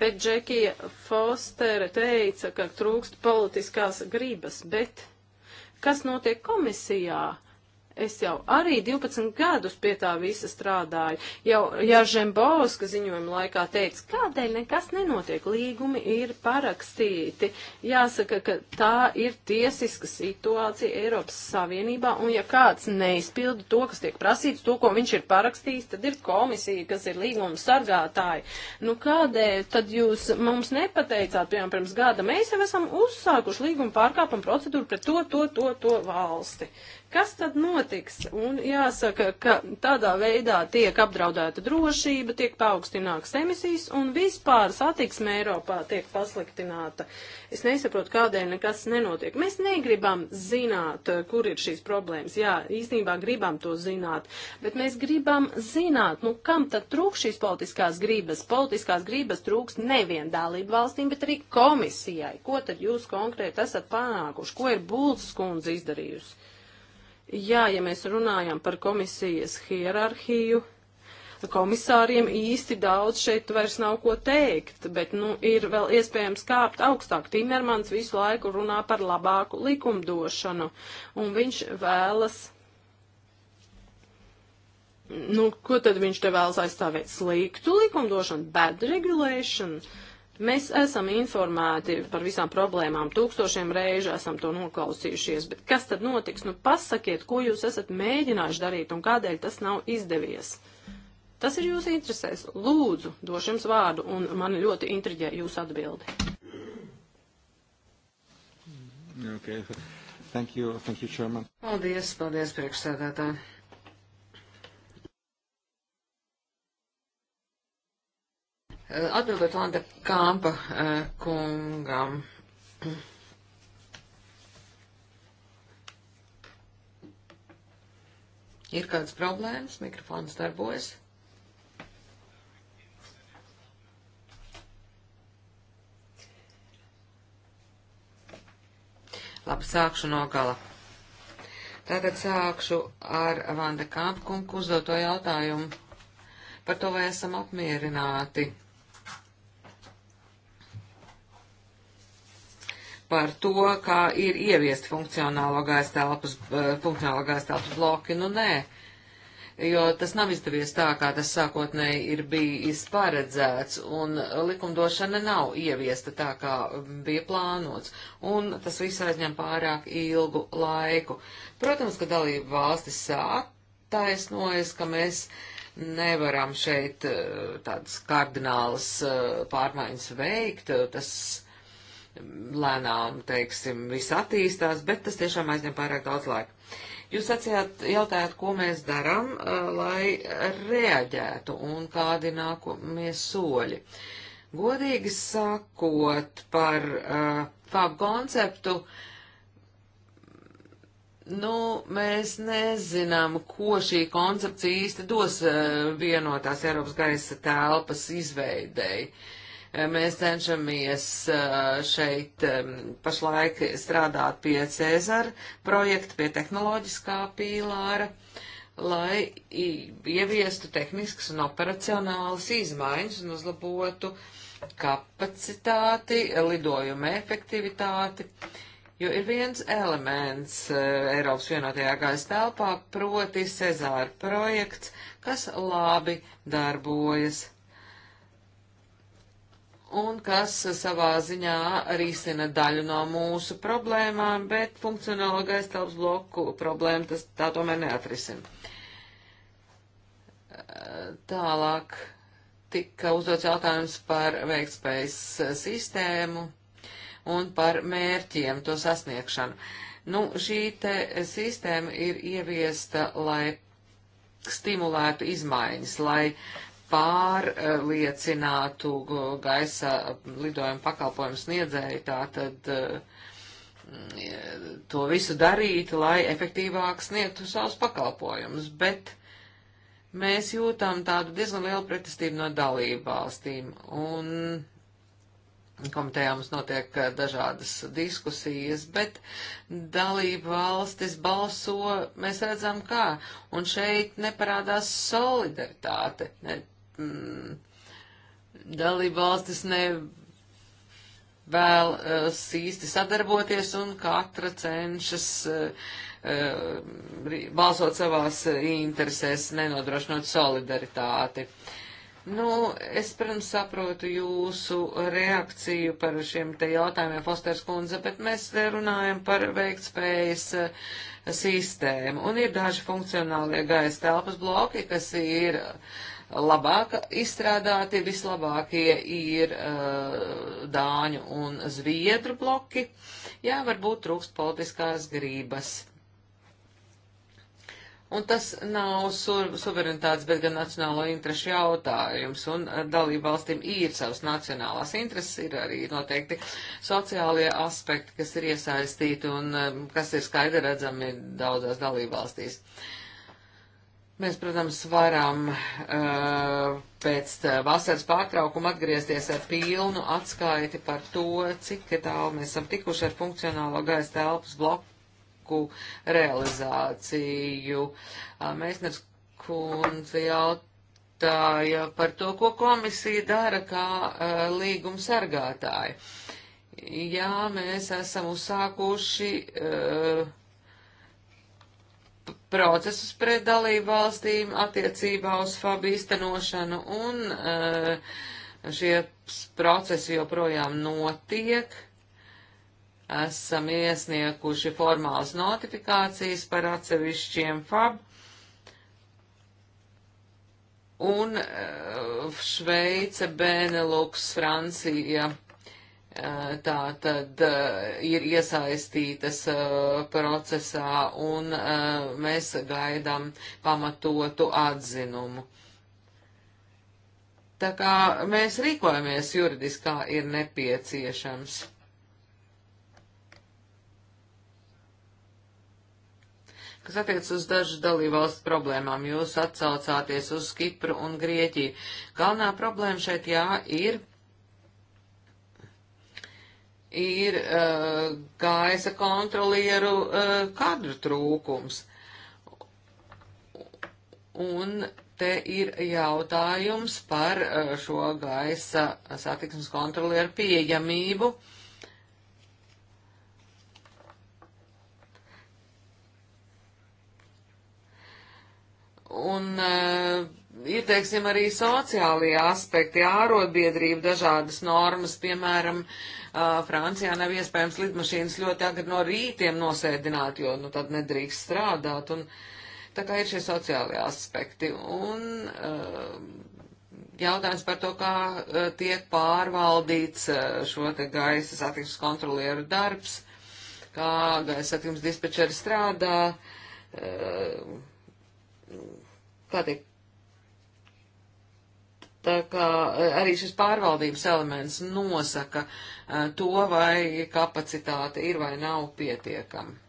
[SPEAKER 1] Bet Džekija Fostere teica, ka trūkst politiskās gribas, bet kas notiek komisijā? es jau arī 12 gadus pie tā visa strādāju. Jau Jāžembauska ziņojuma laikā teica, kādēļ nekas nenotiek, līgumi ir parakstīti. Jāsaka, ka tā ir tiesiska situācija Eiropas Savienībā, un ja kāds neizpilda to, kas tiek prasīts, to, ko viņš ir parakstījis, tad ir komisija, kas ir līguma sargātāji. Nu, kādēļ tad jūs mums nepateicāt, piemēram, pirms gada, mēs jau esam uzsākuši līguma pārkāpumu procedūru pret to, to, to, to valsti. Kas tad notiks? Un jāsaka, ka tādā veidā tiek apdraudēta drošība, tiek paaugstināts emisijas un vispār satiksme Eiropā tiek pasliktināta. Es nesaprotu, kādēļ nekas nenotiek. Mēs negribam zināt, kur ir šīs problēmas. Jā, īstenībā gribam to zināt, bet mēs gribam zināt, nu kam tad trūks šīs politiskās gribas. Politiskās gribas trūks nevien dalību valstīm, bet arī komisijai. Ko tad jūs konkrēti esat panākuši? Ko ir Bultas kundze izdarījusi? Jā, ja mēs runājam par komisijas hierarhiju, komisāriem īsti daudz šeit vairs nav ko teikt, bet, nu, ir vēl iespējams kāpt augstāk. Timermans visu laiku runā par labāku likumdošanu, un viņš vēlas. Nu, ko tad viņš te vēlas aizstāvēt? Sliktu likumdošanu, bad regulation. Uh, Mēs esam informēti par visām problēmām, tūkstošiem reižu esam to noklausījušies, bet kas tad notiks? Nu, pasakiet, ko jūs esat mēģinājuši darīt un kādēļ tas nav izdevies. Tas ir jūsu interesēs. Lūdzu, došu jums vārdu, un man ļoti intriģē jūsu atbildi.
[SPEAKER 3] Okay. Thank you, thank you, chairman.
[SPEAKER 1] paldies, paldies,
[SPEAKER 3] priekšsēdētāji. Eh, atbildot Landa Kampa eh, kungam. Ir kādas problēmas, mikrofons darbojas. Labi, sākšu no gala. Tagad sākšu ar Vanda Kampkunku uzdoto jautājumu par to, vai esam apmierināti par to, kā ir ieviest funkcionālo gaisa telpas, eh, funkcionālo gaisa telpas bloki, nu nē, jo tas nav izdevies tā, kā tas sākotnēji ir bijis paredzēts, un likumdošana nav ieviesta tā, kā mm, bija plānots, un tas viss aizņem pārāk ilgu laiku. Protams, ka dalība valstis sāk taisnojas, ka mēs nevaram šeit eh, tādas kardinālas eh, pārmaiņas veikt, tas lēnām, teiksim, viss attīstās, bet tas tiešām aizņem pārāk daudz laika. Jūs sacījāt, jautājāt, ko mēs darām, eh, lai reaģētu un kādi nākamie soļi. Godīgi sakot par uh, fab konceptu, nu, mēs nezinām, ko šī koncepcija īsti dos uh, vienotās Eiropas gaisa telpas izveidēji. Uh, Mēs cenšamies eh, šeit eh, pašlaik strādāt pie Cēzara projekta, pie tehnoloģiskā pīlāra, lai ieviestu tehniskas un operacionālas izmaiņas un uzlabotu kapacitāti, lidojuma efektivitāti. Jo ir viens elements eh, Eiropas vienotajā gaisa telpā, proti Cezāra projekts, kas labi darbojas un kas savā ziņā risina daļu no mūsu problēmām, bet funkcionālo gaistelpas bloku problēmu tas tā tomēr neatrisina. Tālāk tika uzdots jautājums par veiktspējas sistēmu un par mērķiem to sasniegšanu. Nu, šī te sistēma ir ieviesta, lai stimulētu izmaiņas, lai uh, pārliecinātu gaisa lidojumu pakalpojumu sniedzēju, tātad mm, to visu darīt, lai efektīvāk sniegtu savus pakalpojumus, bet mēs jūtam tādu diezgan lielu pretestību no dalību valstīm, un komitejā mums notiek eh, dažādas diskusijas, bet dalību valstis balso, mēs redzam kā, un šeit neparādās solidaritāte, ne mm, dalība valstis nevēlas eh, īsti sadarboties un katra cenšas uh, balsot savās interesēs, nenodrošinot solidaritāti. Nu, es, protams, saprotu jūsu reakciju par šiem te jautājumiem, Fosters kundze, bet mēs runājam par veiktspējas sistēmu. Un ir daži funkcionālie gaisa telpas bloki, kas ir uh, labāk izstrādāti, vislabākie ir uh, dāņu un zviedru bloki. Jā, varbūt trūkst politiskās grības. Un tas nav su suverenitātes, bet gan nacionālo interešu jautājums, un eh, dalību valstīm ir savas nacionālās intereses, ir arī noteikti sociālie aspekti, kas ir iesaistīti un um, kas ir skaidri redzami daudzās dalību valstīs. Uh, Mēs, protams, varam uh, pēc uh, vasaras pārtraukuma atgriezties ar pilnu atskaiti par to, cik tālu mēs esam tikuši ar funkcionālo gaisa telpas bloku realizāciju. Uh, Mēsners kundze jautāja par to, ko komisija dara kā uh, līguma sargātāji. Jā, mēs esam uzsākuši. Uh, procesus pret dalību valstīm attiecībā uz FAB īstenošanu, un eh, šie procesi joprojām notiek. Esam iesnieguši formālas notifikācijas par atsevišķiem FAB, un eh, Šveice, Benelux, Francija tā tad eh, ir iesaistītas eh, procesā un eh, mēs gaidām pamatotu atzinumu. Tā kā mēs rīkojamies juridiskā ir nepieciešams. Kas attiec uz dažu dalībvalstu problēmām, jūs atsaucāties uz Kipru un Grieķiju. Galvenā problēma šeit jā ir ir uh, gaisa kontrolieru uh, kadru trūkums. Un te ir jautājums par uh, šo gaisa satiksmes kontrolieru pieejamību. Un uh, ir, teiksim, arī sociālie aspekti, ārodbiedrība, dažādas normas, piemēram, uh, Francijā nav iespējams lidmašīnas ļoti agri no rītiem nosēdināt, jo nu, tad nedrīkst strādāt. Un, tā kā ir šie sociālie aspekti. Un jautājums par to, kā tiek pārvaldīts šo te gaisa satiksmes kontrolieru darbs, kā gaisa satiksmes dispečeri strādā, kā tiek Tā kā e, arī šis pārvaldības elements nosaka e, to, vai kapacitāte ir vai nav pietiekama.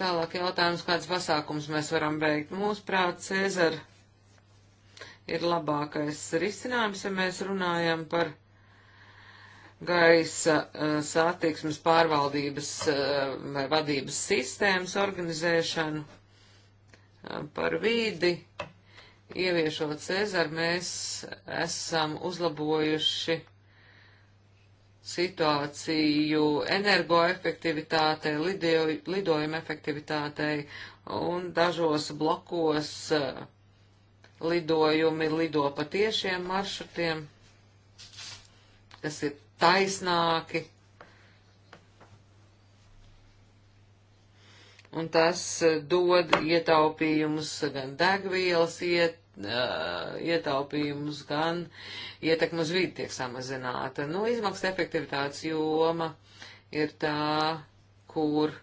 [SPEAKER 3] Tālāk jautājums, kāds pasākums mēs varam veikt. Mūsuprāt, Cēzara ir labākais risinājums, ja mēs runājam par gaisa e, satiksmes pārvaldības vai vadības sistēmas organizēšanu par vīdi. Ieviešot Cezaru, mēs esam uzlabojuši situāciju energoefektivitātei, lidojuma efektivitātei un dažos blokos eh, lidojumi lido pa tiešiem maršrutiem, kas ir taisnāki un tas eh, dod ietaupījumus gan degvielas iet, uh, ietaupījumus, gan ietekmu uz vidi tiek samazināta. Nu, izmaksta efektivitātes joma ir tā, kur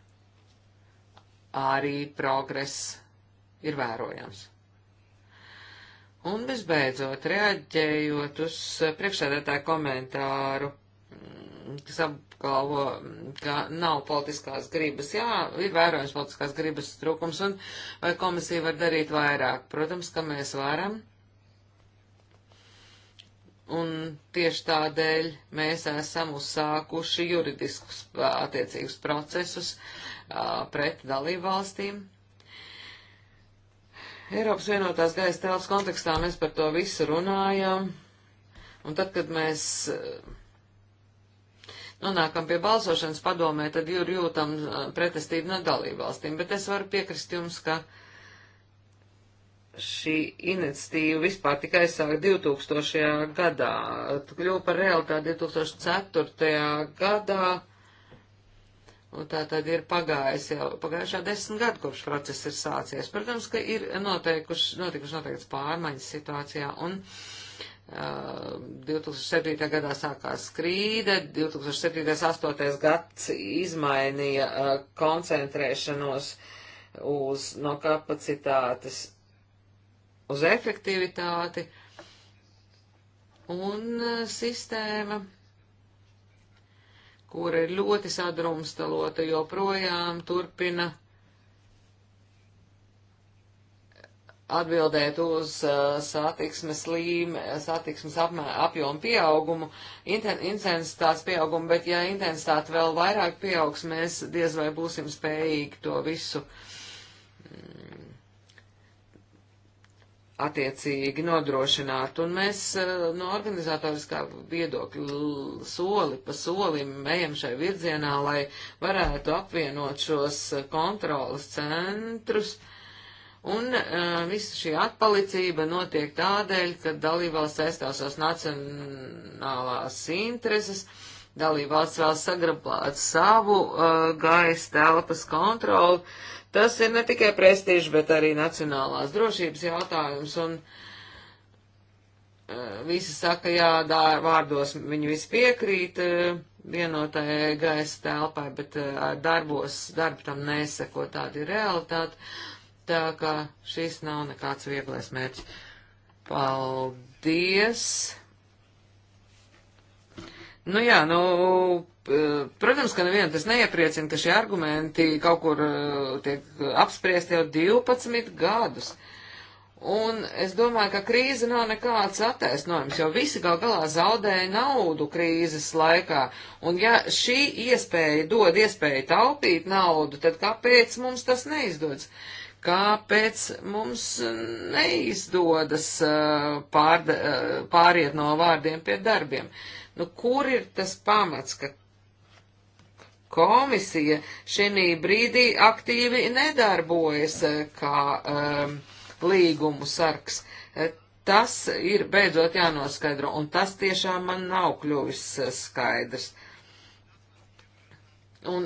[SPEAKER 3] arī progress ir vērojams. Un visbeidzot, reaģējot uz priekšsēdētāju komentāru, mm, kas ap, apgalvo, ka nav politiskās gribas. Jā, ir vērojams politiskās gribas trūkums, un vai komisija var darīt vairāk? Protams, ka mēs varam. Un tieši tādēļ mēs esam uzsākuši juridiskus attiecīgus procesus a, pret dalību valstīm. Eiropas vienotās gaisa telpas kontekstā mēs par to visu runājam. Un tad, kad mēs nonākam pie balsošanas padomē, tad jūr jūtam pretestību no dalībvalstīm, bet es varu piekrist jums, ka šī iniciatīva vispār tikai sāk 2000. gadā, kļūpa par realitāti 2004. gadā, un tā tad ir pagājis jau pagājušā desmit gadu, kopš process ir sācies. Protams, ka ir notikušas noteiktas pārmaiņas situācijā, un uh, 2007. gadā sākās krīde, 2007.-2008. gads izmainīja koncentrēšanos uz, no kapacitātes uz efektivitāti, un sistēma, kura ir ļoti sadrumstalota, joprojām turpina atbildēt uz uh, satiksmes līme, satiksmes apmē, apjomu pieaugumu, inten, intensitātes pieaugumu, bet ja intensitāte vēl vairāk pieaugs, mēs diez vai būsim spējīgi to visu mm, attiecīgi nodrošināt. Un mēs uh, no organizatoriskā viedokļa soli pa solim ejam šai virzienā, lai varētu apvienot šos uh, kontrolas centrus, uh, Un uh, visa šī atpalicība notiek tādēļ, ka dalībvalsts aizstāv savas nacionālās intereses, dalībvalsts vēl sagrablāt savu uh, gaisa telpas kontroli. Tas ir ne tikai prestižs, bet arī nacionālās drošības jautājums. Un uh, visi saka, jā, dā, vārdos viņi visi piekrīt. Uh, vienotajai gaisa telpai, bet darbos, darbi tam neseko, tāda ir realitāte tā kā šis nav nekāds vieglais mērķis. Paldies! Nu jā, nu, protams, ka nevienu tas neiepriecina, ka šie argumenti kaut kur e, tiek apspriesti jau 12 gadus. Un es domāju, ka krīze nav nekāds attaisnojums, jo visi gal galā zaudēja naudu krīzes laikā. Un ja šī iespēja dod iespēju taupīt naudu, tad kāpēc mums tas neizdodas? Uh, kāpēc mums neizdodas uh, pārde, uh, pāriet no vārdiem pie darbiem. Nu, kur ir tas pamats, ka komisija šī brīdī aktīvi nedarbojas uh, kā um, līgumu sargs? Tas ir beidzot jānoskaidro, un tas tiešām man nav kļuvis skaidrs. Un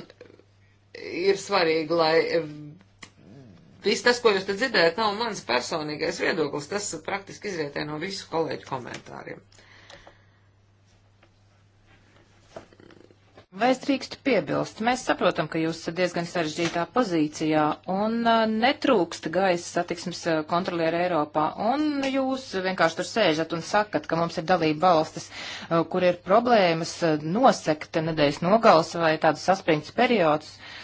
[SPEAKER 3] ir svarīgi, lai Viss tas, ko jūs te dzirdējat, nav mans personīgais viedoklis, tas praktiski izrietē no visu kolēģu komentāriem.
[SPEAKER 2] Vai es drīkstu piebilst? Mēs saprotam, ka jūs esat diezgan sarežģītā pozīcijā un netrūkst gaisa satiksmes kontrolieri Eiropā. Un jūs vienkārši tur sēžat un sakat, ka mums ir dalība valstis, kur ir problēmas nosekt nedēļas nogals vai tādus saspringts periodus. Uh,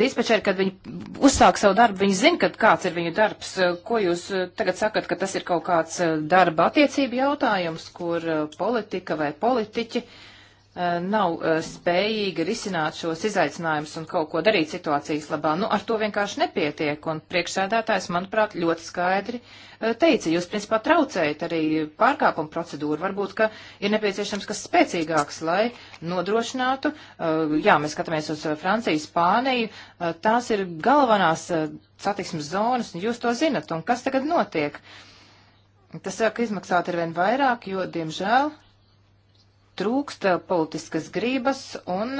[SPEAKER 2] dispečeri, kad viņi uzsāk savu darbu, viņi zina, kad kāds ir viņu darbs. Eh, ko jūs eh, tagad sakat, ka tas ir kaut kāds eh, darba attiecību jautājums, kur politika vai politiķi uh, Eh, nav eh, spējīga risināt šos izaicinājumus un kaut ko darīt situācijas labā. Nu, ar to vienkārši nepietiek, un priekšsēdētājs, manuprāt, ļoti skaidri eh, teica, jūs, principā, traucējat arī pārkāpumu procedūru. Varbūt, ka ir nepieciešams kas spēcīgāks, lai nodrošinātu, jā, mēs skatāmies uz Franciju, Spāniju, tās ir galvenās satiksmes zonas, un jūs to zinat, un kas tagad notiek? Tas sāk izmaksāt arvien vairāk, jo, diemžēl, trūkst politiskas grības un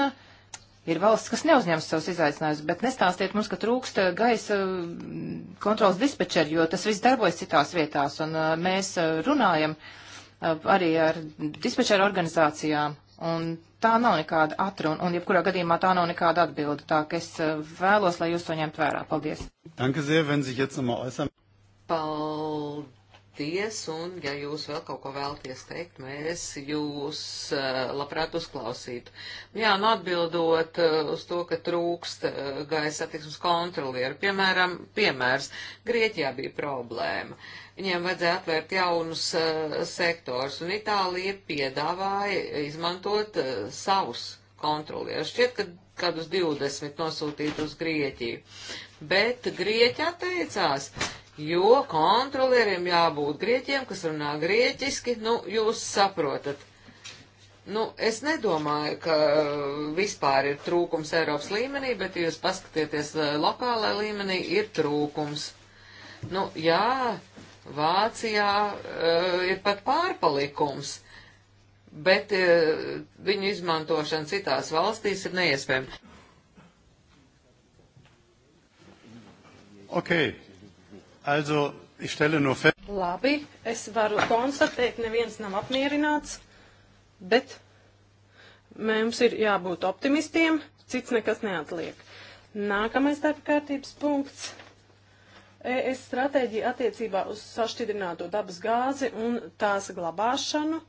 [SPEAKER 2] ir valsts, kas neuzņems savus izaicinājumus, bet nestāstiet mums, ka trūkst gaisa mm, kontrols dispečeri, jo tas viss darbojas citās vietās, un uh, mēs uh, runājam uh, arī ar dispečeru organizācijām, un tā nav nekāda atruna, un jebkurā gadījumā tā nav nekāda atbilda, tā ka es vēlos, lai jūs to ņemt vērā. Paldies!
[SPEAKER 1] Danke sehr, wenn Sie jetzt nochmal äußern.
[SPEAKER 2] Paldies!
[SPEAKER 3] paldies, un ja jūs vēl kaut ko vēlties teikt, mēs jūs eh, labprāt uzklausītu. Jā, nu atbildot eh, uz to, ka trūkst eh, gaisa attīstības kontrolieru, piemēram, piemērs, Grieķijā bija problēma. Viņiem vajadzēja atvērt jaunus sektors, un Itālija piedāvāja izmantot savus kontrolieru. Šķiet, ka kādus 20 nosūtīt uz Grieķiju. Bet Grieķi atteicās, jo kontrolieriem jābūt grieķiem, kas runā grieķiski, nu, jūs saprotat. Nu, es nedomāju, ka uh, vispār ir trūkums Eiropas līmenī, bet, ja jūs paskatieties uh, lokālā līmenī, ir trūkums. Nu, jā, Vācijā uh, ir pat pārpalikums, bet uh, viņu izmantošana citās valstīs ir neiespējama.
[SPEAKER 1] Okay. Also, ich stelle nur fest. Labi, es varu konstatēt, neviens nav apmierināts, bet mums ir jābūt optimistiem, cits nekas neatliek. Nākamais darba kārtības punkts. ES stratēģija attiecībā uz sašķidrināto dabas gāzi un tās glabāšanu.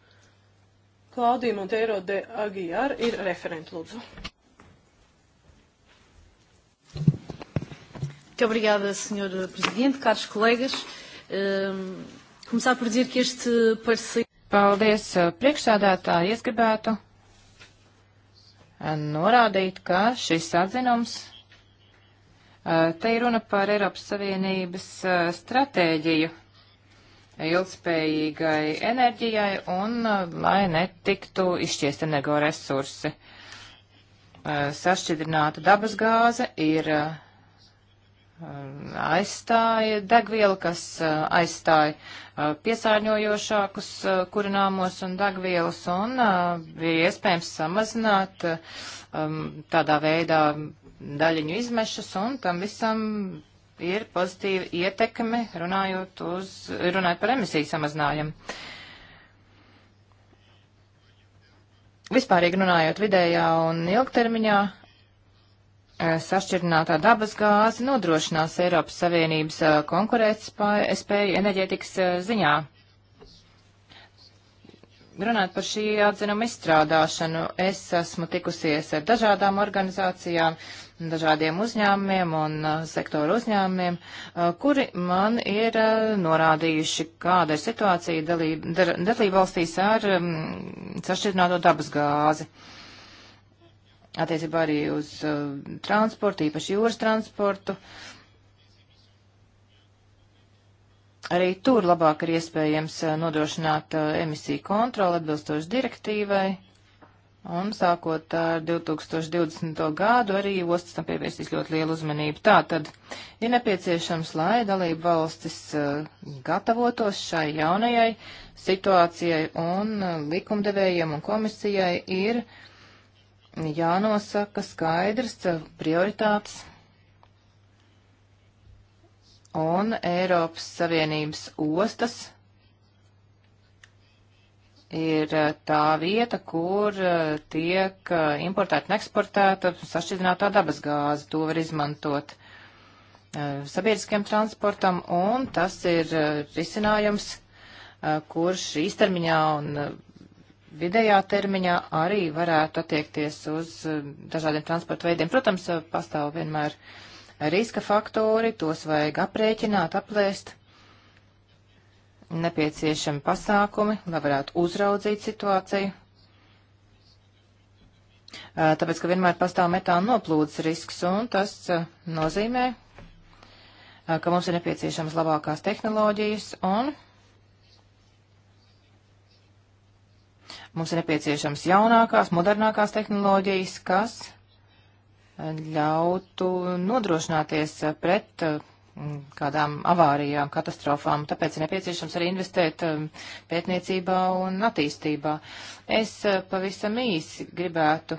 [SPEAKER 1] Klaudija Monteiro de Aguiar ir referent lūdzu. Muito obrigada, Sr. Presidente, caros colegas. Um,
[SPEAKER 2] começar por dizer que este parceiro. Paldies, eh, priekšsādātāji. Es gribētu eh, norādīt, ka šis atzinums. Eh, te ir runa par Eiropas Savienības stratēģiju ilgspējīgai enerģijai un lai netiktu izšķiest energoresursi. Sašķidrināta dabasgāze ir uh, aizstāja degvielu, kas aizstāja piesārņojošākus kurināmos un degvielas, un bija iespējams samazināt um, tādā veidā daļiņu izmešas, un tam visam ir pozitīva ietekme, runājot, uz, runājot par emisiju samazinājumu. Vispārīgi runājot vidējā un ilgtermiņā Eh, sašķirinātā dabas gāze nodrošinās Eiropas Savienības eh, konkurētspēju enerģētikas eh, ziņā. Runājot par šī atzinuma izstrādāšanu, es esmu tikusies ar dažādām organizācijām, dažādiem uzņēmumiem un sektoru uzņēmumiem, kuri man ir norādījuši, kāda ir situācija dalība valstīs ar mm, sašķirināto dabas gāzi. Uh, attiecībā arī uz uh, transportu, īpaši jūras transportu. Arī tur labāk ir iespējams uh, nodrošināt uh, emisiju kontroli atbilstoši direktīvai. Un sākot ar 2020. gadu arī ostas tam pievērsīs ļoti lielu uzmanību. Tā tad ir nepieciešams, lai dalība valstis uh, gatavotos šai jaunajai situācijai un uh, likumdevējiem un komisijai ir uh, jānosaka skaidrs prioritātes. Un Eiropas Savienības ostas ir eh, tā vieta, kur eh, tiek eh, importēta un eksportēta sašķidrinātā dabas gāze. To var izmantot sabiedriskiem transportam, un tas ir risinājums, kurš īstermiņā un vidējā termiņā arī varētu attiekties uz eh, dažādiem transporta veidiem. Protams, eh, pastāv vienmēr riska faktori, tos vajag aprēķināt, aplēst. Nepieciešami pasākumi, lai varētu uzraudzīt situāciju. Eh, tāpēc, ka vienmēr pastāv metāla noplūdes risks, un tas nozīmē, ka mums ir nepieciešamas labākās tehnoloģijas un Mums ir nepieciešams jaunākās, modernākās tehnoloģijas, kas eh, ļautu nodrošināties eh, pret eh, kādām avārijām, katastrofām. Tāpēc ir nepieciešams arī investēt pētniecībā un attīstībā. Es pavisam īsi gribētu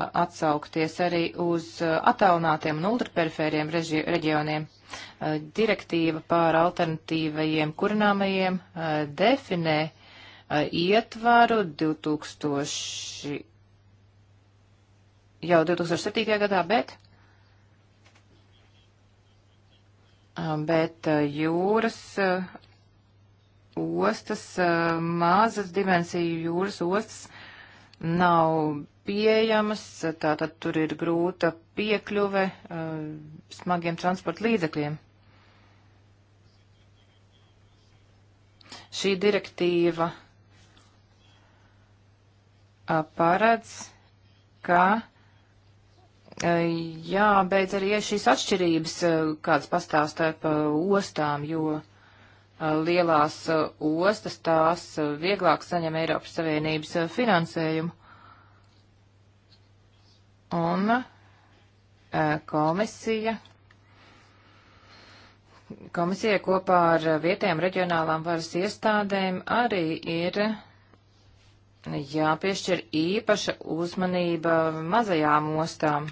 [SPEAKER 2] atsaukties arī uz attālinātiem un ultraperifēriem reģioniem. Direktīva pār alternatīvajiem kurināmajiem definē ietvaru 2000, jau 2007. gadā, bet, bet eh, jūras eh, ostas, eh, mazas dimensiju jūras ostas nav pieejamas, tātad tur ir grūta piekļuve smagiem transporta līdzekļiem. Šī direktīva paredz, ka jābeidz arī šīs atšķirības, kādas pastāv starp ostām, jo lielās ostas tās vieglāk saņem Eiropas Savienības finansējumu. Un komisija. Komisija kopā ar vietējām reģionālām varas iestādēm arī ir uh, jāpiešķir īpaša uzmanība mazajām ostām,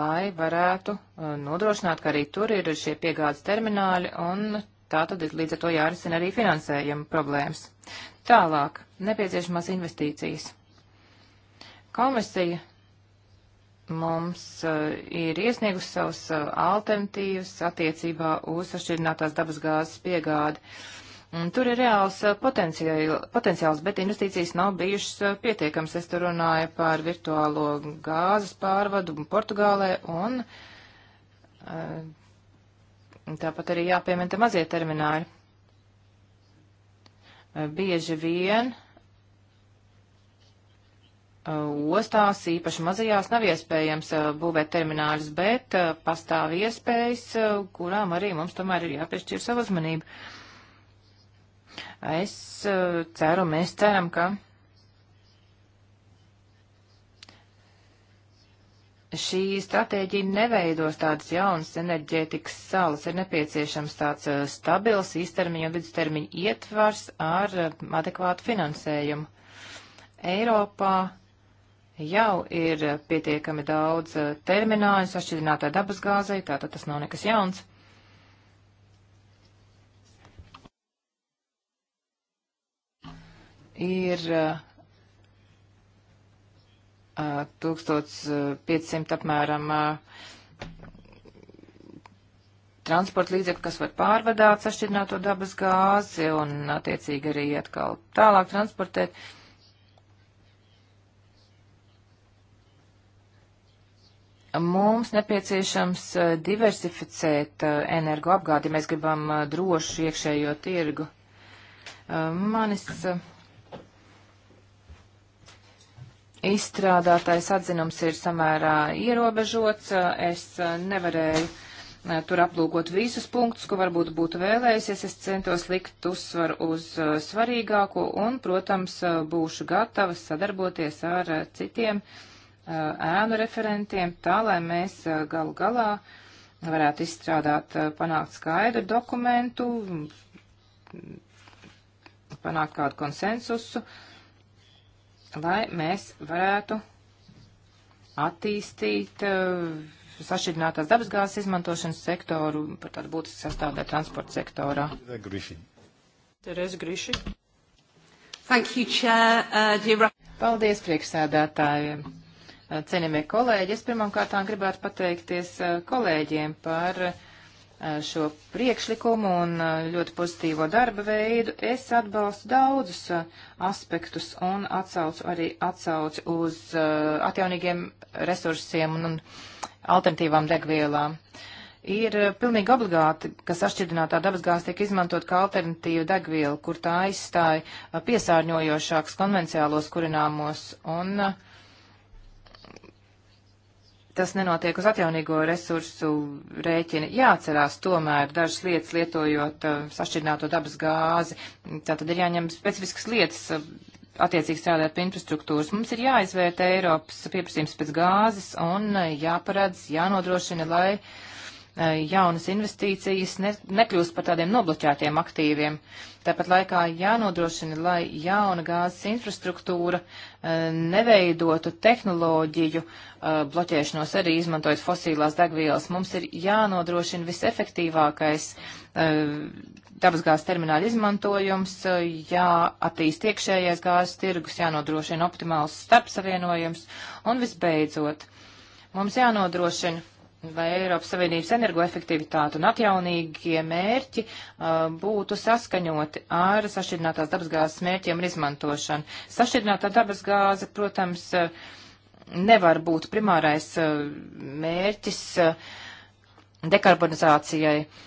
[SPEAKER 2] lai varētu uh, nodrošināt, ka arī tur ir šie piegādes termināļi un tā tad līdz ar to jārisina arī finansējuma problēmas. Tālāk, nepieciešamās investīcijas. Komisija mums uh, ir iesniegusi savus uh, alternatīvas attiecībā uz sašķirinātās dabasgāzes piegādi. Uh, Un tur ir reāls eh, potenciāls, bet investīcijas nav bijušas eh, pietiekams. Es tur runāju par virtuālo gāzes pārvadu Portugālē un eh, tāpat arī jāpiemina te mazie termināļi. Bieži vien ostās, īpaši mazajās, nav iespējams būvēt termināļus, bet pastāv iespējas, kurām arī mums tomēr ir jāpiešķir savu uzmanību. Es eh, ceru, mēs ceram, ka šī stratēģija neveidos tādas jaunas enerģētikas salas. Ir nepieciešams tāds eh, stabils īstermiņa un vidustermiņa ietvars ar eh, adekvātu finansējumu. Eiropā jau ir pietiekami daudz termināļu sašķidrinātā dabasgāzei, tātad tas nav nekas jauns. ir 1500 apmēram transporta līdzekļu, kas var pārvadāt sašķidrināto dabas gāzi un attiecīgi arī atkal tālāk transportēt. Mums nepieciešams diversificēt energoapgādi, ja mēs gribam drošu iekšējo tirgu. Manis Izstrādātais atzinums ir samērā ierobežots. Es eh, nevarēju eh, tur aplūkot visus punktus, ko varbūt būtu vēlējusies. Es centos likt uzsvaru uz eh, svarīgāko un, protams, būšu gatava sadarboties ar citiem ēnu referentiem, tā lai mēs galu galā varētu izstrādāt, panākt skaidru dokumentu, panākt kādu konsensusu. Uh, lai mēs varētu attīstīt eh, sašķidrinātās dabasgāzes izmantošanas sektoru par tādu būtisku sastāvdaļu transporta sektorā.
[SPEAKER 1] Tereza Griši.
[SPEAKER 2] Thank you, Chair. Uh, dear... Paldies, priekšsēdētāji. Uh, cienījamie kolēģi, es pirmkārt gribētu pateikties uh, kolēģiem par uh, šo priekšlikumu un ļoti pozitīvo darba veidu. Es atbalstu daudzus aspektus un atsaucu arī atsauci uz atjaunīgiem resursiem un, un alternatīvām degvielām. Ir pilnīgi obligāti, ka sašķidrinātā dabasgāze tiek izmantot kā alternatīva degviela, kur tā aizstāja piesārņojošāks konvenciālos kurināmos un uh, tas nenotiek uz atjaunīgo resursu rēķina. Jāatcerās tomēr dažas lietas lietojot uh, sašķirināto dabas gāzi. Tātad ir jāņem specifiskas lietas uh, attiecīgi strādāt pie infrastruktūras. Mums ir jāizvērtē Eiropas pieprasījums pēc gāzes un uh, jāparedz, jānodrošina, lai uh, jaunas investīcijas ne, nekļūst par tādiem nobloķētiem aktīviem. Uh, Tāpat laikā jānodrošina, lai jauna gāzes infrastruktūra eh, neveidotu tehnoloģiju eh, bloķēšanos arī izmantojot fosīlās degvielas. Mums ir jānodrošina visefektīvākais eh, dabasgāzes termināļa izmantojums, jāattīst iekšējais gāzes tirgus, jānodrošina optimāls starpsavienojums un visbeidzot. Mums jānodrošina lai Eiropas Savienības energoefektivitāte un atjaunīgie mērķi uh, būtu saskaņoti ar sašķidrinātās dabasgāzes mērķiem un izmantošanu. Sašķidrinātā dabasgāze, protams, uh, nevar būt primārais uh, mērķis uh, dekarbonizācijai. Uh,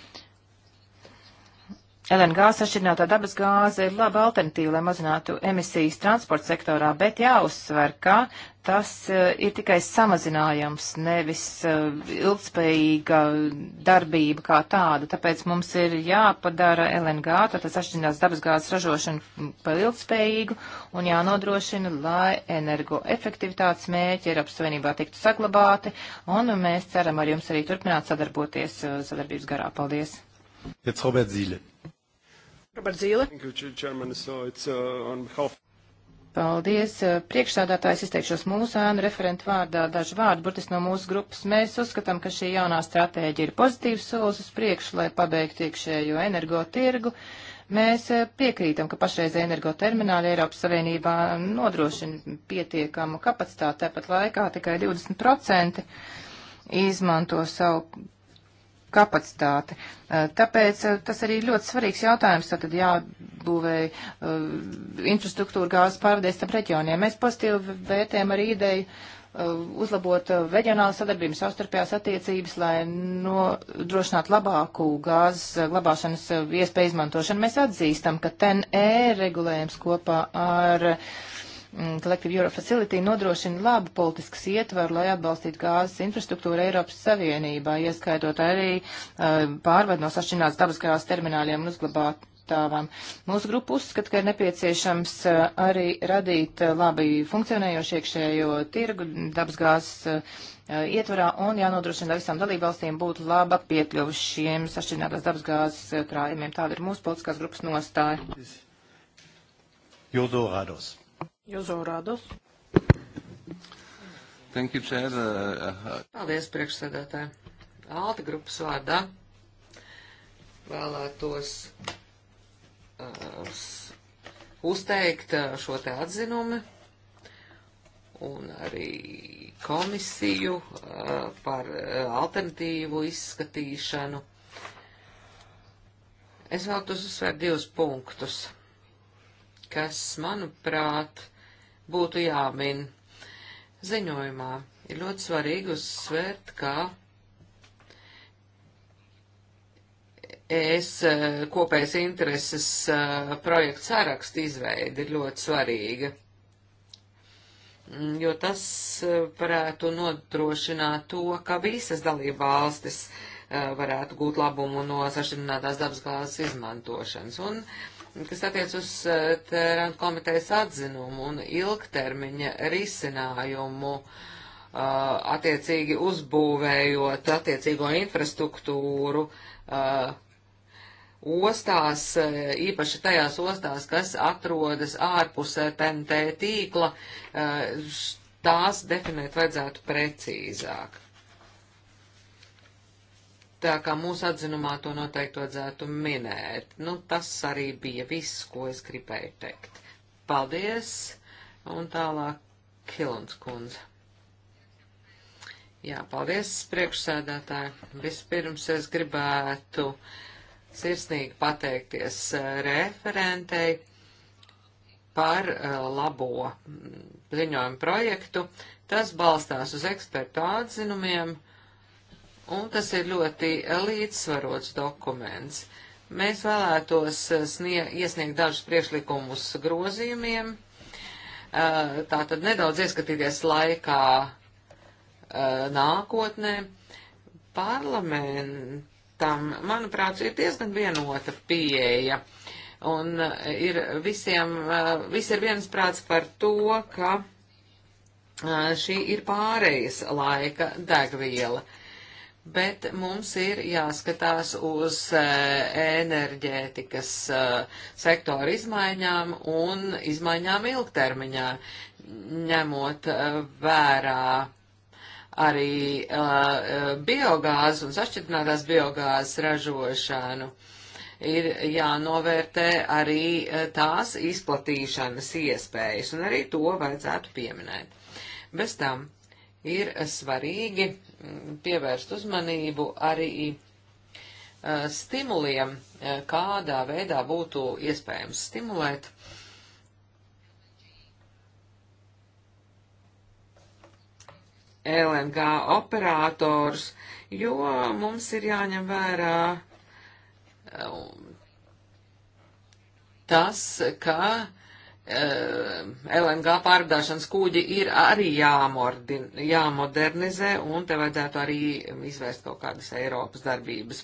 [SPEAKER 2] LNG sašķirinātā dabas gāze ir laba alternatīva, lai mazinātu emisijas transporta sektorā, bet jāuzsver, ka tas eh, ir tikai samazinājums, nevis eh, ilgspējīga darbība kā tāda. Tāpēc mums ir jāpadara LNG, tātad sašķirinās dabas gāzes ražošanu mm, par ilgspējīgu un jānodrošina, lai energoefektivitātes mēķi Eiropas Savienībā tiktu saglabāti, un mēs ceram ar jums arī turpināt sadarboties eh, sadarbības garā. Paldies! Jetzt Robert Zīle.
[SPEAKER 1] Robert Zīle. Uh,
[SPEAKER 2] Paldies. Uh, priekšsādātājs izteikšos mūsu ēnu referentu vārdā dažu vārdu, burtiski no mūsu grupas. Mēs uzskatām, ka šī jaunā stratēģija ir pozitīvs solis uz priekšu, lai pabeigtu iekšējo energo tirgu. Mēs uh, piekrītam, ka pašreizē energotermināli Eiropas Savienībā nodrošina pietiekamu kapacitāti, tāpat laikā tikai 20% izmanto savu kapacitāti. Eh, tāpēc eh, tas arī ļoti svarīgs jautājums, tad jābūvē eh, infrastruktūra gāzes pārvadēs tam reģioniem. Mēs pozitīvi vērtējam arī ideju uzlabot reģionālu sadarbību, savstarpējās attiecības, lai nodrošinātu labāku gāzes glabāšanas iespēju izmantošanu. Mēs atzīstam, ka TNE regulējums kopā ar uh, Mm, Collective Euro Facility nodrošina labu politiskas ietvaru, lai atbalstītu gāzes infrastruktūru Eiropas Savienībā, ieskaitot arī uh, pārved no sašķināts dabasgāzes termināļiem un uzglabāt. Tāvam. Mūsu grupa uzskata, ka ir nepieciešams uh, arī radīt uh, labi funkcionējošu iekšējo tirgu dabasgāzes ietvarā un jānodrošina, lai visām dalībvalstīm būtu laba piekļuva šiem sašķinātās dabasgāzes krājumiem. Tāda ir mūsu politiskās grupas nostāja. Jodorados.
[SPEAKER 1] Jozo Rādos.
[SPEAKER 2] Thank you, Chair. Uh, uh,
[SPEAKER 3] Paldies, priekšsēdētāji. Alta grupas vārdā vēlētos uh, uzteikt uh, šo te atzinumu un arī komisiju uh, par alternatīvu izskatīšanu. Es vēlētos uzsvērt divus punktus, kas, manuprāt, būtu jāmin. Ziņojumā ir ļoti svarīgi uzsvērt, ka es e, kopējas intereses e, projekta sarakstu izveidi ir ļoti svarīga, jo tas e, varētu nodrošināt to, ka visas dalība valstis varētu gūt labumu no sašķirinātās dabasgāzes izmantošanas. Un, uh, kas attiec uz eh, Tērāna komitejas atzinumu un ilgtermiņa risinājumu, eh, attiecīgi uzbūvējot attiecīgo infrastruktūru eh, ostās, īpaši tajās ostās, kas atrodas ārpus TNT tīkla, tās definēt vajadzētu precīzāk. Tā kā mūsu atzinumā to noteikti vajadzētu minēt. Nu, tas arī bija viss, ko es gribēju teikt. Paldies! Un tālāk Kilons kundze. Jā, paldies, priekšsēdētāji. Vispirms es gribētu sirsnīgi pateikties eh, referentei par eh, labo mm, ziņojumu projektu. Tas balstās uz ekspertu atzinumiem un tas ir ļoti līdzsvarots dokuments. Mēs vēlētos snie, iesniegt dažus priekšlikumus grozījumiem, tātad nedaudz ieskatīties laikā nākotnē. Parlamentam, manuprāt, ir diezgan vienota pieeja, un ir visiem, visi ir viensprāts par to, ka šī ir pārējas laika degviela. Uh, bet mums ir jāskatās uz eh, enerģētikas eh, sektora izmaiņām un izmaiņām ilgtermiņā, ņemot eh, vērā arī biogāzu un sašķidrinātās biogāzes ražošanu. Ir jānovērtē arī tās izplatīšanas iespējas, un arī to vajadzētu pieminēt. Bez tam ir svarīgi mm, pievērst uzmanību arī e, stimuliem, e, kādā veidā būtu iespējams stimulēt. LNG operators, jo mums ir jāņem vērā e, tas, ka Eh, LNG pārdāšanas kūģi ir arī jāmordin, jāmodernizē, un te vajadzētu arī izvērst kaut kādas Eiropas darbības.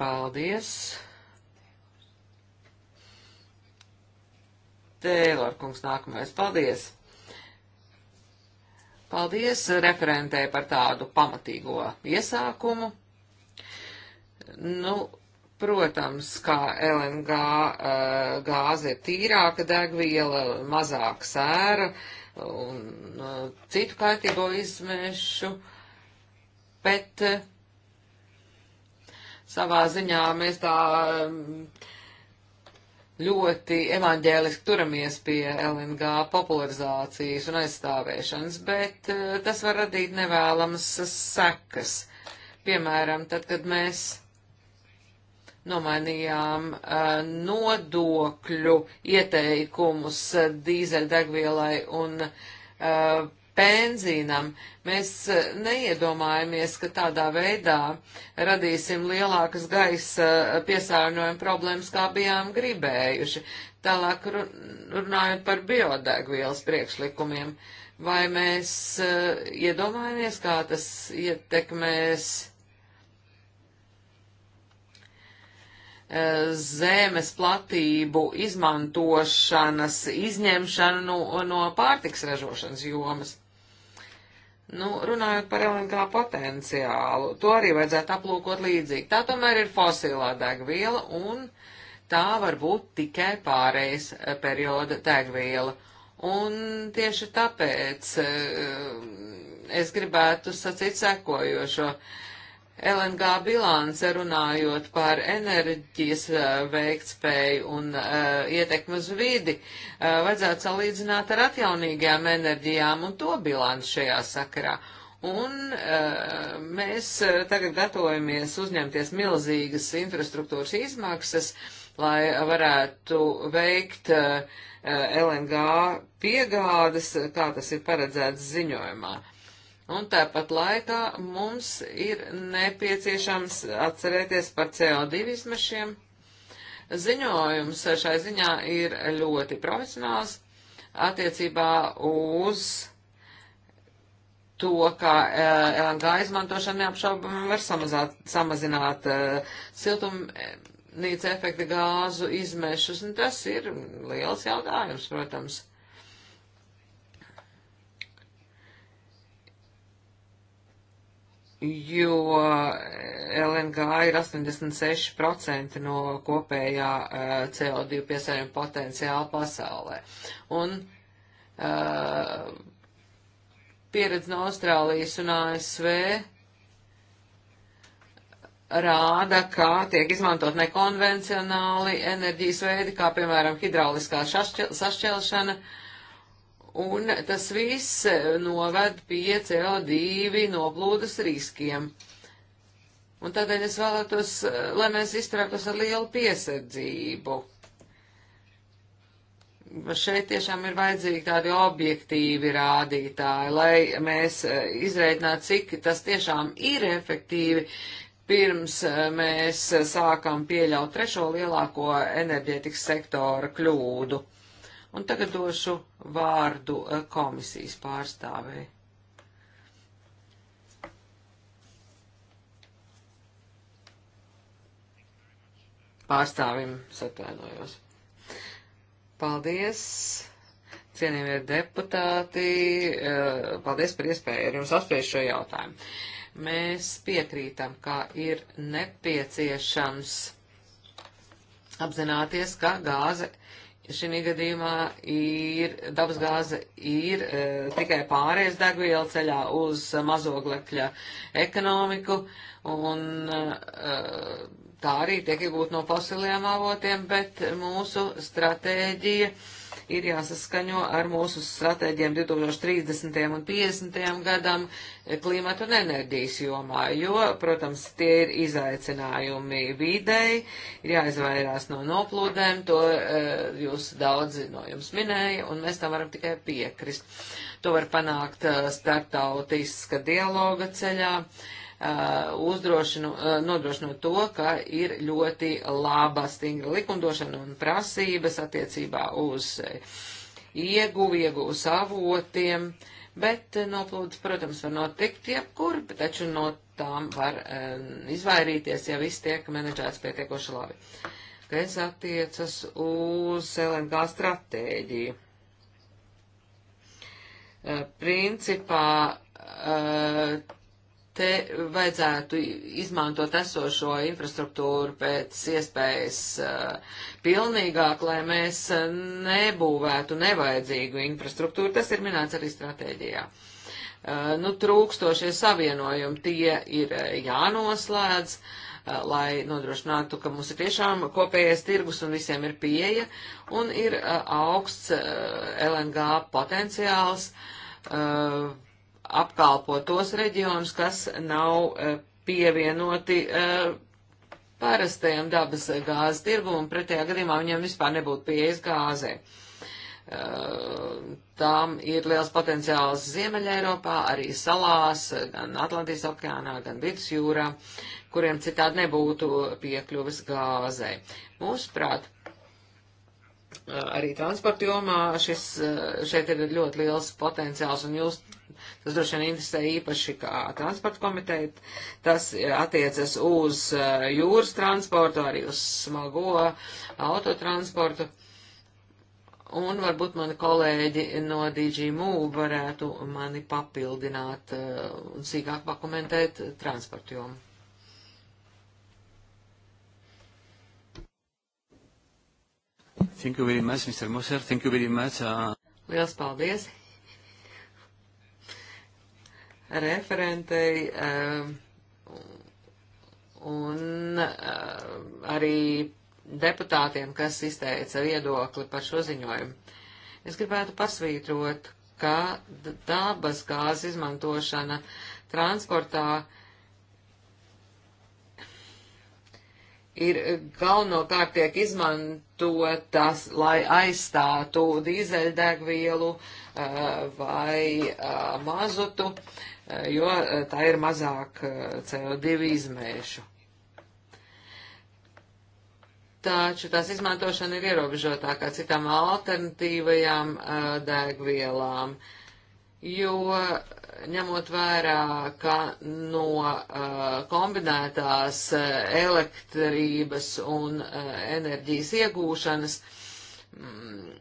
[SPEAKER 3] Paldies! Tēlor kungs nākamais. Paldies! Paldies referentē par tādu pamatīgo iesākumu. Nu, Protams, kā LNG eh, gāze ir tīrāka degviela, mazāk sēra un eh, citu kaitīgo izmešu, bet eh, savā ziņā mēs tā ļoti evaņģēliski turamies pie LNG popularizācijas un aizstāvēšanas, bet tas var radīt nevēlamas sekas. Piemēram, tad, kad mēs nomainījām uh, nodokļu ieteikumus uh, dīzeļdegvielai un uh, benzīnam. Mēs eh, neiedomājamies, ka tādā veidā radīsim lielākas gaisa piesārņojuma problēmas, kā bijām gribējuši. Tālāk runājot par biodegvielas priekšlikumiem, vai mēs iedomājamies, kā tas ietekmēs E, zemes platību izmantošanas izņemšanu no, no pārtiks ražošanas jomas. Nu, runājot par LNG potenciālu, to arī vajadzētu aplūkot līdzīgi. Tā tomēr ir fosilā degviela un tā var būt tikai pārējais e, perioda degviela. Un tieši tāpēc e, es gribētu sacīt sekojošo. Uh, LNG bilance runājot par enerģijas uh, veiktspēju un uh, ietekmi uz vidi, uh, vajadzētu salīdzināt ar atjaunīgajām enerģijām un to bilanci šajā sakarā. Un uh, mēs tagad gatavojamies uzņemties milzīgas infrastruktūras izmaksas, lai varētu veikt uh, LNG piegādes, kā tas ir paredzēts ziņojumā. Uh, Un tāpat laikā mums ir nepieciešams atcerēties par CO2 izmešiem. Ziņojums šai ziņā ir ļoti profesionāls attiecībā uz to, ka eh, LNG izmantošana neapšaubami var samazāt, samazināt eh, siltumnīca efekta gāzu izmešus. Un tas ir liels jautājums, protams. jo LNG ir 86% no kopējā eh, CO2 piesaņojuma potenciāla pasaulē. Un uh, pieredze no Austrālijas un ASV rāda, ka tiek izmantot nekonvencionāli enerģijas veidi, kā piemēram hidrauliskā sašķelšana. Sašķel un tas viss eh, noved pie CO2 noplūdes riskiem. Un tādēļ es vēlētos, eh, lai mēs izturētos ar lielu piesardzību. Šeit tiešām ir vajadzīgi tādi objektīvi rādītāji, lai mēs eh, izreidinātu, cik tas tiešām ir efektīvi, pirms mēs sākam pieļaut trešo lielāko enerģētikas sektora kļūdu. Un tagad došu vārdu eh, komisijas pārstāvēji. Pārstāvim satvainojos. Paldies, cienījamie deputāti, eh, paldies par iespēju ar jums apspriest šo jautājumu. Mēs piekrītam, ka ir nepieciešams apzināties, ka gāze šī gadījumā ir dabasgāze ir e, tikai pārējais degviela ceļā uz mazoglekļa ekonomiku, un e, tā arī tiek iegūt no fosiliem avotiem, bet mūsu stratēģija e, ir jāsaskaņo ar mūsu stratēģiem 2030. un 50. gadam klimatu un enerģijas jomā, jo, protams, tie ir izaicinājumi videi, ir jāizvairās no noplūdēm, to eh, jūs daudzi no jums minēja, un mēs tam varam tikai piekrist. To var panākt eh, starptautiska dialoga ceļā. Uh, Uh, uzdrošinu, uh, nodrošinot to, ka ir ļoti laba stingra likumdošana un prasības attiecībā uz ieguvu, ieguvu savotiem, bet uh, noplūdes, protams, var notikt jebkur, bet taču no tām var izvairīties, ja viss tiek menedžēts pietiekoši labi. Kas attiecas uz LNG stratēģiju? Principā Te vajadzētu izmantot esošo infrastruktūru pēc iespējas uh, pilnīgāk, lai mēs eh, nebūvētu nevajadzīgu infrastruktūru. Tas ir minēts arī stratēģijā. Uh, nu, trūkstošie savienojumi tie ir jānoslēdz lai nodrošinātu, ka mums ir tiešām kopējais tirgus un visiem ir pieeja un ir uh, augsts uh, LNG potenciāls. Uh, apkalpo tos reģionus, kas nav eh, pievienoti eh, parastajam dabas gāzes tirgumam, pretējā gadījumā viņiem vispār nebūtu pieejas gāzē. Eh, Tām ir liels potenciāls Ziemeļa Eiropā, arī salās, gan Atlantijas okeānā, gan Vidusjūrā, kuriem citādi nebūtu piekļuvis gāzē. Mūsuprāt, arī transporta jomā šis, šeit ir ļoti liels potenciāls, un jūs Tas droši vien interesē īpaši kā transporta komiteja. Tas attiecas uz eh, jūras transportu, arī uz smago autotransportu. Un varbūt mani kolēģi no DigiMove varētu mani papildināt eh, un sīkāk pakomentēt transportu jomu.
[SPEAKER 2] Thank you very much, Mr. Moser. Thank you very much. Uh...
[SPEAKER 3] Liels paldies, referentei ehm, un ehm, arī deputātiem, kas izteica viedokli par šo ziņojumu. Es gribētu pasvītrot, ka dabas gāzes izmantošana transportā ir galvenokārt tiek izmantotas, lai aizstātu dīzeļdegvielu ehm, vai mazutu. Uh, jo eh, tā ir mazāk eh, CO2 izmēšu. Taču tās izmantošana ir ierobežotākā citām alternatīvajām eh, degvielām, jo ņemot vērā, ka no uh, kombinētās uh, elektrības un uh, enerģijas iegūšanas mm,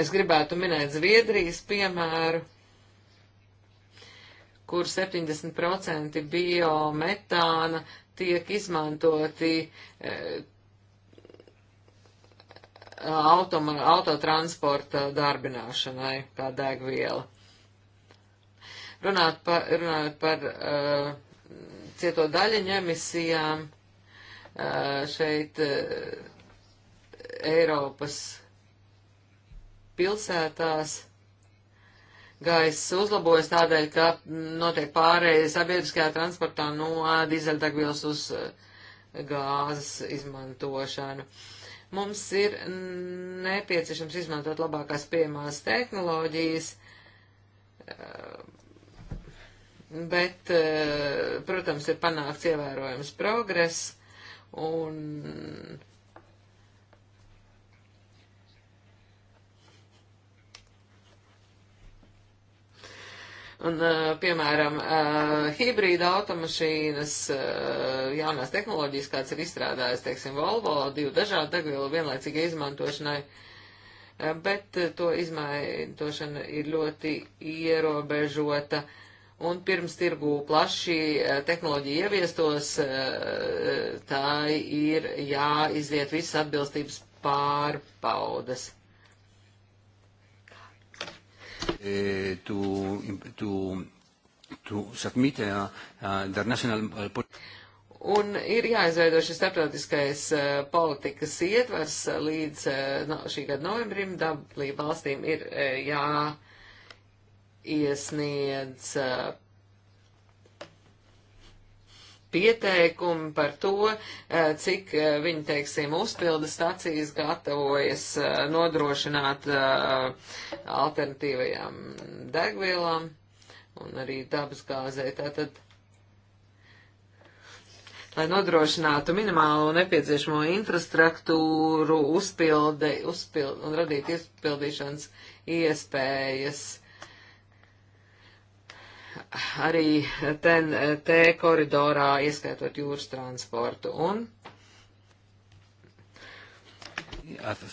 [SPEAKER 3] es gribētu minēt Zviedrijas piemēru, kur 70% biometāna tiek izmantoti e, automa, autotransporta darbināšanai kā degviela. Runāt par, runāt par uh, e, cieto daļiņu emisijām uh, e, šeit uh, Eiropas pilsētās gaiss uzlabojas tādēļ, ka notiek pārējais sabiedriskajā transportā no dizeļdegvielas uz eh, gāzes izmantošanu. Mums ir nepieciešams izmantot labākās pieejamās tehnoloģijas, eh, bet, eh, protams, ir panākts ievērojams progress un Un, eh, piemēram, eh, hibrīda automašīnas, eh, jaunās tehnoloģijas, kāds ir izstrādājis, teiksim, Volvo, divu dažādu degvielu vienlaicīgai izmantošanai, bet to izmantošana ir ļoti ierobežota. Un pirms tirgū plaši tehnoloģija ieviestos, tā ir jāiziet visas atbilstības pārbaudas uh, to, to, to submit uh, uh, their national uh, Un ir jāizveido šis starptautiskais uh, politikas ietvers uh, līdz uh, no, šī gada novembrim. Dalību valstīm ir uh, jāiesniedz uh, pieteikumi par to, eh, cik eh, viņi, teiksim, uzpilda stacijas gatavojas eh, nodrošināt alternatīvajām degvielām un arī dabasgāzē. Tātad, lai nodrošinātu minimālo nepieciešamo infrastruktūru, uzpildi, uzpildi un radītu izpildīšanas iespējas arī TNT koridorā, ieskaitot jūras transportu. Un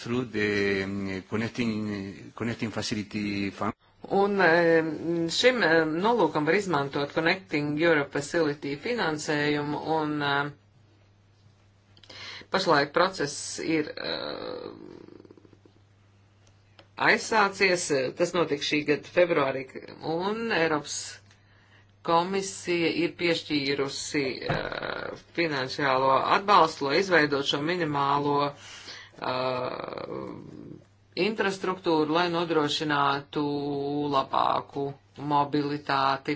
[SPEAKER 3] through the um, connecting, connecting facility fund. Un um, šim um, nolūkam var izmantot Connecting Europe Facility finansējumu, un pašlaik process ir uh, aizsācies, tas notiks šī gada februārī, un Eiropas Komisija ir piešķīrusi uh, finansiālo atbalstu, lai izveidot šo minimālo uh, infrastruktūru, lai nodrošinātu labāku mobilitāti.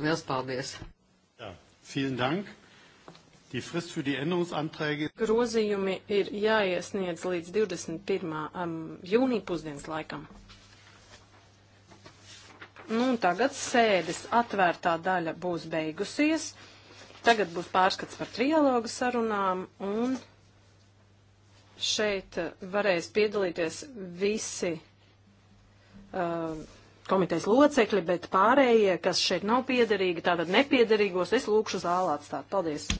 [SPEAKER 3] Liels paldies! Jā, vielen dank!
[SPEAKER 1] Grozījumi ir jāiesniedz līdz 21. Um, jūnija pusdienas laikam. Nu, un tagad sēdes atvērtā daļa būs beigusies. Tagad būs pārskats par trialogu sarunām un šeit uh, varēs piedalīties visi uh, komitejas locekļi, bet pārējie, kas šeit nav piederīgi, tātad nepiederīgos, es lūkšu zālā atstāt. Paldies!